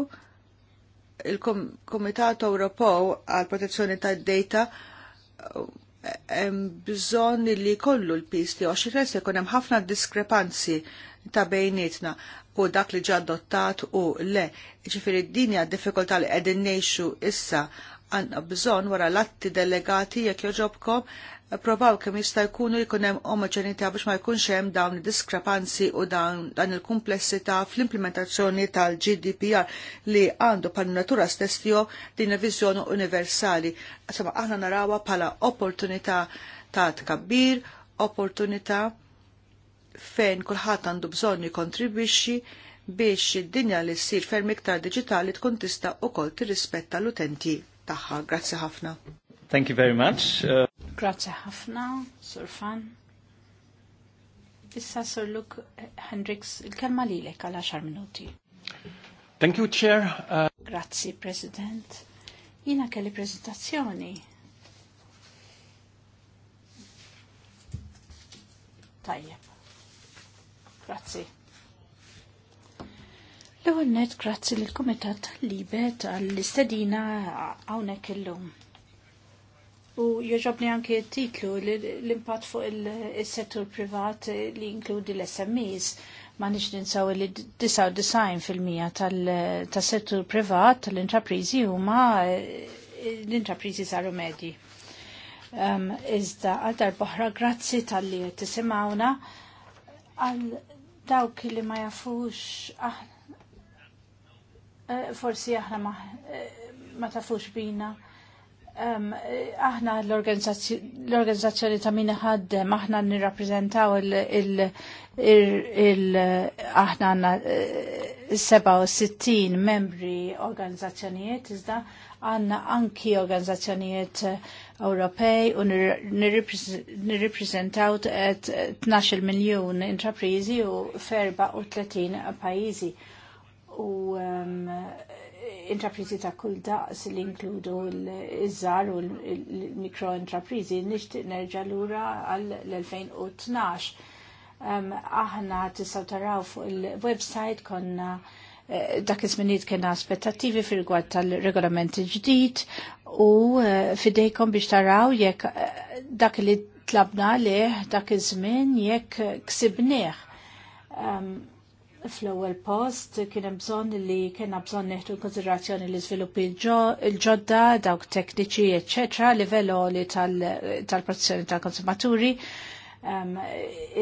il-Komitat Ewropew għal Protezzjoni tad-Data bżon li kollu l-pis li għax il-rest jkun hemm ħafna diskrepanzi ta' bejnietna u dak li ġa adottat u le. Ġifiri d-dinja diffikultà li qegħdin ngħixu issa għandna bżonn wara l-atti delegati jekk joġobkom provaw kem jista' jkunu jkun hemm omoġenità biex ma jkunx hemm dawn id-diskrepanzi u dawn dan il-kumplessità fl-implementazzjoni tal-GDPR li għandu pan natura stess tiegħu din viżjoni universali. Insomma, aħna narawha bħala opportunità ta' tkabbir, opportunità fejn kulħadd għandu bżonn jikkontribwixxi biex id-dinja li ssir ferm iktar diġitali tkun tista' ukoll tirrispetta l-utenti tagħha. Grazzi ħafna. Thank you very much. Uh, Grazie ħafna, Surfan. Issa Sir Luke Hendricks, il-kelma li lek għal 10 minuti. Thank you, Chair. Uh... Grazzi, President. Jina kelli prezentazzjoni. Tajjeb. Grazzi. l għonnet net grazzi lill-Kumitat Libet għall-istedina għawnek l-lum. U joġobni anke titlu l-impatt fuq il-settur privat li inkludi l-SMEs ma nix ninsaw li 99% tal-settur privat tal-intraprizi huma eh, l-intraprizi saru medji. Um, iżda għal darbohra grazzi tal-li tisimawna għal dawk li ma jafux aħna ah, eh, forsi aħna ma eh, tafux bina Um, aħna l-organizzazzjoni ta' min ħaddem, aħna nirrappreżentaw il-, il, il aħna għanna 67 eh, membri organizzazzjonijiet, iżda għanna anki organizzazzjonijiet eh, Ewropej u nirrappreżentaw 12 eh, miljon intraprizi u 30 pajizi. U um, intraprizi ta' kull daqs li inkludu l-izzar u l-mikro intraprizi nishtiq nerġa lura għal l-2012. Aħna tisaw taraw fuq il-website konna eh, dak iż-żminijiet kena aspettattivi fil-rigward tal-regolament ġdid u eh, fidejkom biex taraw jekk eh, dak li tlabna leh dak iż-żmien jekk ksibnieh. Um, fl-ewwel post kien hemm bżonn li kellna bżonn neħdu konsiderazzjoni l iżviluppi l-ġodda, dawk tekniċi, eċċetra, livell li tal-protezzjoni tal-konsumaturi.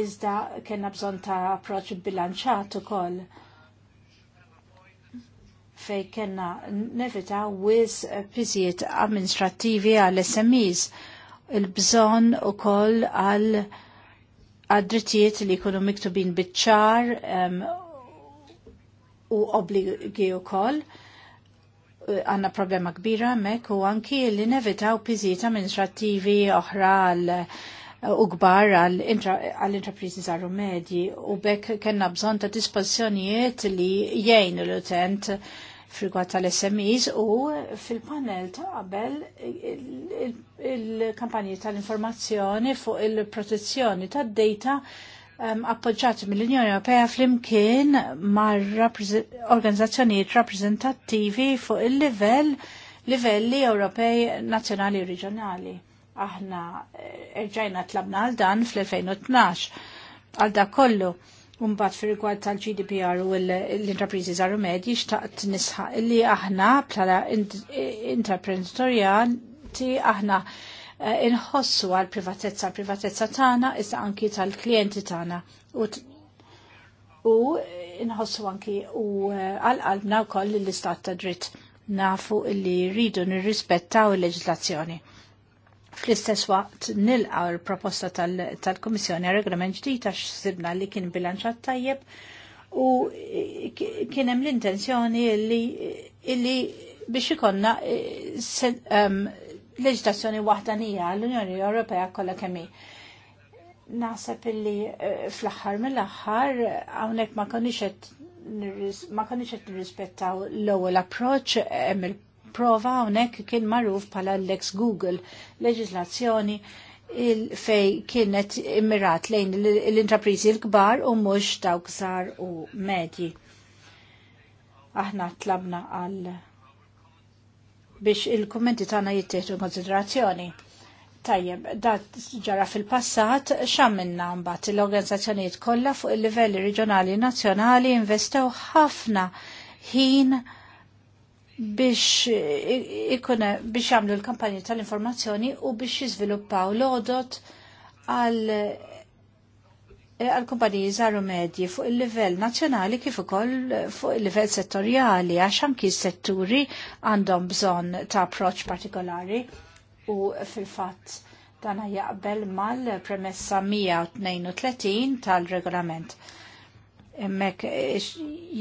Iżda kellna bżonn ta' approċċ bilanċat ukoll fej kellna nevita wis piżijiet amministrattivi għall smes il-bżonn ukoll għal għad-drittijiet li jkunu miktubin bitċar um, u obligi wkoll għanna problema kbira mek u anki li nevitaw piżiet amministrativi oħra għal u gbar għall-intrapriżi zaru medji u bekk kena bżon ta' dispozzjonijiet li jgħin l-utent frigwa tal-SMEs u fil-panel ta' qabel il-kampanji tal-informazzjoni fuq il-protezzjoni tad-data um, appoġġati mill-Unjoni Ewropea flimkien mal organizzazzjonijiet rappreżentattivi fuq il-livell livelli Ewropej nazzjonali u reġjonali. Aħna eh, erġajna tlabna għal dan fl-2012 għal da kollu. Umbat fi rigward tal-GDPR u l-intrapriżi zaru medji xtaqt nisħaq li aħna bħala intraprenditorjanti eh, aħna Eh, inħossu għal privatezza, privatezza tagħna issa anki tal-klijenti tagħna u inħossu anki u eh, għal-qalbna wkoll l-istat ta' dritt nafu illi rridu nirrispettaw il-leġislazzjoni. Fl-istess waqt nilqaw il-proposta tal-Komissjoni għal regolament ġdid għax sibna li kien bilanċat tajjeb u kien hemm l-intenzjoni illi biex ikonna eh, leġislazzjoni waħdanija l-Unjoni Ewropea kollha kemm Naħseb illi eh, fl-aħħar mill-aħħar hawnhekk ma konniex qed nirrispettaw l-ewwel approċċ hemm il-prova hawnhekk kien magħruf bħala l-ex Google leġislazzjoni fej kienet immirat lejn l-intrapriżi l-kbar u mhux dawk żgħar u medji. Aħna tlabna għal biex il-kommenti tagħna jittieħdu konsiderazzjoni. Tajjeb, dat ġara fil-passat minna mbagħad l-organizzazzjonijiet kollha fuq il-livelli reġjonali nazzjonali investew ħafna ħin biex ikune biex jagħmlu l-kampanji tal-informazzjoni u biex jiżviluppaw l-odot għal Eh, għal-kumpaniji żaru medji fuq il-livell nazzjonali kif ukoll eh, fuq il-livell settorjali għax anki setturi għandhom bżonn ta' approċċ partikolari u fil-fatt dana jaqbel mal-premessa 132 tal-regolament. Emmek eh,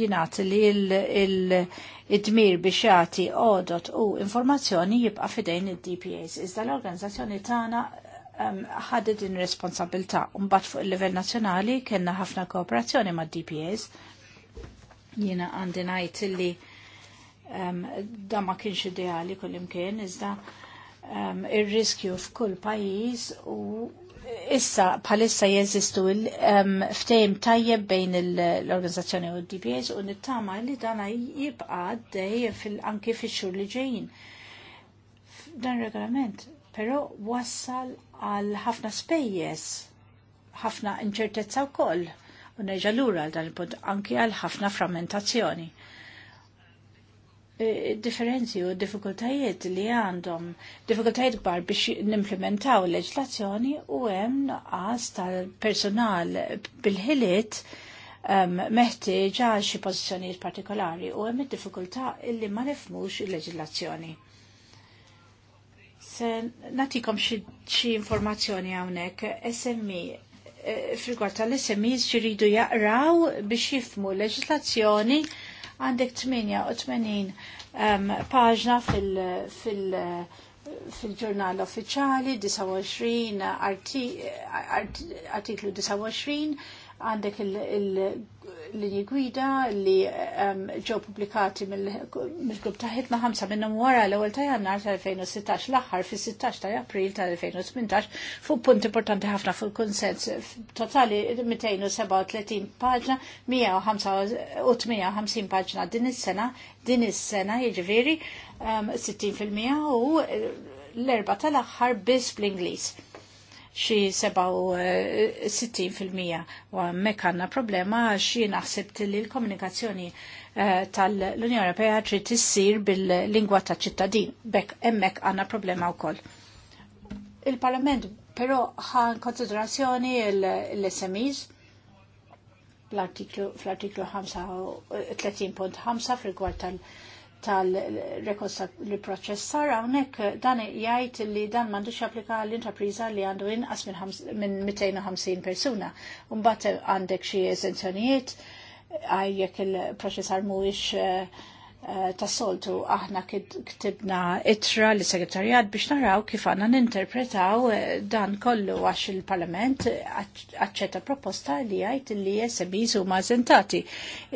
jinaħt li il-dmir biex jagħti odot u informazzjoni jibqa' fidejn id-DPAs. Iżda l-organizzazzjoni tagħna Um, ħadda din responsabilta. mbagħad fuq il-level nazjonali kena ħafna kooperazzjoni ma' DPAs. Jina għandi najt li um, da ma kienx ideali kull imkien, iżda um, il-riskju f'kull pajis u issa palissa jeżistu um, tajjeb bejn l-organizzazzjoni u d-DPAs u nittama li dana jibqa dej fil-anki fil-xur li ġejjin. Dan regolament, pero wassal għal ħafna spejjes, ħafna inċertezza wkoll u neġa lura għal dan il-punt anki għal ħafna frammentazzjoni. Eh, differenzi u diffikultajiet li għandhom, diffikultajiet kbar biex nimplementaw leġlazzjoni u hemm nuqqas tal-personal bil-ħiliet um, ehm, meħtieġ għal xi pożizzjonijiet partikolari u hemm id-diffikultà illi ma nifmux il-leġillazzjoni. il leġislazzjoni il Eh, natikom xi informazzjoni hawnhekk. SMI, eh, frigwar tal-SMEs ridu jaqraw biex jifmu leġislazzjoni għandek 88 paġna fil- fil- fil-ġurnal uffiċjali 29 eh, artiklu 29 għandek il-linji gwida li ġew publikati mill-grupp ta' ħidma ħamsa minnhom wara l-ewwel ta' jannar tal-2016 l-aħħar fis-16 ta' April tal-2018 fuq punt importanti ħafna fu konsens totali 237 paġna 158 paġna din is-sena din is-sena jiġifieri 60% u l-erba' tal-aħħar biss bl-Ingliż xi 67% eh, u hemmhekk għandna problema għax jien naħseb li l-komunikazzjoni eh, tal-Unjoni Ewropea trid issir bil-lingwa taċ-ċittadin. Bekk hemmhekk għandna problema wkoll. Il-Parlament però ħan konsiderazzjoni l-SMEs fl-artiklu 35.5 eh, fil-gwar tal- tal-proċessar hawnhekk eh, dan jgħid li dan m'għandux applika l-intrapriża li għandu inqas minn 250 persuna. Mbagħad għandek xi eżenzjonijiet jekk il-proċessar mhuwiex eh, eh, tas-soltu aħna ktibna itra l segretarjat biex naraw kif għanna ninterpretaw dan kollu għax il-Parlament aċċetta proposta li jgħid li SMEs huma eżentati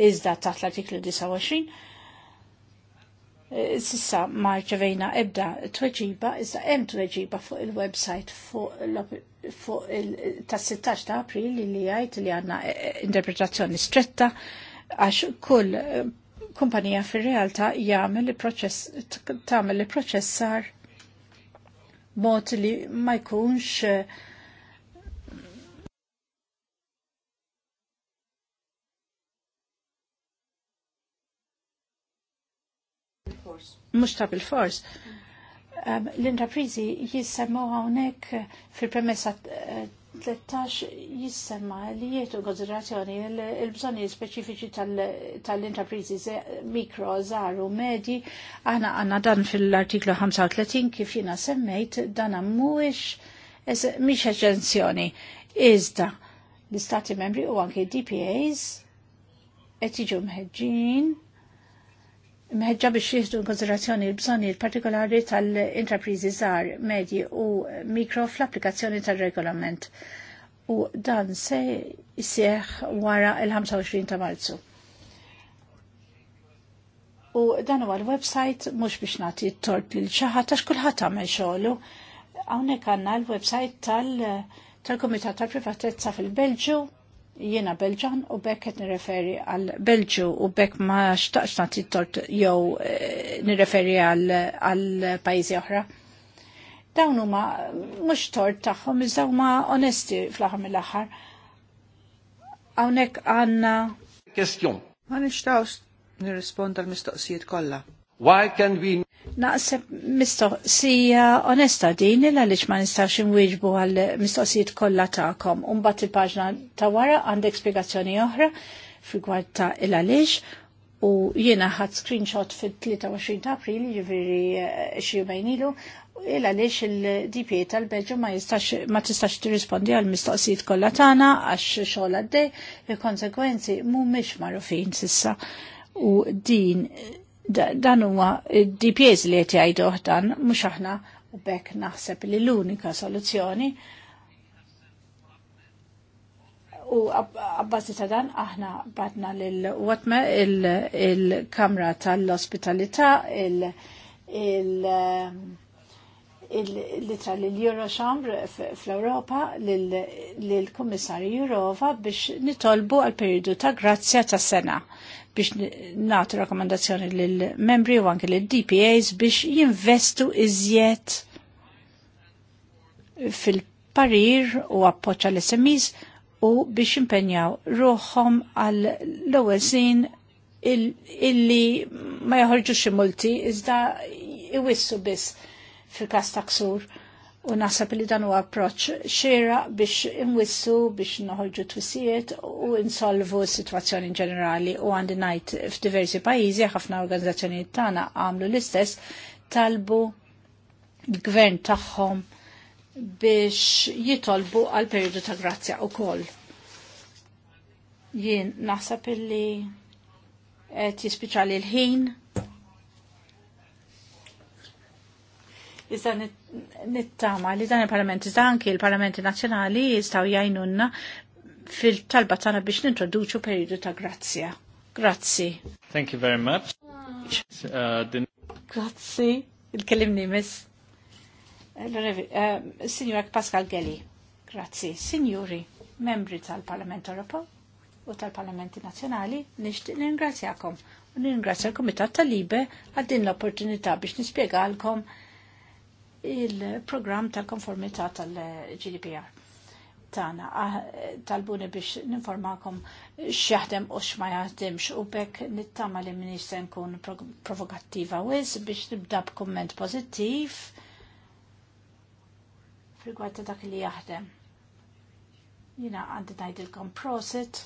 iżda taħt l-artiklu 29 sissa marċevejna ebda tweġiba, issa hemm tweġiba fuq il-website fuq il ta' 16 ta' april li jgħid li għandna eh, eh, interpretazzjoni stretta għax kull eh, kumpanija fir-realtà jagħmel il-proċess tagħmel il-proċessar mod li ma jkunx mux ta' bil-fors. Um, L-intraprizi jissemmu għonek fil-premessa 13 eh, jissemma li jietu konsiderazzjoni il-bżonni speċifiċi tal-intraprizi mikro, zaru, medi. għana għana dan fil-artiklu 35 kif jina semmejt dan mhuwiex miex eċenzjoni. Iżda l-istati membri u anke DPAs qed jiġu mħeġġin meħġa biex jihdu konsiderazzjoni l-bżonijiet partikolari tal-intrapriżi żgħar, medji u mikro fl-applikazzjoni tal-regolament. U dan se jisieħ wara il-25 ta' Marzu. U dan huwa l-website mhux biex nagħti t-tort lil xi ħadd għax kulħadd għamel xogħlu. Hawnhekk għandna l-website tal-Komitat tal-Privatezza fil-Belġu jiena Belġan u bekk qed nirreferi għal Belġu u bekk ma xtaqx nagħti tort jew eh, nirreferi għal pajjiżi oħra. Dawn huma mhux tort tagħhom iżda huma onesti fl-aħħar mill-aħħar. Hawnhekk għandna Ma nixtawx nirrisponda l-mistoqsijiet kollha. Why can we Naqseb mistoqsija onesta din il għalix ma nistax inwieġbu għal mistoqsijiet kollha tagħkom. Imbagħad il-paġna ta' wara għandek spjegazzjoni oħra f'rigward ta' il għaliex u jiena ħadd screenshot fil-23 ta' April jiġifieri eh, xi jumejn ilu il għalix il-DPA tal-Belġu ma jistax ma tistax tirrispondi għal mistoqsijiet kollha tagħna għax xogħol għaddej, il-konsekwenzi mhumiex magħrufin sissa u din dan huwa DPS li qed jgħiduh dan mhux aħna u bekk naħseb li l-unika soluzzjoni u abbażi ta' dan aħna badna l-watma il-kamra tal-ospitalità il-litra l eurochambr fl-Europa l-Kommissarju Jurova biex nitolbu għal periodu ta' grazzja ta' sena biex natu rakkomandazzjoni lill-membri u anke lill-DPAs biex jinvestu iżjed fil-parir u appoċċa l-SMEs u biex impenjaw ruħom għal l sin illi ma joħorġux xi multi iżda iwissu biss fil-każ taksur. ksur u nasab li dan huwa approċ xera biex inwissu biex noħolġu twissijiet u insolvu s-situazzjoni in ġenerali u għandi najt f'diversi pajjiżi ħafna organizzazzjonijiet tagħna għamlu l-istess talbu l-gvern tagħhom biex jitolbu għal periodu ta' grazzja u koll. Jien naħseb illi qed jispiċali l-ħin. Iżda nittama li dan il-parlamenti anki il-parlamenti nazjonali jistaw jajnunna fil-talba tana biex nintroduċu periodu ta' grazzja. Grazzi. Thank you very much. Uh, Grazzi. Il-kellimni mis. Uh, Pascal Gelli. Grazzi. Signori, membri tal-Parlament Europa u tal-Parlamenti Nazzjonali, nixtieq ningrazzjakom u ningrazzja l-Kumitat tal-Libe għal din l-opportunità biex nispjegalkom il-programm tal-konformità tal-GDPR tana ah, talbuni biex ninformakom x'jaħdem u x'ma jaħdimx u bekk nittama li minister nkun provokattiva wis biex nibda b'kumment pożittiv rigward dak li jaħdem. Jina għandi ngħidilkom prosit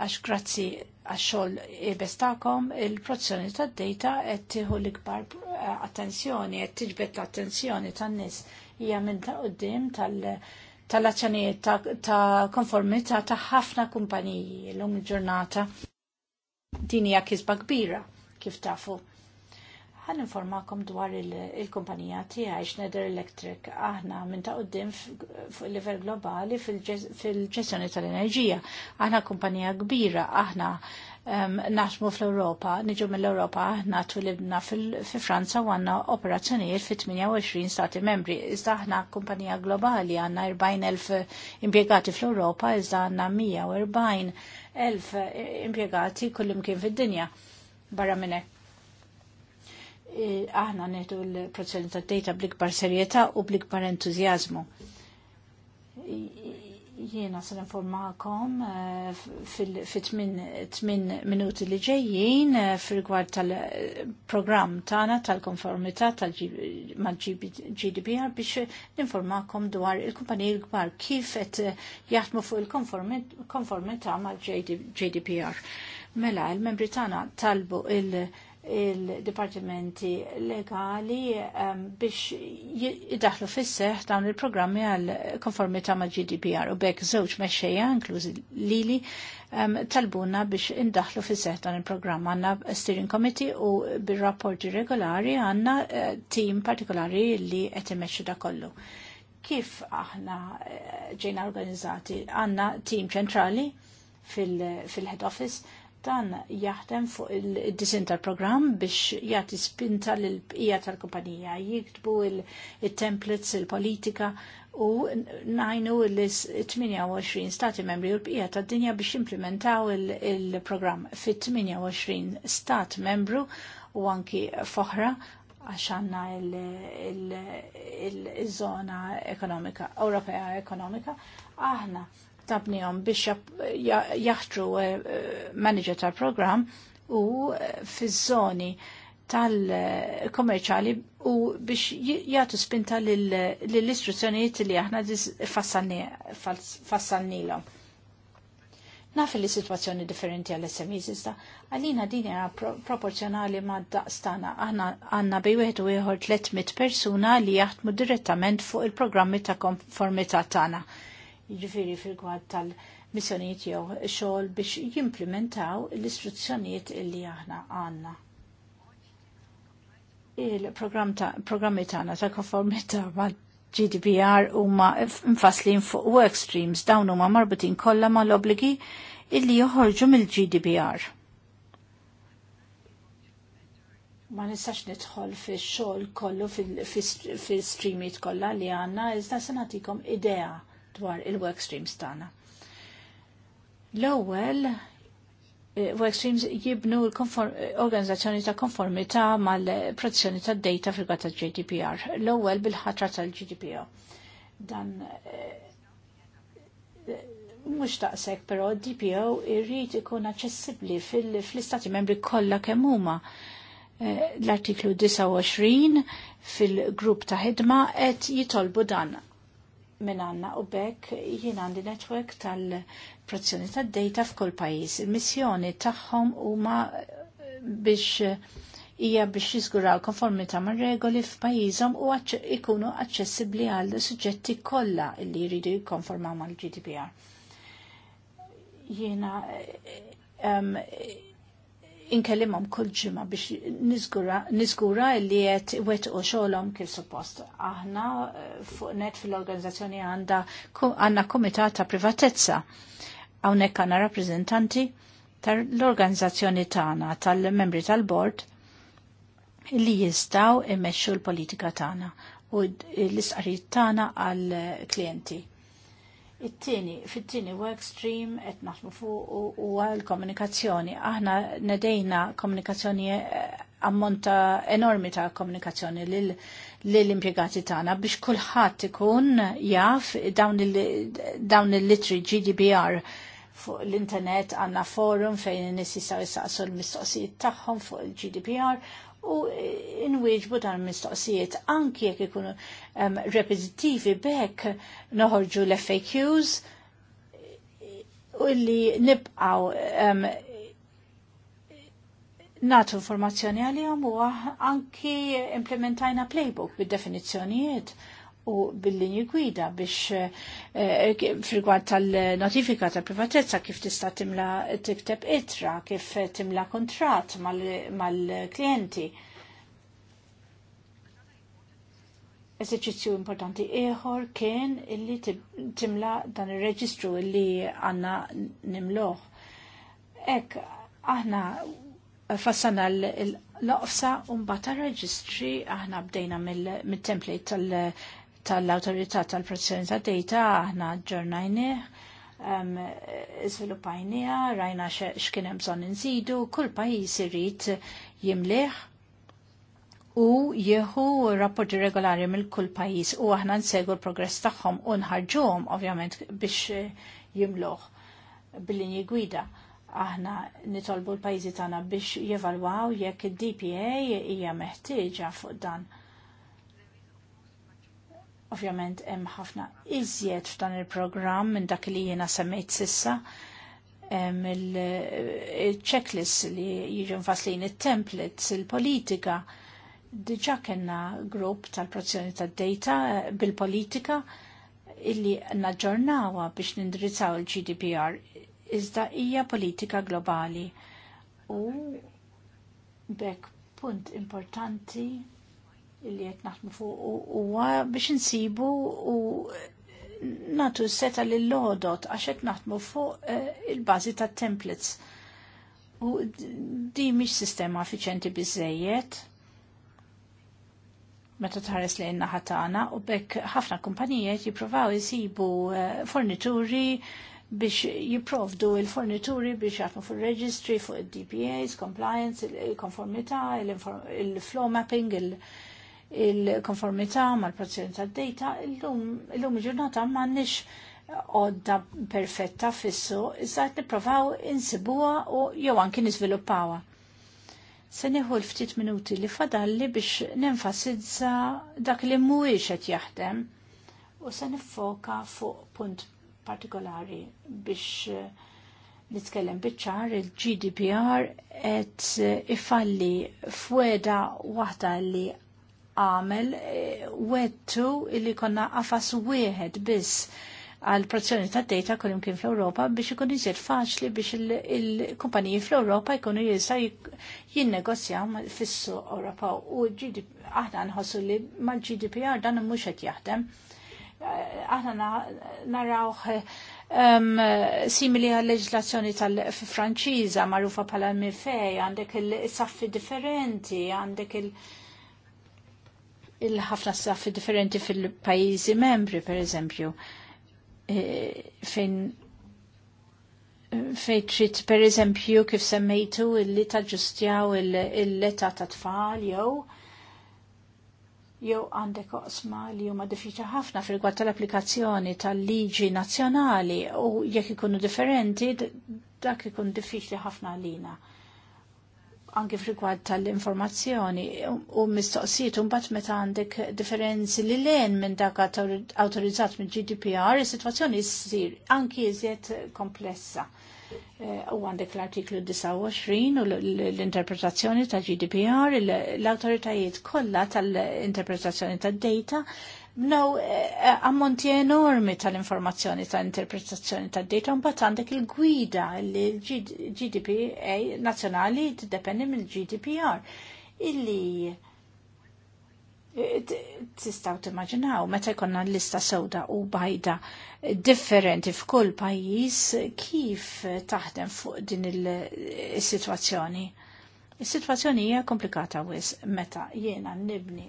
għax grazzi għax xogħol ibestakom il-prozzjoni tad-data qed tieħu l-ikbar attenzjoni, qed tiġbet l-attenzjoni tan-nies hija minn ta' qudiem tal-azzjonijiet ta', ta konformità ta' ħafna kumpaniji lum il-ġurnata. Din hija kisba kbira kif tafu. Għan informakom dwar il-kumpanija il tiegħi Schneider Electric. Aħna minn ta' qoddim fuq il-livell globali fil-ġestjoni tal-enerġija. Aħna kumpanija kbira, aħna naħdmu fl-Europa, niġu mill-Europa, natu li bna fi Franza u għanna operazzjonijiet fi 28 stati membri. Iżda aħna kumpanija globali għanna 40.000 impiegati fl-Europa, iżda għanna 140.000 impiegati kullimkien fid-dinja barra minne. aħna neħdu l-proċedura d data bl-ikbar serjeta u bl-ikbar entuzjazmu jiena se informakom eh, fi tmin minuti li ġejjin eh, fil-gwar tal-program tagħna tal-konformità tal-GDPR biex ninformakom dwar il-kumpaniji l-kbar kif qed jaħdmu fuq il-konformità mal-GDPR. Mela, il-membri tagħna talbu il-, -GDPR il-dipartimenti legali um, biex jidaħlu fisseħ dawn il-programmi għal konformita ma' GDPR u bekk żewġ mexxejja inklużi lili um, talbuna biex indaħlu fisseħ dan il-programm għandna steering committee u bir-rapporti regolari għandna uh, eh, team partikolari li qed imexxu da kollu. Kif aħna eh, ġejna organizzati għandna team ċentrali fil-head fil office dan jaħdem fuq il-disin tal-programm biex jagħti spinta lill bqija tal-kumpanija jiktbu il-templates, il-politika u najnu l-28 stati membri u l-bqija tad-dinja biex implementaw il-programm fit-28 stat membru u anki foħra għaxanna il-zona ekonomika, Ewropea ekonomika, aħna tabnijom biex jaħtru eh, eh, manager tal-program u eh, fiż-żoni tal komerċali u biex jgħatu spinta lill-istruzzjonijiet li aħna fassannilhom. Naf li situazzjoni differenti għall SMEs iżda, għalina din hija proporzjonali ma' daqstana. Aħna għandna bej wieħed u ieħor 300 persuna li jaħdmu direttament fuq il-programmi ta' konformità tagħna jiġifieri fil kwad tal-missjonijiet jew xogħol biex jimplementaw l-istruzzjonijiet li aħna għandna. Il-programmi ta tagħna ta' konformità mal GDPR huma mfaslin fuq work streams dawn huma marbutin kollha mal-obligi illi joħorġu mill-GDPR. ma nistax nidħol fi xogħol kollu fil streamijiet kollha li għandna, iżda se nagħtikom idea dwar il-work streams tagħna. L-ewwel eh, work streams jibnu l-organizzazzjoni eh, ta' konformità mal-protezzjoni ta' data fil ta' GDPR. L-ewwel bil-ħatra tal-GDPR. Dan eh, mux taqsek, pero DPO irrit ikun aċċessibbli fil-istati membri kollha kemm huma l-artiklu 29 fil-grupp ta' ħidma qed jitolbu dan minn għanna u bekk jien għandi network tal-protezzjoni tad-data f'kull pajjiż. Il-missjoni tagħhom huma biex hija biex jiżguraw konformità mar regoli f'pajjiżhom u ikunu aċċessibbli għal suġġetti kollha li jridu jikkonformaw mal-GDPR. Jiena eh, eh, inkellimhom kull ġimgħa biex niżgura li qed wettqu xogħolhom kif suppost. Aħna eh, fuq net fil-organizzazzjoni għandha għandna kumitat ta' privatezza. Hawnhekk għandna rappreżentanti tal-organizzazzjoni tagħna tal-membri tal-bord li jistgħu immexxu l-politika tagħna u l-isqarijiet tagħna għall-klijenti. It-tieni, fit-tieni work stream qed naħmu fuq huwa l-komunikazzjoni. Aħna nedejna komunikazzjoni eh, ammonta enormi ta' komunikazzjoni lill-impjegati tagħna biex kulħadd ikun jaf dawn il-litri GDPR fuq l-internet għanna forum fejn nis jistaw jistaqsu l-mistoqsijiet tagħhom fuq il-GDPR u inwieġbu dan mistoqsijiet anki jekk ikunu um, repetitivi bekk noħorġu l-FAQs u li nibqaw um, natu informazzjoni għalihom u anki implementajna playbook bid-definizzjonijiet u bil-linji gwida biex eh, frigwad tal-notifika ta' privatezza kif tista' timla tikteb itra, kif timla kontrat mal-klienti. Eżerċizzju importanti ieħor kien illi timla dan ir-reġistru illi għanna nimloħ. Ek, aħna fassana l-loqsa un-bata reġistri aħna bdejna mill-template tal-jol tal-autorità tal-protezzjoni ta' data aħna ġornajni um, izvilupajnija, rajna x'kien hemm bżonn inżidu, kull pajjiż irid jimliħ u jieħu rapporti regolari mill kull pajjiż u aħna nsegu l-progress tagħhom u nħarġuhom ovvjament biex eh, jimluħ bil-linji gwida. Aħna nitolbu l-pajjiżi tagħna biex jevalwaw jekk id-DPA hija meħtieġa fuq dan Ovvjament hemm ħafna iżjed f'dan il-programm minn dak li jiena semmejt sissa il-checklist li jiġu mfaslin il-templates, il-politika. Diġa kena grupp tal prozzjoni tad-data eh, bil-politika illi naġġornawa biex nindirizzaw il-GDPR iżda hija politika globali. U bekk punt importanti illi qed naħdmu fuq huwa biex insibu u natu seta lil lodot għax qed naħdmu fuq eh, il-bażi tat-templates. U di mhix sistema effiċenti biżejjed meta tħares lejn naħa tagħna u bekk ħafna kumpanijiet jippruvaw isibu eh, fornituri biex jipprovdu il-fornituri biex jaħdmu fuq il-registry, fuq il-DPAs, compliance, il-konformità, il-flow mapping, il-, -il il-konformità mal-protezzjoni tad-data, illum il-ġurnata m'għandniex odda perfetta fissu, iżda qed nippruvaw insibuha u jew anki niżviluppawha. Se nieħu l-ftit minuti li fadalli biex nenfasizza dak li mhuwiex qed jaħdem u se nifoka fuq punt partikolari biex eh, nitkellem biċċar il-GDPR et ifalli fweda waħda li għamel eh, wettu illi konna għafas wieħed biss għal prozzjoni ta' data kull kien fl-Ewropa biex ikun iżjed faċli biex il-kumpaniji fl-Ewropa jkunu jista' jinnegozjaw fissu Ewropa u aħna nħossu li mal-GDPR dan mhux qed jaħdem. Eh, aħna narawh simili għal leġislazzjoni tal-Franċiża marufa bħala mifej, għandek il-saffi differenti, għandek il-, -il il-ħafna staff differenti fil-pajizi membri, per eżempju, e, fejn fejn trid per eżempju kif semmejtu illi taġġustjaw il-leta ta' tfal jew jew għandek oqsma li huma diffiċli ħafna fil-gwad tal-applikazzjoni tal-liġi nazzjonali u jekk ikunu differenti dak ikun diffiċli ħafna għalina anke frikwad tal-informazzjoni u mistoqsijiet un mbagħad meta għandek differenzi li lejn minn dak awtorizzat mill GDPR, is-sitwazzjoni ssir anki iżjed komplessa. Eh, u għandek l-artiklu 29 u l-interpretazzjoni ta' GDPR, l-autoritajiet kollha tal-interpretazzjoni tad data Mnaw eh, eh, ammonti enormi tal-informazzjoni tal-interpretazzjoni tad-data mbagħad għandek il-gwida li l nazjonali nazzjonali tiddependi mill-GDPR illi eh, tistaw timmaġinaw meta jkollna lista sewda u bajda differenti f'kull pajjiż kif taħdem fuq din il-sitwazzjoni. Is-sitwazzjoni hija komplikata wis meta jiena nibni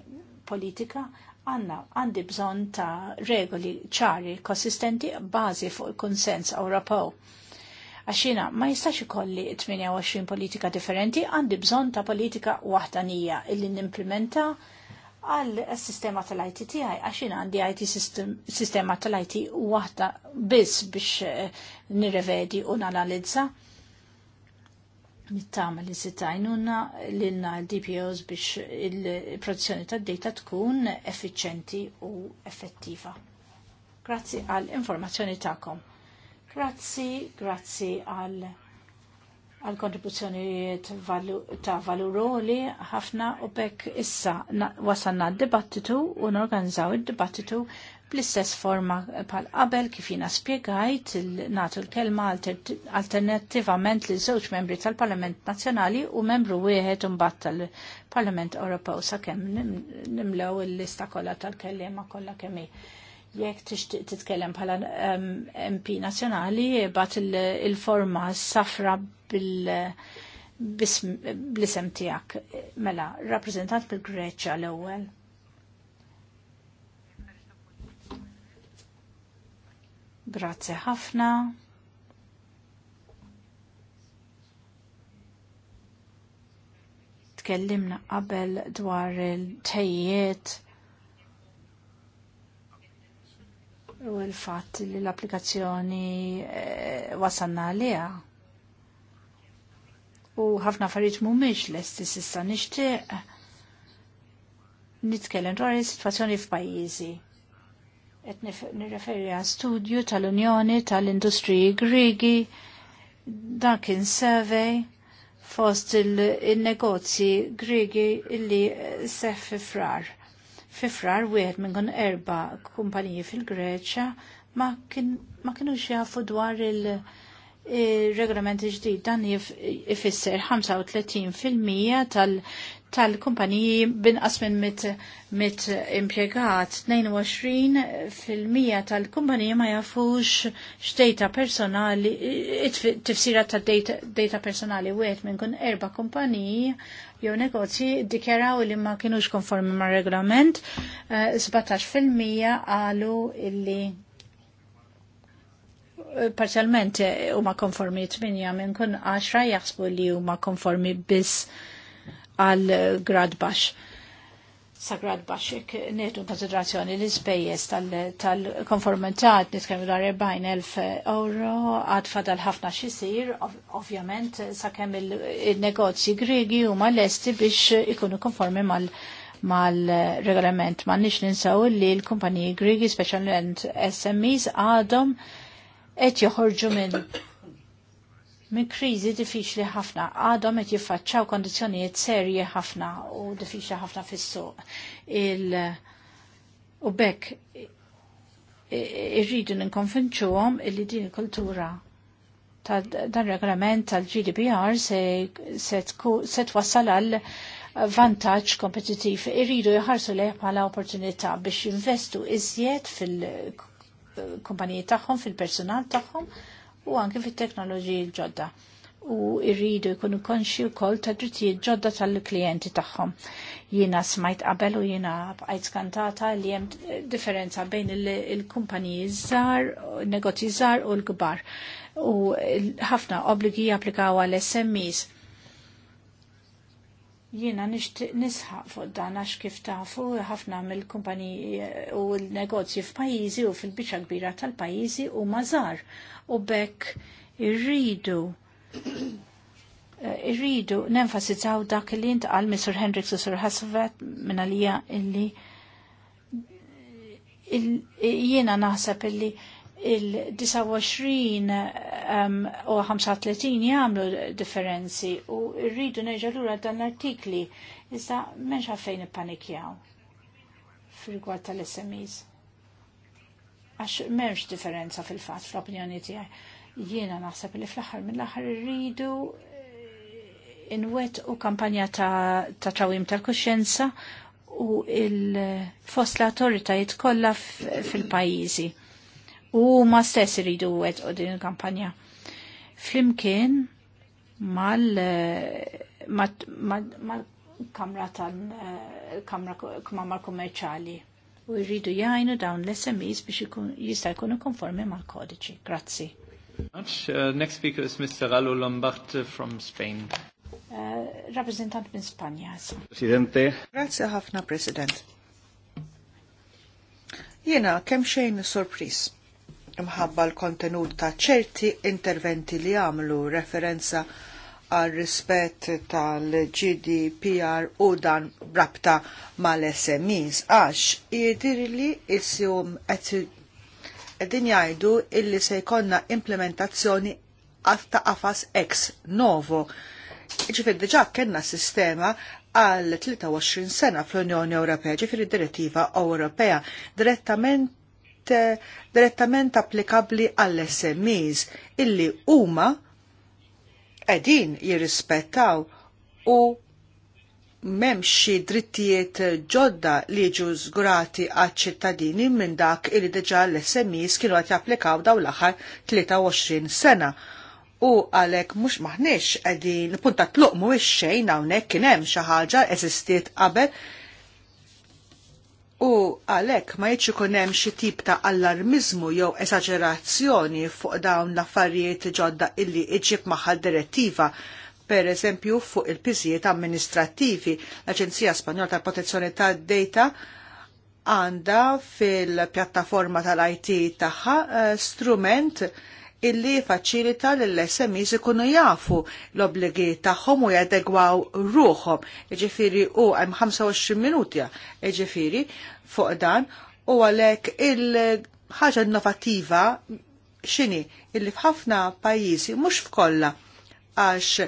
politika għanna għandi bżon ta' regoli ċari, konsistenti, bazi fuq il-konsens Ewropew. Għaxina, ma jistax ikolli 28 politika differenti, għandi bżon ta' politika waħdanija illi nimplementa għal sistema tal-IT tiegħi għaxina għandi IT sistema tal-IT waħda biss biex eh, nirrevedi u nanalizza nittama li sitajnuna l-inna l-DPOs biex il produzzjoni ta' data tkun effiċenti u effettiva. Grazzi għal-informazzjoni ta'kom. Grazzi, grazzi għal għal kontribuzzjoni ta' valuroli ħafna u bekk issa wasanna d-dibattitu u norganizzaw id-dibattitu bl-istess forma pal qabel kif jina spiegajt natu l-kelma alternativament li żewġ membri tal-Parlament Nazzjonali u membru wieħed imbagħad tal-Parlament Ewropew sakemm nimlew il-lista kollha tal kelliema kollha kemm jekk tixtieq titkellem bħala MP nazzjonali bat il-forma safra bil bl-isem tiegħek mela rappreżentant bil-Greċja l-ewwel. Grazzi ħafna. Tkellimna qabel dwar il-tejjiet u l-fatt li l-applikazzjoni eh, wasanna għaliha. U ħafna affarijiet mhumiex lesti issa nixtieq nitkellem dwar is-sitwazzjoni f'pajjiżi Et nirreferi għal studju tal-Unjoni tal-Industriji Grigi, dakin survey fost il-negozji Grigi illi eh, seħ Fifrar Fifrar wieħed minn kun erba kumpaniji fil-Greċa ma kienu jafu dwar il- il ġdid dan jifisser 35% tal tal-kumpaniji binqas minn mit, mit impiegat 22% tal-kumpaniji ma jafux x-data personali, tifsira ta' data, data personali u minn kun erba kumpaniji jew negozji dikjaraw li ma kienux konformi ma' regolament, uh, eh, 17% għalu illi eh, parzialment eh, huma konformi 8 minn kun 10 jaħsbu li huma konformi biss għal grad Sa grad bax, nieħdu konsiderazzjoni l ispejjeż tal-konformità nitkemmu dar dwar 40,000 euro, għad fadal ħafna xisir, ovvjament sakemm il-negozji ma huma lesti biex ikunu konformi mal- mal-regolament ma nix ninsaw li l-kumpaniji gregi, specialment SMEs, għadhom qed joħorġu minn minn kriżi diffiċli ħafna, għadhom qed jiffaċċaw kondizzjonijiet serji ħafna u diffiċli ħafna fis-suq. Il u bekk irridu ninkonvinċuhom li din il-kultura ta' dan regolament tal-GDPR se twassal għal vantaġġ kompetittiv. Irridu jħarsu lejh bħala opportunità biex jinvestu iżjed fil-kumpaniji tagħhom, fil-personal tagħhom u anke fit-teknoloġiji ġodda u irridu jkunu konxi wkoll ta' drittijiet ġodda tal-klijenti tagħhom. Jiena smajt qabel u jiena bqajt skantata li hemm differenza bejn il-kumpaniji żgħar, negozji żgħar u l-kbar. U ħafna obbligi japplikaw għal SMEs Jiena nixtieq nisħaq fuq dan għax kif tafu ħafna mill-kumpaniji eh, u l-negozji f'pajjiżi u fil-biċċa kbira tal-pajjiżi u mażar u bekk irridu eh, irridu nenfasizzaw dak li intqal Mr. Hendrix u Sir Hasselvet minn għalija illi jiena naħseb illi il-29 um, u 35 jagħmlu differenzi u rridu nerġa' lura dan l-artikli iżda m'hemmx għalfejn ippanikjaw fil-rigward tal-SMEs. Għax m'hemmx differenza fil-fatt fl-opinjoni tiegħi. Jiena naħseb li fl-aħħar mill-aħħar rridu eh, inwet u kampanja ta' trawim tal-kuxjenza u il-fost l-autoritajiet kollha fil-pajjiżi u ma stess iridu għed u din il-kampanja. Flimkien mal eh, kamra tal-kamra eh, kamra kommerċali u jridu jajnu dawn l-SMEs biex jista' jkunu konformi mal-kodiċi. Grazzi. Uh, next speaker is Mr. Rallo Lombard from Spain. Uh, rappresentant minn Spanja. Presidente. Grazie ħafna, President. Jena, kem xejn sorpris imħabba l-kontenut ta' ċerti interventi li għamlu referenza għal rispett tal-GDPR u dan brabta mal-SMEs, għax jidir li jissum għedin jajdu illi se jkonna implementazzjoni ta' għafas ex novo. Ġifir diġa kena sistema għal 23 sena fl-Unjoni Ewropea, ġifir direttiva Ewropea, direttament Eh, direttament applikabli għall-SMEs illi huma qegħdin jirrispettaw u memxi xi drittijiet ġodda li ġu żgurati għaċ-ċittadini minn dak illi diġa' l-SMEs kienu qed japplikaw dawn l-aħħar 23 sena u għalek mux maħnix edin punta t-luqmu xejn għawnek kienem xaħġa eżistiet qabel U għalek ma jieċ ikun hemm xi tip ta' allarmizmu jew esaġerazzjoni fuq dawn l-affarijiet ġodda illi iġib maħal direttiva per eżempju fuq il pizijiet amministrativi. L-Aġenzija Spanjol ta' Protezzjoni tad data għanda fil-pjattaforma tal-IT tagħha eh, strument illi faċilita l-SMEs ikunu jafu l-obligi tagħhom u jadegwaw ruħom. Iġifiri u hemm 25 minuti iġifiri fuq dan u għalhekk il-ħaġa innovativa xini illi f'ħafna pajjiżi mhux f'kolla għax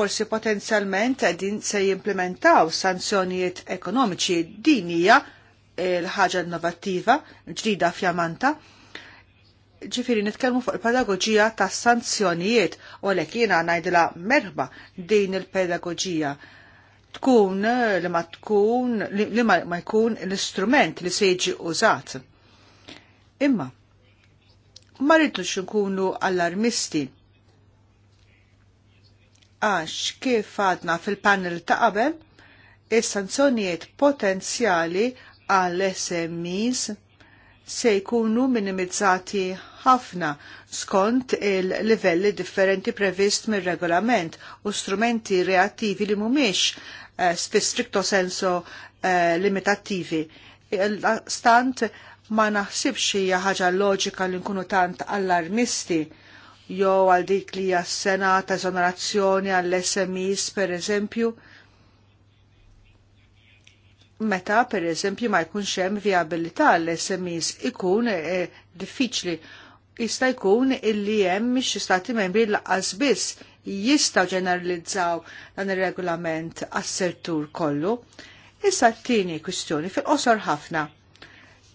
forsi potenzjalment din se jimplementaw sanzjonijiet ekonomiċi din hija eh, l-ħaġa innovattiva ġdida fjamanta ġifiri nitkellmu fuq il-pedagogija ta' sanzjonijiet u għalek jiena ngħidilha merba din il-pedagogija tkun eh, li ma tkun li ma, jkun l-istrument li se jiġi użat. Imma ma rridux nkunu allarmisti għax kif għadna fil-panel ta' qabel is-sanzjonijiet potenzjali għal SMEs se jkunu minimizzati ħafna skont il-livelli differenti previst mir regolament u strumenti reattivi li mumiex uh, eh, stricto senso eh, limitattivi. Stant ma naħsibx hija ħaġa loġika li nkunu tant allarmisti jew għal dik li hija sena ta' esonerazzjoni għall-SMEs per eżempju meta per eżempju ma jkunx hemm viabilità l sms ikun e, diffiċli. Jista' jkun illi hemm xi stati membri l biss jistgħu ġeneralizzaw dan ir-regolament għas-settur kollu. Issa t-tieni kwistjoni fil-qosor ħafna.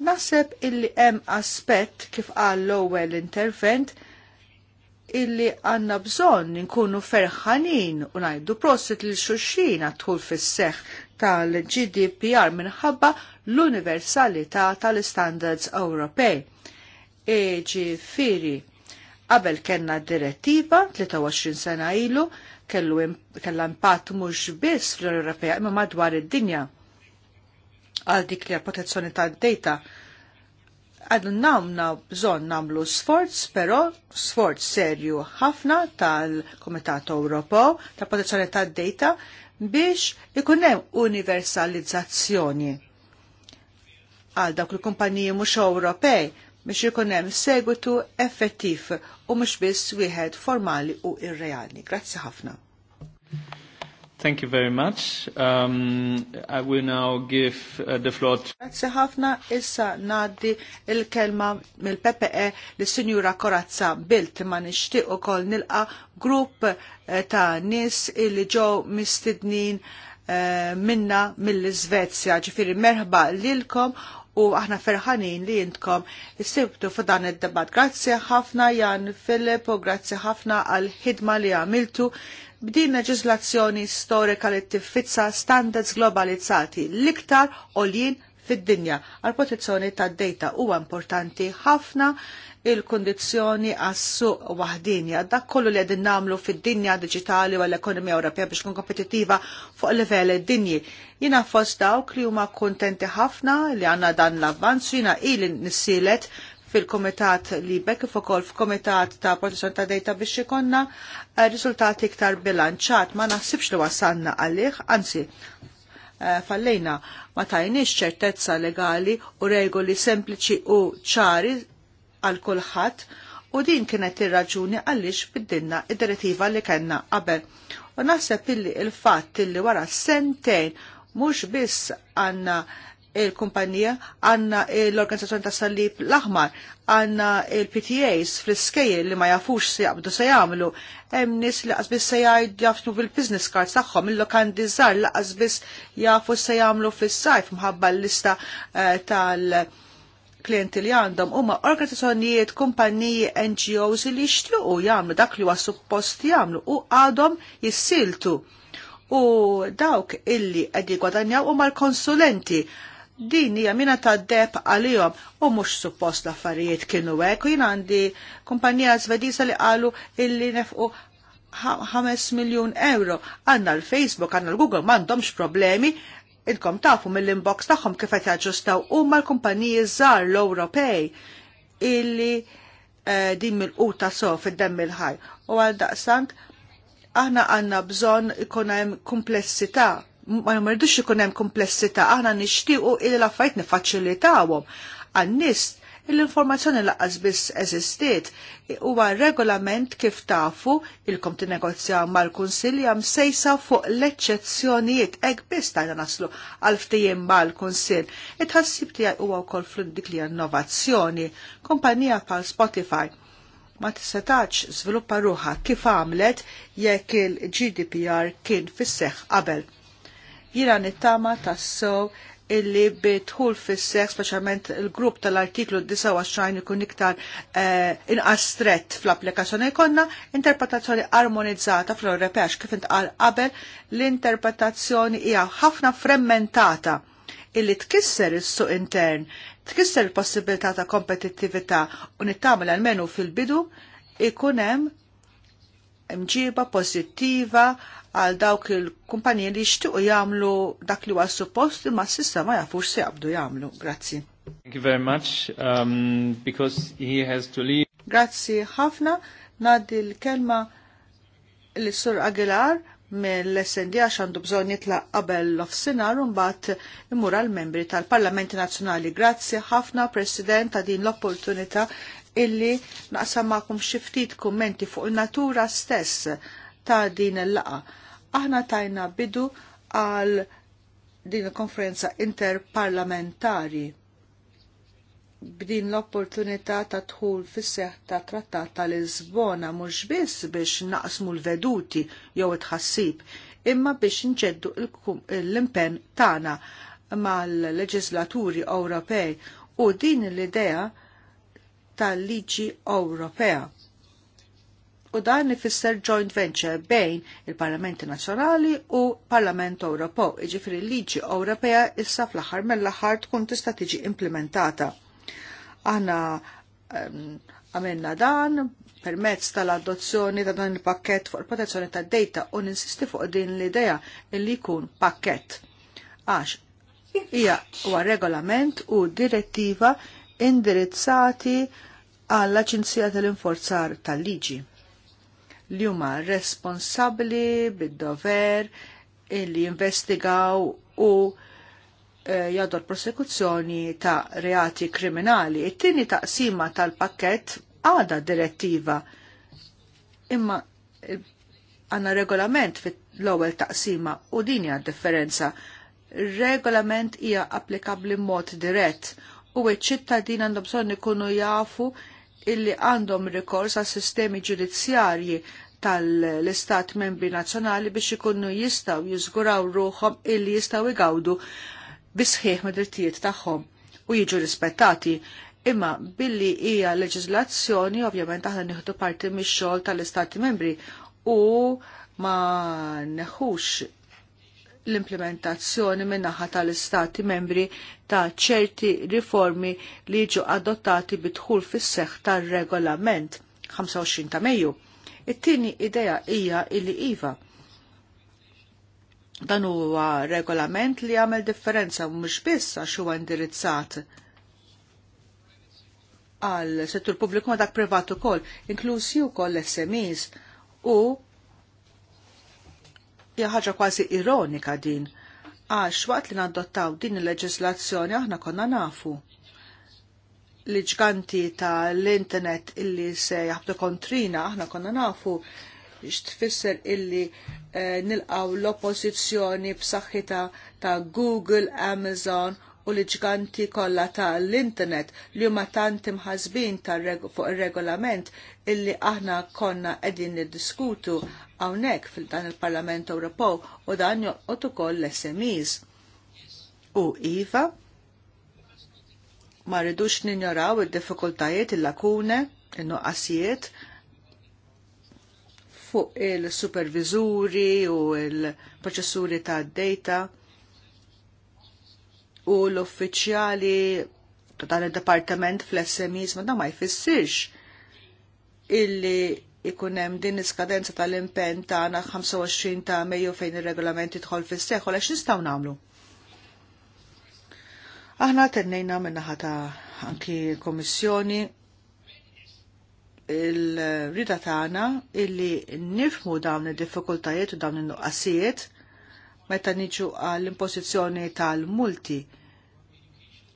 Naħseb illi hemm aspett kif għall l-ewwel intervent illi għanna bżon nkunu ferħanin u najdu prosit l-xuxina tħul fis-seħ tal-GDPR minħabba l-universalità tal-standards Ewropej. firi, qabel kena direttiva 23 sena ilu kellu kella impatt mhux biss fl-Unjoni imma madwar id-dinja għal dik li protezzjoni tad-data għadu namna bżon namlu sforz, pero sforz serju ħafna tal-Komitat Ewropew ta' protezzjoni tad-data biex ikun hemm universalizzazzjoni għal dawk il-kumpaniji mhux Ewropej biex ikun hemm segwitu effettiv u mhux biss wieħed formali u irreali. Grazzi ħafna. Thank you very much. Um, I will now give uh, the floor to... Grazie ħafna, issa naddi il-kelma mill-PPE l-Sinjura Korazza Bilt ma nixtieq ukoll nilqa grupp eh, ta' nis li ġew mistidnin eh, minna mill-Svezja. Ġifieri merħba lilkom u aħna ferħanin li jintkom issibtu f'dan id-debat. Grazzi ħafna Jan Filippo, grazie grazzi ħafna għal-ħidma li għamiltu b'din leġislazzjoni storika li tiffizza standards globalizzati l-iktar olin fid-dinja għal protezzjoni tad-data huwa importanti ħafna il kondizzjoni għas-suq wahdinja. Dak kollu li għedin namlu fid-dinja digitali u l-ekonomija Ewropea biex kun kompetittiva fuq livell dinji. Jina fost dawk li huma kontenti ħafna li għanna dan l avvanzu jina il nissilet fil-komitat li bekk ukoll f'komitat ta' protezzjoni ta' data biex ikonna eh, riżultati iktar bilanċat ma naħsibx li wasanna għalih, anzi eh, fallejna ma tajniex ċertezza legali u regoli sempliċi u ċari għal kulħadd u din kienet ir-raġuni għaliex biddinna id-direttiva li kellna qabel. U naħseb illi il-fatt illi wara sentejn mhux biss għandna il-kumpanija, għanna l-organizzazzjoni ta' salib l-aħmar, għanna il-PTAs fl-iskejl li ma jafux se jaqbdu se jagħmlu. Hemm nies li qasbis se jafnu fil business cards tagħhom, il-lokandi dizzar li qasbis jafu se jagħmlu fis-sajf mħabba l-lista eh, tal- klienti li għandhom huma organizzazzjonijiet, kumpaniji, NGOs li u jagħmlu dak li huwa suppost jagħmlu u għadhom jissiltu u dawk illi qed jigwadanjaw huma mal-konsulenti din hija mina ta' deb għalihom u mhux suppost l-affarijiet kienu hekk u jien għandi kumpanija Svediża li qalu illi nefqu 5 miljun euro. għandna l-Facebook, għandna l-Google, m'għandhomx problemi, idkom tafu mill-inbox tagħhom kif qed jaġġustaw huma l kumpaniji żgħar l-Ewropej illi eh, din mill-quta so fid demm il-ħaj. U għal daqsant, aħna għandna bżonn ikun hemm komplessità ma jmerdux ikun hemm komplessità, aħna nixtiequ illi laffajt affarijiet nifaċilitawhom għan-nies l-informazzjoni laqqas biss eżistiet huwa regolament kif tafu ilkom tinnegozja mal-Kunsilja sejsa fuq l-eċċezzjonijiet hekk biss tajna naslu għal ftehim mal-Kunsill. It-ħassib tiegħi huwa wkoll fl-dik li innovazzjoni. Kumpanija bħal Spotify ma tistatax żviluppa ruħha kif għamlet jekk il-GDPR kien fis-seħħ qabel jira nittama tassow illi bitħul fis-sex, speċjalment il-grupp tal-artiklu 29 ikun iktar eh, inqastret fl-applikazzjoni jkollna interpretazzjoni armonizzata fl-Ewropeax kif intqal qabel l-interpretazzjoni hija ħafna fremmentata illi tkisser is-suq intern, tkisser il-possibilità ta' kompetittività u l almenu fil-bidu ikun hemm mġiba pozittiva għal dawk il-kumpanji li jixtiequ jagħmlu dak li huwa suppost imma s sista ma jafu se għabdu jagħmlu. Grazzi. Thank you very much um, because he has to leave. Grazzi ħafna ngħaddi l-kelma l sur Aguilar mill-SND għax għandu bżonn jitla' qabel l-ofsinar bat imur għall membri tal-Parlamenti Nazzjonali. Grazzi ħafna President ta' din l-opportunità illi naqsam ma'kum xiftit kummenti fuq il-natura stess ta' din il-laqa. Aħna tajna bidu għal din il-konferenza interparlamentari b'din l-opportunità ta' tħul fis-seħ ta' trattat ta' Lisbona mhux biss biex naqsmu l-veduti jew it-ħassib, imma biex nġeddu l-impenn tagħna mal-leġislaturi Ewropej u din l-idea tal-liġi Ewropea. U dan ifisser joint venture bejn il-Parlamenti Nazzjonali u Parlament Ewropew, iġifieri l-liġi Ewropea issa fl-aħħar mill-aħħar tkun tista' tiġi implementata. Aħna għamilna dan permezz tal-adozzjoni ta' dan il-pakket fuq il-protezzjoni tad data u ninsisti fuq din l-idea li jkun pakket. Għax, hija huwa regolament u direttiva indirizzati għalla aġenzija tal-Inforzar tal-Liġi li huma responsabbli bid-dover li investigaw u eh, jadol prosekuzzjoni ta' reati kriminali. It-tieni taqsima tal-pakket għada direttiva. Imma eh, għanna regolament fit-l-ewwel taqsima u din hija differenza. Regolament hija applikabli mod dirett u ċ-ċittadin għandhom bżonn ikunu jafu illi għandhom rikors għal sistemi ġudizzjarji tal-istat membri nazzjonali biex ikunnu jistaw jizguraw ruħom illi jistaw igawdu bisħieħ mid-drittijiet tagħhom u jiġu rispettati. Imma billi hija leġiżlazzjoni ovvjament aħna nieħdu parti mix-xogħol tal-istati membri u ma neħux l-implementazzjoni minnaħa tal-Istati membri ta' ċerti riformi li ġu adottati bidħul fis seħħ tar-regolament 25 ta' Mejju. It-tieni idea hija illi iva. Dan huwa regolament li għamel differenza mhux biss għax huwa indirizzat għal settur pubbliku ma dak privat ukoll, inklusi wkoll SMEs u ħaġa kważi ironika din, għax waqt li nadottaw din il-leġislazzjoni aħna konna nafu li ġganti ta' l-internet illi se jaħbdu kontrina, aħna konna nafu x'tfisser illi eh, nilqaw l-oppożizzjoni b'saħħita ta' Google, Amazon u li ġganti kollha ta' l-internet li huma tant imħasbin fuq ir-regolament illi aħna konna qegħdin niddiskutu hawnhekk fil-dan il-Parlament Ewropew u dan joqgħod ukoll l-SMEs. U iva, ma rridux ninjoraw id-diffikultajiet, il-lakune, in-nuqqasijiet fuq il-supervizuri u il-proċessuri ta' data u l-uffiċjali ta' dan il-departament fl-SMEs, ma da ma jfissirx illi ikun hemm din iskadenza tal-impenn tagħna 25 ta' Mejju fejn ir-regolament jidħol fis seħħol għax nistgħu nagħmlu. Aħna tennejna min-naħa ta' anki l il-rida tagħna illi nifmu dawn id-diffikultajiet u dawn in-nuqqasijiet meta niġu għall-impożizzjoni tal-multi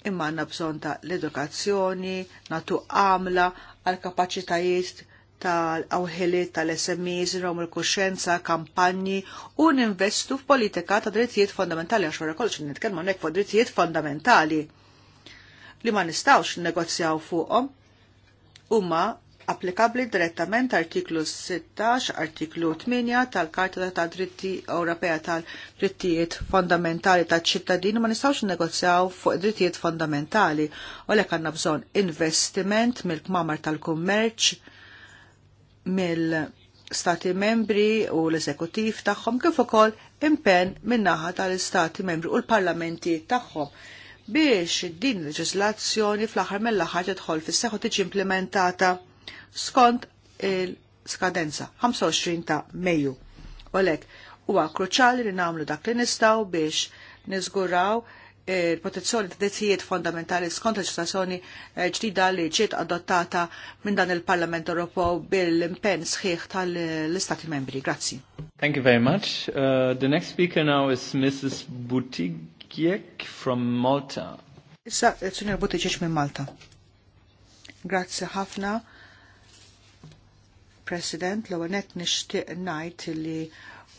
imma għanna bżon ta' l-edukazzjoni, natu għamla għal kapacitajiet tal-awħiliet tal-SMEs, rom il-kuxenza, kampanji u ninvestu f'politika ta' drittijiet fondamentali għax wara kollox nitkellmu hawnhekk fuq drittijiet fondamentali li ma nistgħux negozjaw fuqhom huma applikabli direttament artiklu 16, artiklu 8 tal-Karta ta' Dritti Ewropea tal-Drittijiet Fondamentali ta' ċittadini ma nistgħux negozjaw fuq drittijiet fondamentali u lek għandna bżonn investiment mill-kmamar tal-kummerċ mill-Stati membri u l-Eżekutiv tagħhom kif ukoll impenn min-naħa tal-Istati membri u l-Parlamenti tagħhom biex din leġislazzjoni fl-aħħar mill-aħħar tidħol fis-seħħu tiġi implementata skont il-skadenza 25 ta' Mejju. Olek, huwa kruċali li nagħmlu dak li nistgħu biex niżguraw il-protezzjoni ta' dezzijiet fondamentali skont leġislazzjoni eh, ġdida li ġiet adottata minn dan il-Parlament Ewropew bil-impenn sħiħ tal-Istati membri. Grazzi. Thank you very much. Uh, the next speaker now is Mrs. Butigiek from Malta. Issa, il-Sunir Butigiek minn Malta. Grazzi ħafna. President, l-għonet nishtiq najt li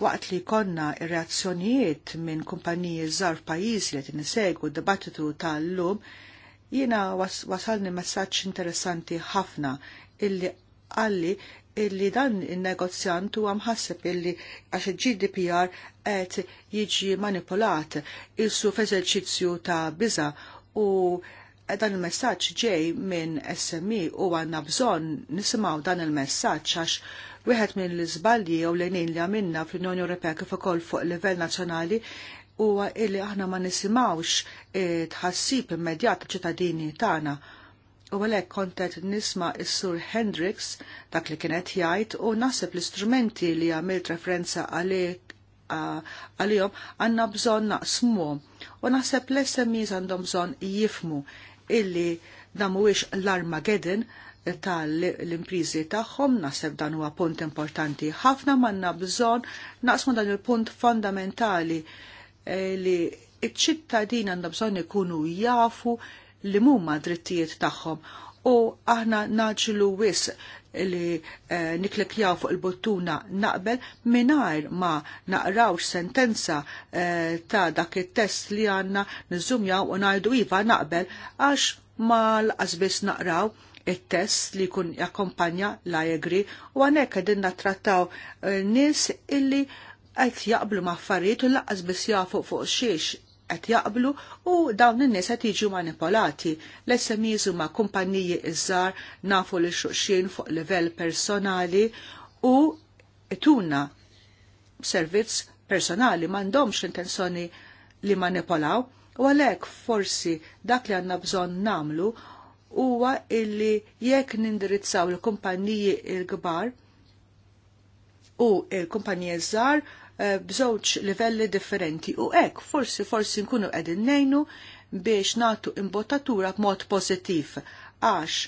waqt li konna reazzjonijiet minn kumpaniji żar pajjiżi li tinsegu d-dibattitu tal-lum, jiena was wasalni messaġġ interessanti ħafna illi għalli illi dan il-negozjant huwa mħasseb illi għax il-GDPR qed jiġi manipolat il-su f'eżerċizzju ta' biża u dan il-messaġġ ġej minn SMI u għandna bżonn nisimgħu dan il-messaġġ għax Wieħed minn l-iżbalji jew l-għenin li għamilna fl-Unjoni Ewropea kif ukoll fuq livell nazzjonali huwa illi aħna ma nisimgħux eh, tħassib immedjat ċittadini tagħna. U għalhekk kontet nisma' is-Sur Hendrix dak li kienet jgħid u naħseb l-istrumenti li għamilt referenza għalik għalihom għandna bżonn naqsmu. U naħseb l-SMEs għandhom bżonn jifmu illi dan mhuwiex l-Armageddon tal-imprizi tagħhom, naħseb dan huwa punt importanti ħafna manna bżonn naqsmu dan il-punt fondamentali eh, li iċ-ċittadin għandha bżonn ikunu jafu li mumma drittijiet tagħhom u aħna naġlu wis li eh, niklekjaw fuq il-bottuna naqbel minar ma naqrawx sentenza eh, ta' dak il-test li għanna nizzumjaw u najdu iva naqbel għax ma l-qasbis naqraw il-test li kun jakkompanja l jegri u għanek għedin trattaw eh, nis illi għet jaqblu maffariet u laqqas bis jafu fuq xiex qed jaqblu u dawn in-nies qed jiġu manipolati. L-SMEs huma kumpanniji iżżar nafu li xuxin fuq livell personali u ituna servizz personali m'għandhomx intenzjoni li manipolaw u għalhekk forsi dak li għandna bżonn namlu huwa illi jekk nindirizzaw il-kumpanniji il-kbar u il-kumpanniji żgħar eh, bżewġ livelli differenti u hekk forsi forsi nkunu qegħdin ngħinu biex nagħtu imbottatura b'mod pożittiv għax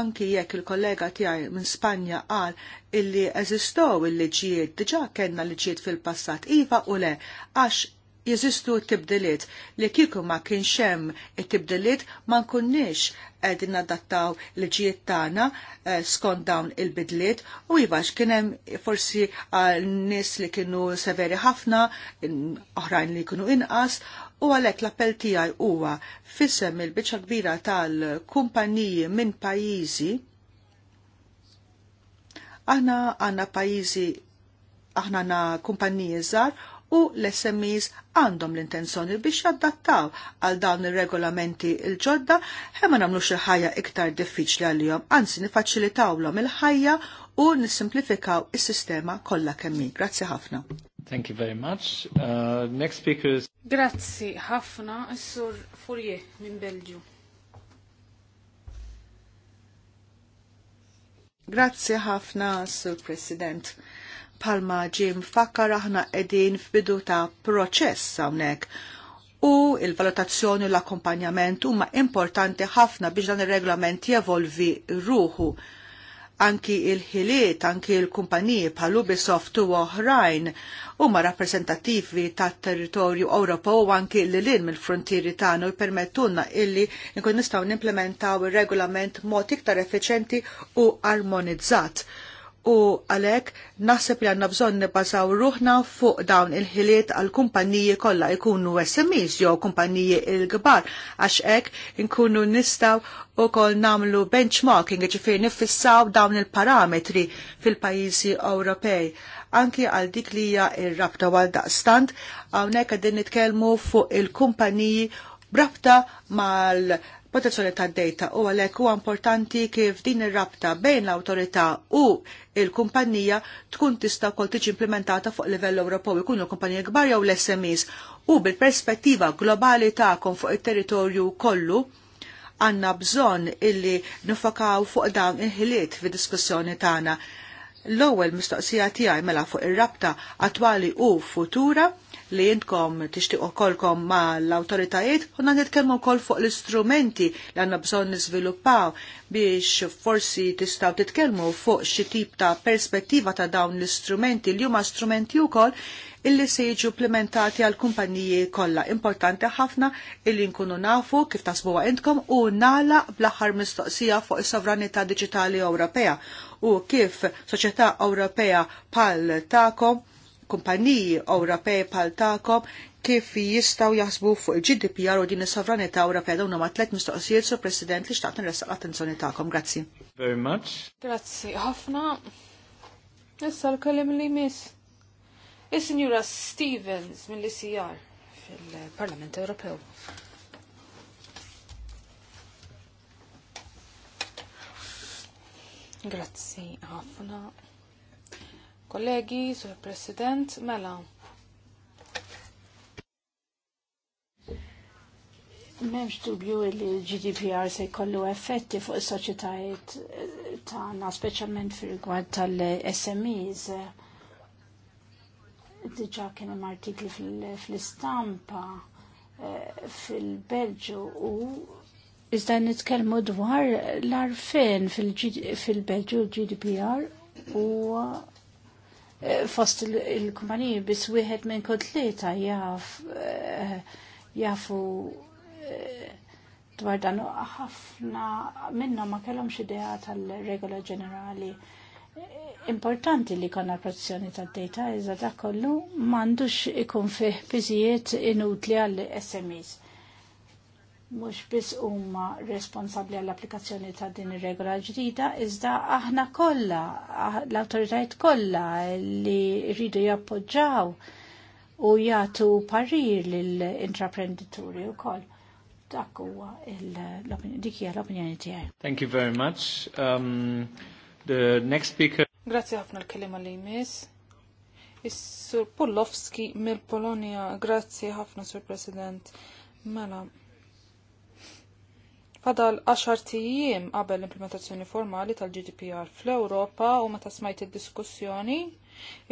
anki jekk il-kollega tiegħi minn Spanja qal illi eżistow il-liġijiet diġà kellna liġijiet fil-passat iva u le għax jeżistu tibdiliet li kieku ma kienx hemm it-tibdiliet ma nkunniex qegħdin nadattaw l-ġijiet tagħna eh, skont dawn il-bidliet u jibax kienem hemm forsi għal eh, nies li kienu severi ħafna, oħrajn li kienu inqas, u għalhekk l-appell tiegħi huwa fissem il bicċa kbira tal-kumpaniji minn pajjiżi aħna għandna pajjiżi aħna na kumpaniji żgħar u l-SMEs għandhom l-intenzjoni biex jaddattaw għal dawn ir-regolamenti il-ġodda ħemma nagħmlu xi ħajja iktar diffiċli għalihom, anzi nifaċilitawlhom il-ħajja u nissimplifikaw is-sistema kollha kemm Grazzi ħafna. Thank you very much. Uh, next speaker is... Grazzi ħafna, s-sur Fourier minn Belġu. Grazzi ħafna, Sur President palma ġim fakkar aħna edin f'bidu ta' proċess hawnhekk u il-valutazzjoni u l-akkompanjament huma importanti ħafna biex dan ir-reglament jevolvi ruħu. Anki il-ħiliet, anki il-kumpaniji bħal Ubisoft u oħrajn huma rappreżentattivi tat-territorju Ewropa u anki l-lin mill-frontieri tagħna u jpermettuna illi nkun nistgħu nimplementaw ir-regolament mod iktar effiċenti u armonizzat u għalek naħseb li għanna bżon nibazaw ruħna fuq dawn il-ħiliet għal kumpanniji kollha jkunu SMEs jew kumpanniji il-kbar għax hekk inkunu nistaw u kol namlu benchmarking ġifir nifissaw dawn il-parametri fil-pajjiżi Ewropej anki għal dik li hija r-rabta għal daqstant hawnhekk qegħdin nitkellmu fuq il-kumpaniji b'rabta mal protezzjoni tad data u għalhekk huwa importanti kif din ir-rabta bejn l-awtorità u il-kumpanija tkun tista' wkoll tiġi implementata fuq livell Ewropew ikunu l-kumpanija kbar jew l-SMEs u bil-perspettiva globali tagħkom fuq it-territorju kollu għandna bżonn illi nifakaw fuq dawn il-ħiliet fid-diskussjoni tagħna. L-ewwel mistoqsija tiegħi mela fuq ir-rabta attwali u futura li jintkom tixtiqo kolkom ma l-autoritajiet, unna nitkelmu kol fuq l-istrumenti li għanna bżon nizviluppaw biex forsi tistaw titkelmu fuq xi tip ta' perspettiva ta' dawn l-istrumenti li huma strumenti wkoll illi se jiġu implementati għal kumpaniji kollha. Importanti ħafna illi nkunu nafu kif tasbuha intkom u nala bl-aħħar mistoqsija fuq is-sovranità diġitali Ewropea u kif soċjetà Ewropea pal takom kumpaniji Ewropej pal tagħkom kif jistgħu jaħsbu fuq il-GDPR u din is-sovranità Ewropea dawn huma tliet mistoqsijiet su President li xtaqt nirressaq l-attenzjoni tagħkom. Grazzi. Very much. Grazzi ħafna. Issa l-kelim li miss. Is-Sinjura Stevens mill-ICR fil-Parlament Ewropew. Grazzi ħafna. Kollegi, Sur President, mela. Memx dubju li l-GDPR se jkollu effetti fuq is-soċjetajiet tagħna, speċjalment fir-rigward tal-SMEs. Diġà kien hemm artikli fl-istampa eh, fil-Belġu u iżda nitkellmu dwar l arfen fil-Belġu gdpr u Eh, fost il-kumpaniji bis wieħed minn kod tlieta jaf eh, jafu eh, dwar dan ħafna minna ma kellhomx idea tal-regola ġenerali. Importanti li konna protezzjoni tad-data iżda dak kollu m'għandux ikun fih biżijiet inutli għall SMEs mux bis umma responsabli għall-applikazzjoni ta' din ir-regola ġdida, iżda aħna kollha, ah, l-autoritajt kollha li rridu jappoġġaw u jagħtu parir lill-intraprendituri wkoll. Dak huwa dik hija l-opinjoni tiegħi. Thank you very much. Um, the next speaker. Grazzi ħafna l-kelima li jmiss. Is-Sur Polowski mill polonia grazzi ħafna Sur President. Mela, Fadal 10 tijiem qabel l-implementazzjoni formali tal-GDPR fl-Ewropa u meta smajt id-diskussjoni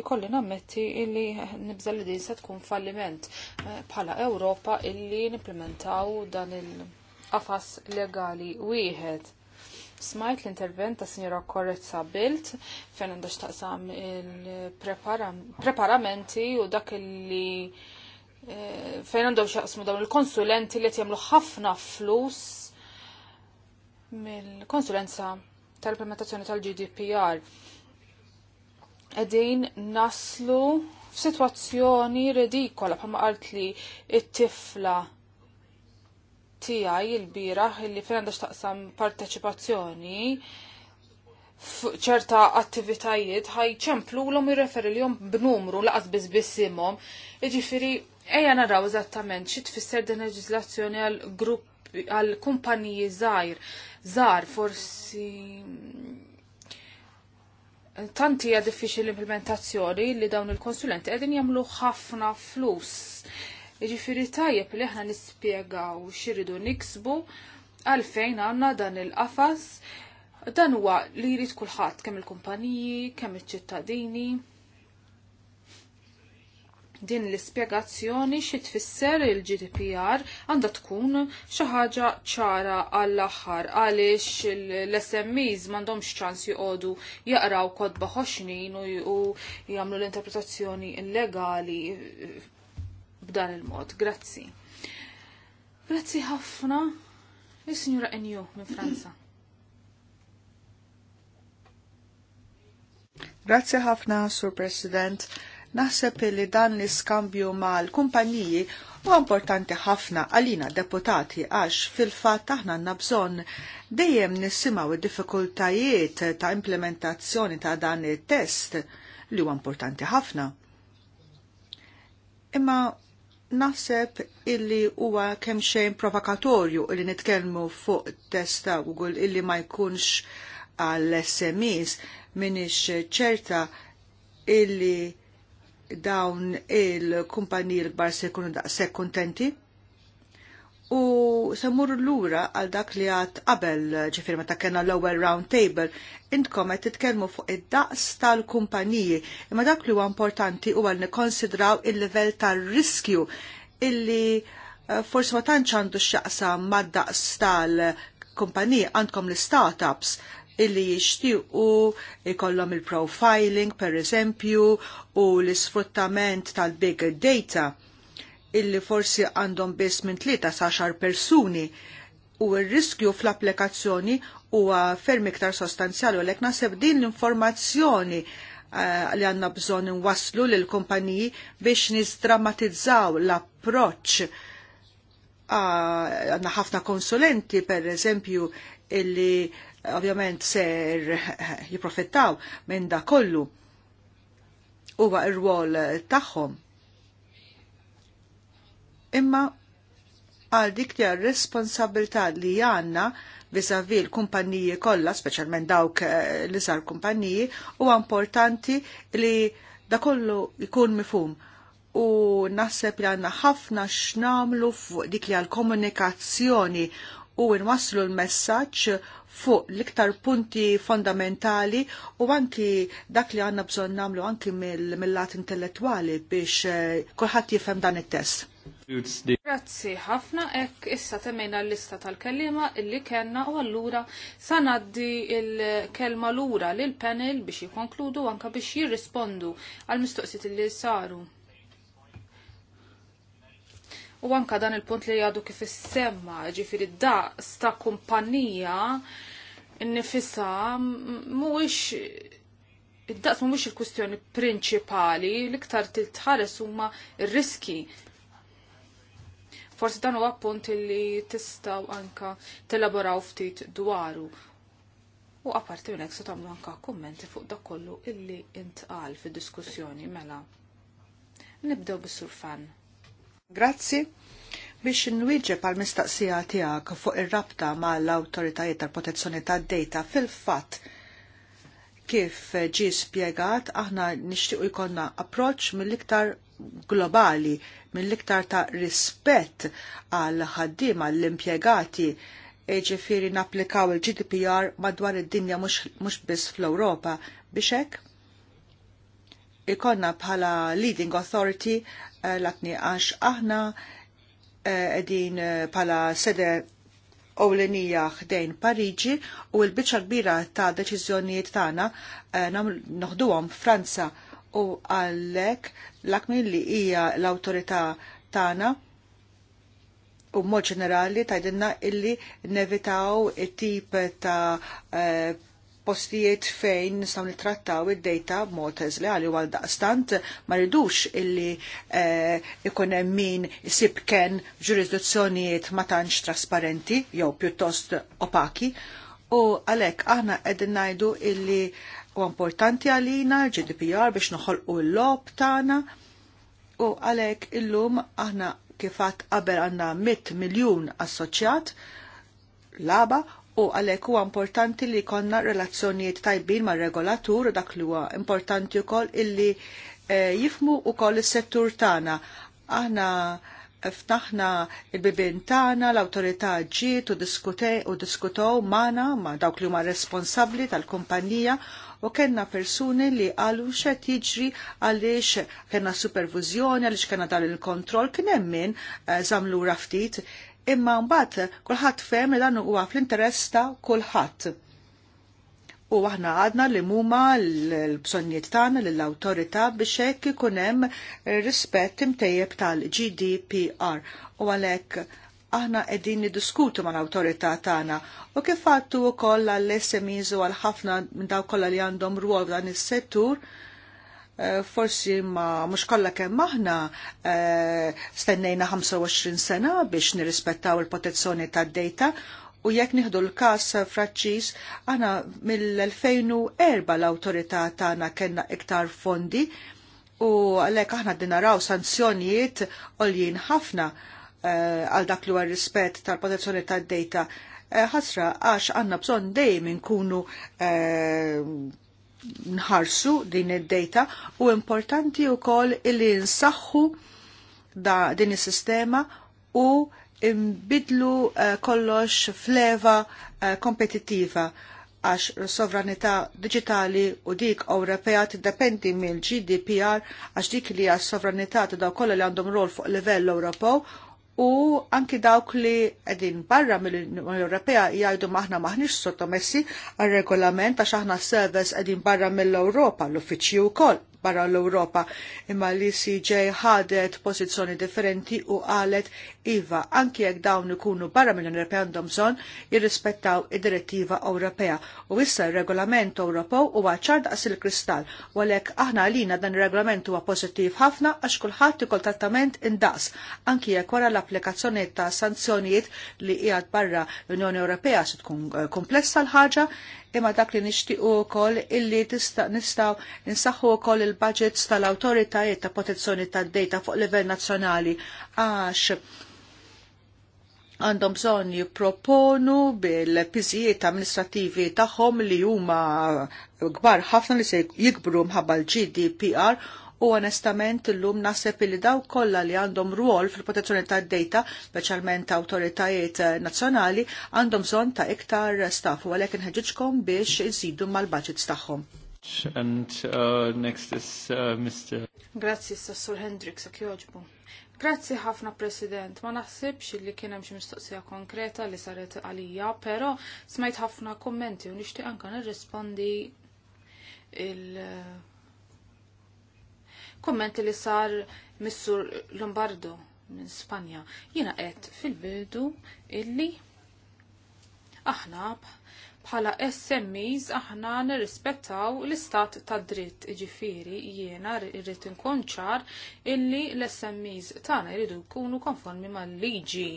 ikolli nammetti illi nibżal li din se tkun falliment eh, bħala Ewropa illi nimplementaw dan il-qafas legali wieħed. Smajt l-intervent ta' Sinjora Korrezza Bilt fejn għandha x'taqsam il-preparamenti u dak illi eh, fejn għandhom xaqsmu dawn il-konsulenti li jagħmlu ħafna flus mill-konsulenza tal-implementazzjoni tal-GDPR. Edin naslu f'sitwazzjoni redikola bħalma qalt li it-tifla tiegħi il-biraħ illi fejn għandha x'taqsam parteċipazzjoni ċerta attivitajiet ħajċemplu l-om jirreferi l-jom b'numru laqas biss bisimom. Iġifiri, eja naraw eżattament xi tfisser din leġislazzjoni għal grupp għal kumpaniji żgħir Zar, forsi tanti hija diffiċli l-implementazzjoni li dawn il-konsulenti qegħdin jagħmlu ħafna flus. Jiġifieri tajjeb li aħna nispjegaw x'iridu niksbu għalfejn għandna dan il-qafas dan huwa li jrid kulħadd kemm il-kumpaniji, kemm iċ-ċittadini. il kumpaniji kemm iċ ċittadini din l-ispjegazzjoni xi tfisser il-GDPR għandha tkun xi ħaġa ċara għall-aħħar għaliex l-SMEs m'għandhomx ċans joqogħdu jaqraw kodba ħoxnin u jagħmlu l-interpretazzjoni illegali b'dan il-mod. Grazzi. Grazzi ħafna. Is-Sinjura Enju minn Franza. Grazzi ħafna, Sur President. Naħseb li dan l-iskambju mal-kumpaniji huwa importanti ħafna għalina deputati għax fil-fatt aħna għandna bżonn dejjem nisimgħu id-diffikultajiet ta' implementazzjoni ta' dan it-test li huwa importanti ħafna. Imma naħseb illi huwa kemm xejn provokatorju illi nitkellmu fuq testa Google illi ma jkunx għall-SMEs minix ċerta illi dawn il-kumpaniji l-kbar se jkunu daqshekk kuntenti. U samur l-lura għal dak li għad qabel ġifir ta' kena l-ewwel round table, intkom qed titkellmu fuq id-daqs tal-kumpaniji, imma dak li huwa importanti huwa għal nikkonsidraw il-livell tal riskju illi eh, forsi ma tantx għandu x'jaqsam mad-daqs tal-kumpaniji għandkom l-startups illi jixtiequ ikollhom il-profiling per eżempju u l-isfruttament tal-big data illi forsi għandhom biss minn tlieta saxar persuni u r-riskju fl-applikazzjoni huwa ferm iktar sostanzjali u lek naseb din l-informazzjoni uh, li għanna bżon nwaslu l kumpaniji biex nizdramatizzaw l-approċ ah, għanna uh, ħafna konsulenti per eżempju illi ovvjament ser jiprofittaw minn da kollu huwa r-rwol tagħhom. Imma għal dik li responsabilità li għanna vizavi l-kumpanniji kollha, speċjalment dawk eh, li sar kumpanniji, huwa importanti li da kollu jkun mifhum u naħseb li għanna ħafna x'namlu fuq dik li għal komunikazzjoni u nwasslu l-messaġġ fuq l-iktar punti fondamentali u anki dak li għanna bżon namlu anki mill-lat intellettuali biex eh, kulħadd jifhem dan it-test. Grazzi ħafna ek issa temmejna l-lista tal-kellima illi kellna u allura sanaddi il-kelma lura l panel biex jikonkludu anka biex jirrispondu għal mistoqsit illi saru. U anka dan il-punt li jgħadu kif issemma, ġifiri daqs ta' kumpanija nifisa mhuwiex id-daqs mhuwiex il-kwistjoni prinċipali l-iktar titħares huma r-riski. Forsi dan huwa punt li tistgħu anka telaboraw ftit dwaru u għaparti minn se tagħmlu anka kummenti fuq dak kollu illi intqal fid-diskussjoni mela. Nibdew bis-surfan. Grazzi biex nwieġeb pal mistaqsija tiegħek fuq ir-rabta mal-awtoritajiet tal-protezzjoni tad-data fil-fatt kif ġi spjegat aħna nixtiequ jkollna approċċ mill-iktar globali, mill-iktar ta' rispett għal ħaddiema l-impjegati ġifiri napplikaw il-GDPR madwar id-dinja mhux biss fl-Ewropa biex hekk ikonna bħala leading authority l-atni għax aħna eh, din eh, pala sede ewlenija ħdejn Pariġi u l-biċċa kbira ta' deċiżjonijiet tagħna eh, noħduhom Franza u għallek l-akmin li hija l-awtorità tagħna u mod ġenerali tajdinna illi nevitaw it-tip ta' postijiet fejn nistaw nittrattaw id-dejta b'mod eżleali għal daqstant ma rridux illi eh, ikun hemm min isib ken ġurisdizzjonijiet ma tantx trasparenti jew pjuttost opaki u għalhekk aħna qegħdin ngħidu illi u importanti għalina GDPR biex noħolqu l-lob tagħna u għalhekk illum aħna kifat qabel għandna 100 miljun assoċjat laba u għalhekk huwa importanti li jkollna relazzjonijiet tajbin mar regolatur u dak li huwa importanti wkoll illi eh, jifmu u wkoll is-settur tagħna. Aħna ftaħna il-bibin tagħna l-awtorità ġiet u diskutew magħna ma' dawk li huma responsabbli tal-kumpanija u kena persuni li għalu xet jiġri għalix kena supervizjoni, għalix kena dal il-kontroll, kien hemm min zamlu eh, raftit imma mbagħad kulħadd fehm li dan huwa fl-interess ta' kulħadd. U aħna għadna li muma l-bżonniet tagħna lill-awtorità biex hekk ikun hemm rispett imtejjeb tal-GDPR. U għalhekk aħna qegħdin niddiskutu mal-awtorità tagħna u kif fattu wkoll għall-SMEs u għal ħafna minn dawk kollha li għandhom rwol dan is-settur Eh, forsi ma mux kolla kemm maħna eh, stennejna 25 sena biex nirrispettaw il-protezzjoni tad dejta u jekk nieħdu l-kas Franċiż għana mill-2004 l-autorità tagħna kellna iktar fondi u għalhekk aħna din naraw sanzjonijiet għoljien ħafna eh, għal dak li rispett tal-protezzjoni tad dejta ħasra għax għandna bżonn dejjem nkunu nħarsu din id-data u importanti wkoll li nsaħħu da din is-sistema u imbidlu uh, eh, kollox fleva uh, kompetittiva għax sovranità digitali u dik Ewropea tiddependi mill-GDPR għax dik li għas sovranità ta' daw kollha li għandhom rol fuq livell Ewropew u anki dawk li edin barra mill-Unjoni Ewropea jgħidu maħna maħniex sottomessi għal regolament għax aħna service edin barra mill-Ewropa l-uffiċċju wkoll barra l-Europa imma li CJ ħadet pozizjoni differenti u qalet iva anki jekk dawn ikunu barra minn Ewropea għandhom bżonn jirrispettaw id-direttiva Ewropea u issa r-regolament Ewropew huwa ċar daqs il-kristall u għalhekk aħna għalina dan ir-regolament huwa pożittiv ħafna għax kulħadd ikol trattament indaqs anki jekk wara l-applikazzjoni ta' sanzjonijiet li qiegħed barra l-Unjoni Ewropea se tkun eh, komplessa l-ħaġa imma dak li nixtiequ wkoll illi nistgħu nsaħħu wkoll il-budgets tal-awtoritajiet ta' protezzjoni tad-dejta fuq livell nazzjonali għax għandhom bżonn jipproponu bil-piżijiet amministrativi tagħhom li huma kbar ħafna li se jikbru mħabba l-GDPR u onestament illum naħseb li daw kollha li għandhom ruol fil-protezzjoni tad dejta speċjalment awtoritajiet eh, nazzjonali, għandhom bżonn ta' iktar staff u għalhekk inħeġġitkom biex insidu mal-budgets tagħhom. And uh, next is uh, Mr. Grazzi, Sassur Hendrix, a kjoġbu. Grazzi ħafna President, ma naħsibx li kien hemm xi mistoqsija konkreta li saret għalija, però smajt ħafna kommenti u nixtieq anke nirrispondi il- kommenti li sar Missur Lombardo minn Spanja. Jiena qed fil-bidu illi aħna bħala SMEs aħna nirrispettaw l-istat ta' dritt ġifiri jiena rrit inkun ċar illi l-SMEs tagħna jridu jkunu konformi mal-liġi.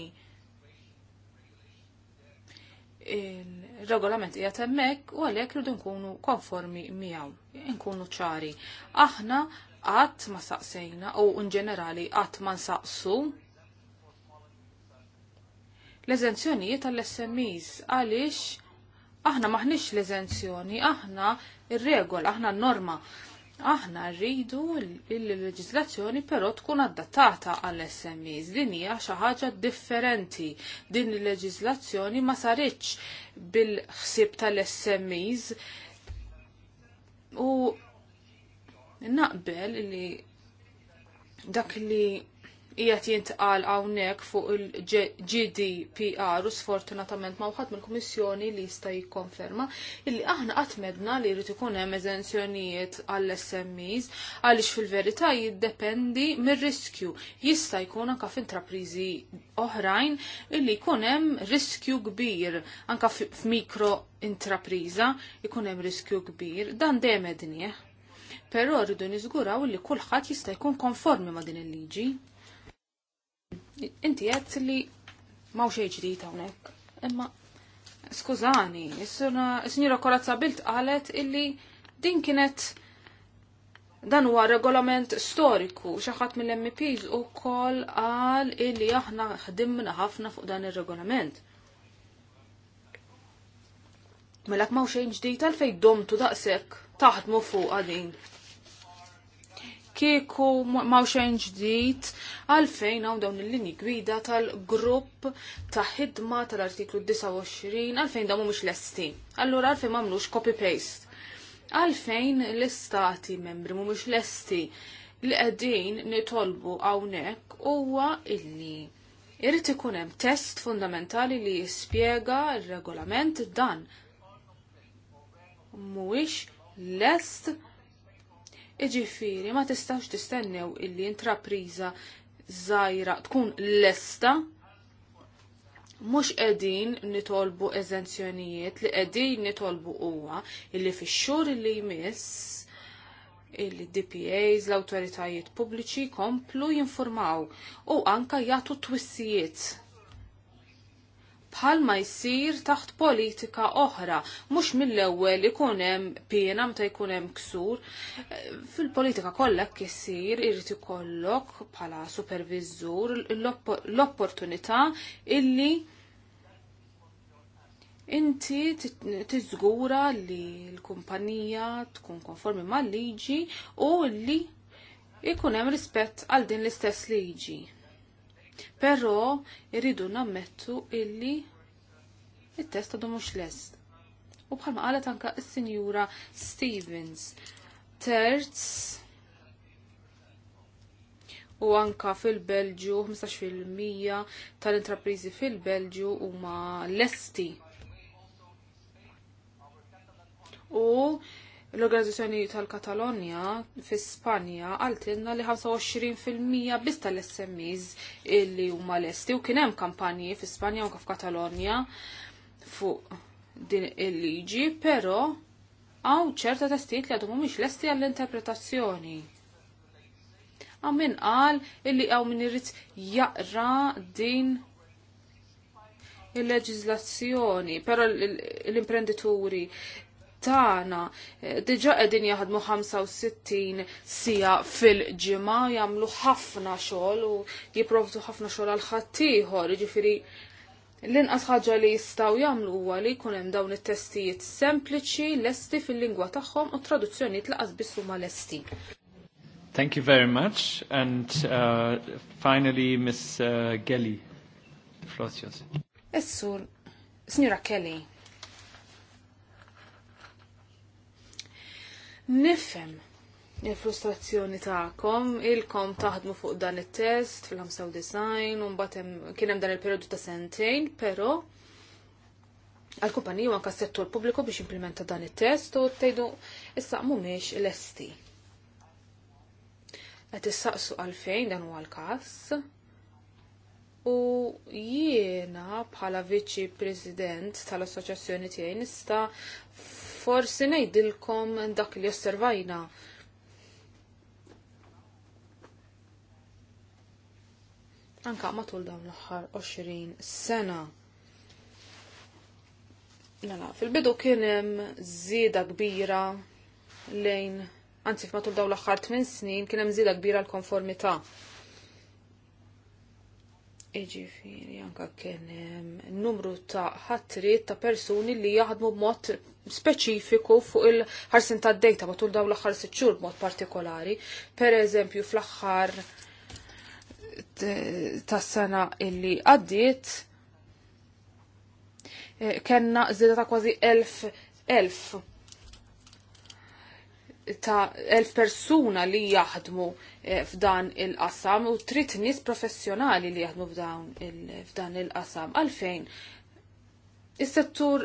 Il-regolament qiegħed hemmhekk u għalhekk rridu nkunu konformi miegħu, nkunu ċari. Aħna qatt ma saqsejna u ġenerali qatt ma nsaqsu l-eżenzjonijiet tal-SMEs għaliex aħna maħniex l-eżenzjoni, aħna ir-regola, aħna n-norma. Aħna rridu il-leġislazzjoni però tkun adattata għall-SMEs. Din hija xi ħaġa differenti. Din il-leġislazzjoni ma saritx bil-ħsieb tal-SMEs u naqbel li dak li qiegħed jintqal hawnhekk fuq il-GDPR u sfortunatament ma uħat mill-Kummissjoni li jista' jikkonferma illi aħna qatt medna li jrid ikun hemm eżenzjonijiet għall smes għaliex fil-verità jiddependi mir-riskju. Jista' jkun anka f'intrapriżi oħrajn illi jkun hemm riskju kbir anke f'mikro intrapriża jkun hemm riskju kbir dan dejjem ednieh però rridu niżguraw li kulħadd jista' jkun konformi ma' din il-liġi. Inti qed li m'hawn xejn ġdid hawnhekk. Imma skużani, is-sinjura Korazza Bilt qalet illi din kienet dan huwa regolament storiku xi ħadd mill-MPs ukoll qal illi aħna ħdimna ħafna fuq dan ir-regolament. Mela ma' xejn ġdid għalfej domtu daqshekk taħdmu fuq għadin kieku ma' xejn ġdid għalfejn hawn dawn il-linji gwida tal-grupp ta' ħidma tal-artiklu 29 għalfejn dawn mhumiex lesti. Allura għalfejn m'għamlux copy-paste. Għalfejn l-istati membri mhumiex lesti li qegħdin nitolbu hawnhekk huwa illi irrid ikun hemm test fundamentali li jispjega r-regolament dan mhuwiex lest Iġifiri, ma tistax tistennew illi intrapriża żgħira tkun lesta mhux qegħdin nitolbu eżenzjonijiet li qegħdin nitolbu huwa illi fix-xhur illi jmiss il-DPAs, l-autoritajiet pubbliċi komplu jinformaw u anka jagħtu twissijiet bħalma jsir taħt politika oħra, mhux mill-ewwel ikun hemm pena meta jkun hemm ksur. Fil-politika kollek isir irid ikollok bħala superviżur l-opportunità illi inti tiżgura li l-kumpanija tkun konformi mal-liġi u li ikun hemm rispett għal din l-istess liġi. Però irridu nammettu illi it-test għadu mhux lest. U bħalma qalet anka s-Sinjura Stevens. Terz u anka fil-Belġu 15% tal-intraprizi fil-Belġu huma lesti. U L-organizzazzjoni tal-Katalonja fi Spanja għaltinna li 25% biss tal-SMEs illi huma lesti u kien hemm kampanji fi Spanja u Katalonja fuq din il-liġi, però għaw ċerta testijiet li għadhom mhumiex lesti għall-interpretazzjoni għaw min qal illi għaw min irrit jaqra din il-leġizlazzjoni, pero l-imprendituri Tana eh, diġà qegħdin jaħdmu 65 sija fil-ġimgħa jagħmlu ħafna xogħol u jipprovdu ħafna xogħol għal ħaddieħor, jiġifieri L-inqas ħaġa li jistgħu jagħmlu huwa li jkun hemm dawn it-testijiet sempliċi, lesti fil-lingwa tagħhom u traduzzjonijiet laqas biss huma lesti. Thank you very much. And uh, finally, Ms. Uh, Gelly. Flossios. Essur, Signora Kelly. Nifhem il-frustrazzjoni tagħkom, ilkom taħdmu fuq dan it-test fil-5 design, u mbagħad kien hemm dan il-perjodu ta' sentejn, però għal-kumpanija anka settur pubbliku biex implementa dan it-test u tgħidu issa mhumiex lesti. Qed issaqsu għalfejn dan huwa l-każ. U jiena bħala viċi president tal-assoċjazzjoni tiegħi nista' forsi ngħidilkom dak li osservajna. Anka matul dawn l-aħħar 20 sena. Mela, fil-bidu kien hemm żieda kbira lejn anzi f'matul dawn l-aħħar 8 snin kien hemm żieda kbira l-konformità Iġifiri, anka kien numru ta' ħatrit ta' persuni li jaħdmu b'mod speċifiku fuq il-ħarsin ta' dejta matul daw l-axar sitxur b'mod partikolari. Per eżempju, fl axħar ta' sena illi għaddit, e, kena zida ta' kważi 1000 ta' elf persuna li jaħdmu Eh, f'dan il-qasam u trid nies professjonali li jaħdmu f'dan il-qasam. Għalfejn, is-settur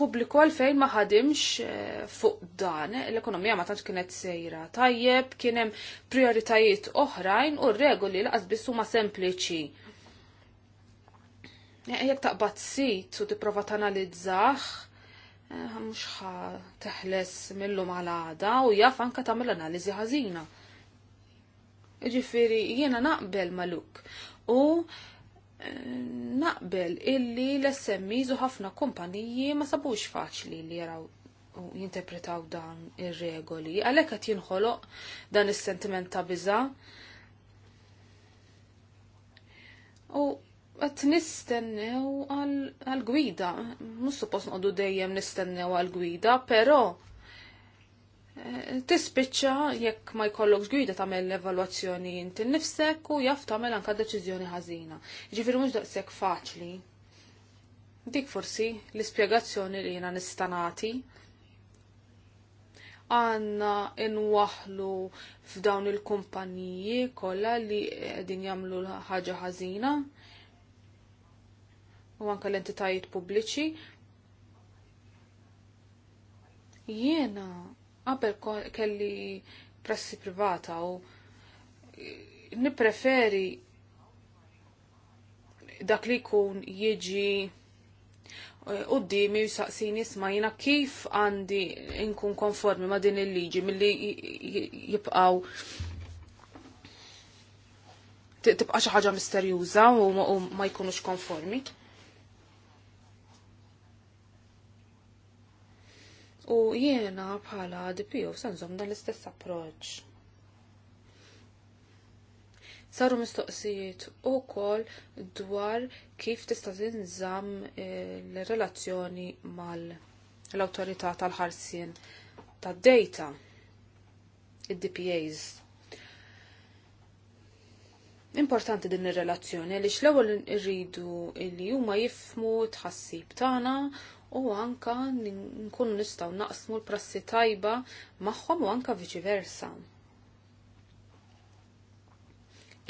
pubbliku għalfejn ma ħadimx eh, fuq dan, l-ekonomija ma tantx kienet sejra tajjeb, kien hemm prioritajiet oħrajn u r-regoli laqas biss huma sempliċi. Eh, jekk taqbad sit u tipprova tanalizzaħ, mhux ħa teħles mill-lum għal għada u jaf anke tagħmel analiżi ħażina. Ġifiri, jiena naqbel maluk. U eh, naqbel illi l-SMIs u ħafna kumpaniji ma sabux faċli li jaraw u jinterpretaw dan ir-regoli. Għalhekk qed jinħoloq dan is-sentiment ta' biża. U qed nistennew għal gwida, mhux suppost noqogħdu dejjem nistennew għal gwida, però tispiċċa jekk ma jkollok gwida tagħmel l-evalwazzjoni inti nnifsek u jaf tagħmel anke deċiżjoni ħażina. Ġifieri mhux daqshekk faċli. Dik forsi l-ispjegazzjoni li jiena nistanati għanna inwaħlu f'dawn il-kumpaniji kollha li qegħdin jagħmlu ħaġa ħażina u anke l-entitajiet pubbliċi. Jiena Qabel kelli pressi privata u nipreferi dak li kun jiġi eh, mi jisaqsin jisma jina kif għandi inkun konformi ma din il-liġi mill-li jibqaw tibqa xi ħaġa misterjuża u ma jkunux konformi. u jiena bħala DPU sanżom dan l-istess approċ. Saru mistoqsijiet u kol dwar kif tista' tinżamm eh, l-relazzjoni mal-autorità tal-ħarsien tad-data, id-DPAs. Importanti din ir-relazzjoni għaliex l-ewwel irridu li huma jifhmu tħassib tagħna u anka nkunu nistaw naqsmu l-prassi tajba magħhom u anka viċiversa.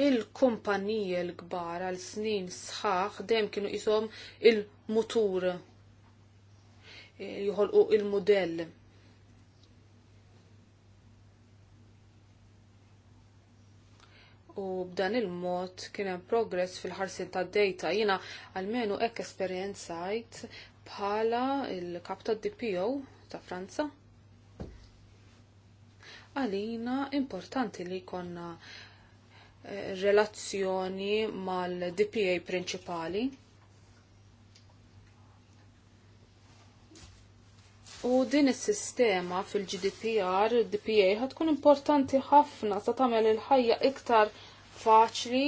il kumpanije l-kbar għal snin sħaħ dejjem kienu jisom il-mutur jħolqu il-modell. U b'dan il-mod kien hemm progress fil-ħarsin tad-dejta jiena menu hekk esperjenzajt bħala il-kap ta' DPO ta' Franza. Għalina importanti li konna eh, relazzjoni mal-DPA prinċipali. U din is-sistema fil-GDPR, DPA ħatkun importanti ħafna sa tagħmel il-ħajja iktar faċli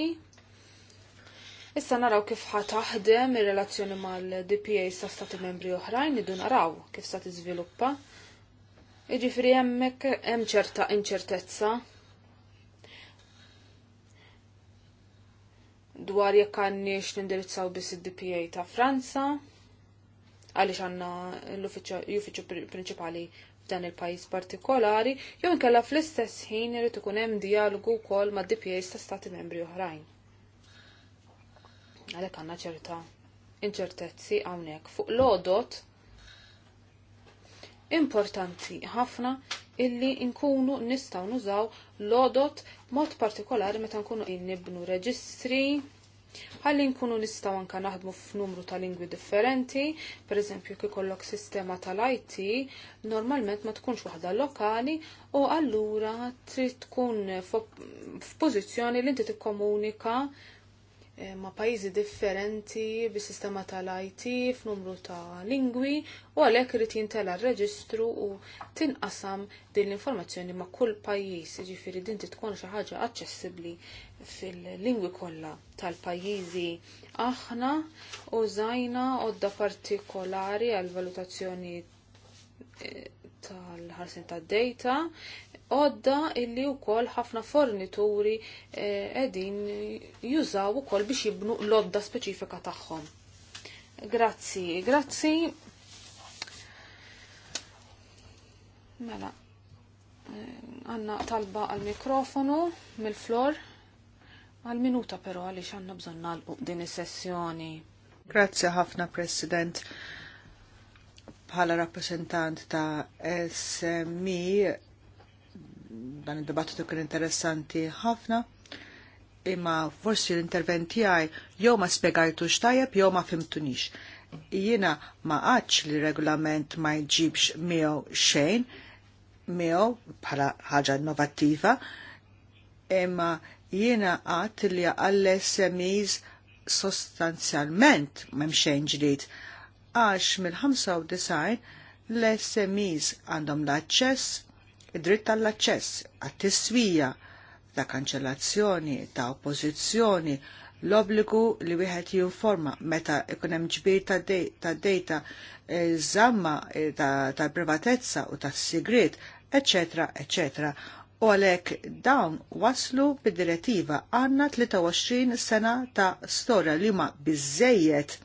Issa naraw kif taħdem ir-relazzjoni mal-DPA sa' stati membri oħrajn idu naraw kif sa' tiżviluppa. Iġifri hemmhekk hemm ċerta inċertezza dwar jekk għandniex nindirizzaw biss id-DPA ta' Franza għaliex għandna l-uffiċċju prinċipali f'dan il-pajjiż partikolari, jew inkella fl-istess ħin irid ikun hemm dialogu wkoll mad-DPAs ta' stati membri oħrajn għalhekk għandna ċerta inċertezzi hawnhekk fuq l importanti ħafna illi nkunu nistgħu nużaw l mod partikolari meta nkunu innibnu reġistri ħalli nkunu nistaw anka naħdmu f'numru ta' lingwi differenti, per eżempju kif ikollok sistema tal-IT, normalment ma tkunx waħda lokali u allura trid tkun f'pożizzjoni li inti tikkomunika Eh, ma' pajjiżi differenti bi sistema tal-IT f'numru ta' lingwi u għalhekk irid jintela r-reġistru u tinqasam din l-informazzjoni ma' kull pajjiż, jiġifieri din tkun xi ħaġa aċċessibbli fil-lingwi kollha tal-pajjiżi. Aħna u żajna għodda partikolari għal valutazzjoni eh, tal-ħarsin tad-data għodda illi wkoll ħafna fornituri eh, qegħdin jużaw ukoll biex jibnu l-odda speċifika tagħhom. Grazzi, grazzi. Mela, eh, għanna talba għal-mikrofonu mill-flor għal-minuta pero għalix għanna bżon nalqu din is-sessjoni. Grazzi ħafna, President. Bħala rappresentant ta' SMI dan id-dibattitu kien interessanti ħafna imma forsi l-interventi għaj jew ma spiegajtu xtajab jew ma fimtunix. Jiena ma għax li regolament ma jġibx miegħu xejn, miegħu bħala ħaġa innovattiva, imma jiena għad li għall SMEs sostanzjalment xejn ġdid għax mill-95 l-SMEs għandhom l-aċċess id-dritt tal-aċċess għat-tiswija ta' kanċellazzjoni, ta' oppożizzjoni, l-obbligu li wieħed jinforma meta ikun hemm ġbir ta' dejta e, żamma e, ta' privatezza u ta' sigriet, eċetera, eċetera. U għalhekk dawn waslu bid-direttiva għandna 23 sena ta' storja li huma biżejjed.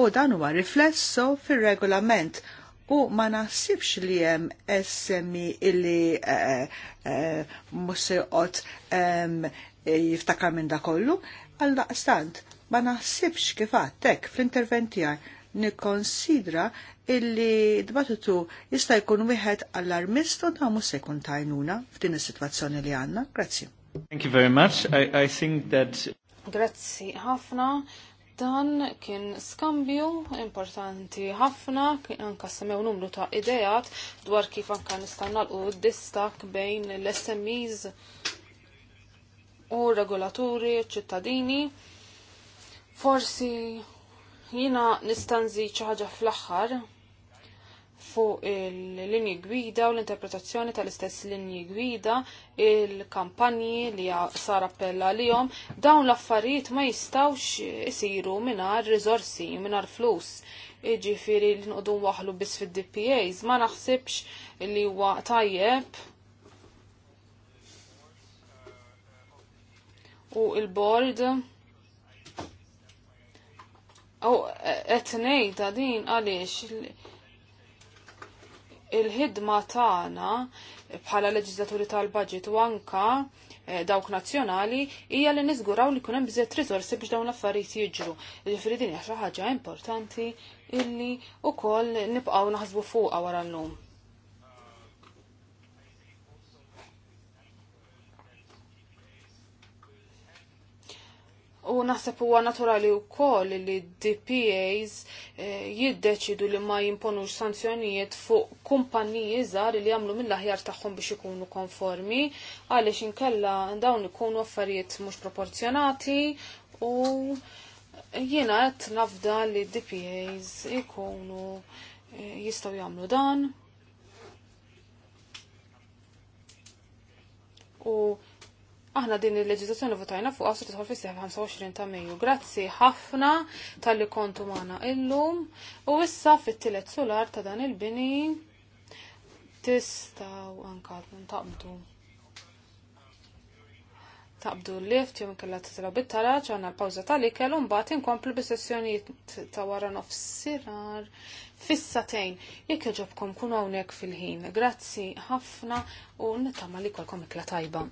U dan huwa riflesso fir-regolament u ma naħsibx li jem essemi illi uh, uh, jiftakar minn da kollu, għal daqstant ma naħsibx tek fl-interventi għaj nikonsidra illi dbatutu jista' jkun wieħed allarmist u damu se jkun tajnuna f'din is-sitwazzjoni li għandna. Grazzi. Thank you very much. I, I think that Grazzi ħafna Dan kien skambju importanti ħafna, kien anka semmew numru ta' idejat dwar kif anka nistgħu nagħlqu distak bejn l-SMEs u regolaturi, ċittadini. Forsi jina nistanzi ħaġa fl-axħar fuq il-linji gwida u l-interpretazzjoni tal-istess linji gwida, il-kampanji li sar appella jom, dawn l-affarijiet ma jistawx isiru minar rizorsi, minar flus. Iġifiri li nqdu waħlu bis fid-DPAs, ma naħsibx li huwa tajjeb u il bold u etnej din għaliex il-ħidma tagħna bħala leġislaturi tal-budget u anka eh, dawk nazzjonali hija li niżguraw li jkun hemm bżiet risorsi biex dawn l-affarijiet jiġru. Ġifieri din hija xi ħaġa importanti illi wkoll nibqgħu naħsbu fuqha wara llum. U naħseb huwa naturali wkoll li DPAs eh, jiddeċidu li ma jimponux sanzjonijiet fuq kumpaniji żgħar li jagħmlu mill-aħjar tagħhom biex ikunu konformi għaliex inkella dawn ikunu affarijiet mhux proporzjonati u jiena qed nafda li DPAs ikunu eh, jistgħu jagħmlu dan. U Aħna din il-leġizazzjoni votajna fuq għasu tħol fi 25 ta' meju. Grazzi ħafna tal-li kontu maħna illum u issa fit tilet solar ta' dan il-bini tistgħu anka taqbdu taqbdu l-lift jew inkella titla bit-taraġ għandna l pawza tal-ikel u mbagħad inkomplu bis-sessjonijiet ta' wara nofsirar fis-satejn jekk jogħġobkom kunu hawnhekk fil-ħin. Grazzi ħafna u nittama li kolkom ikla tajba.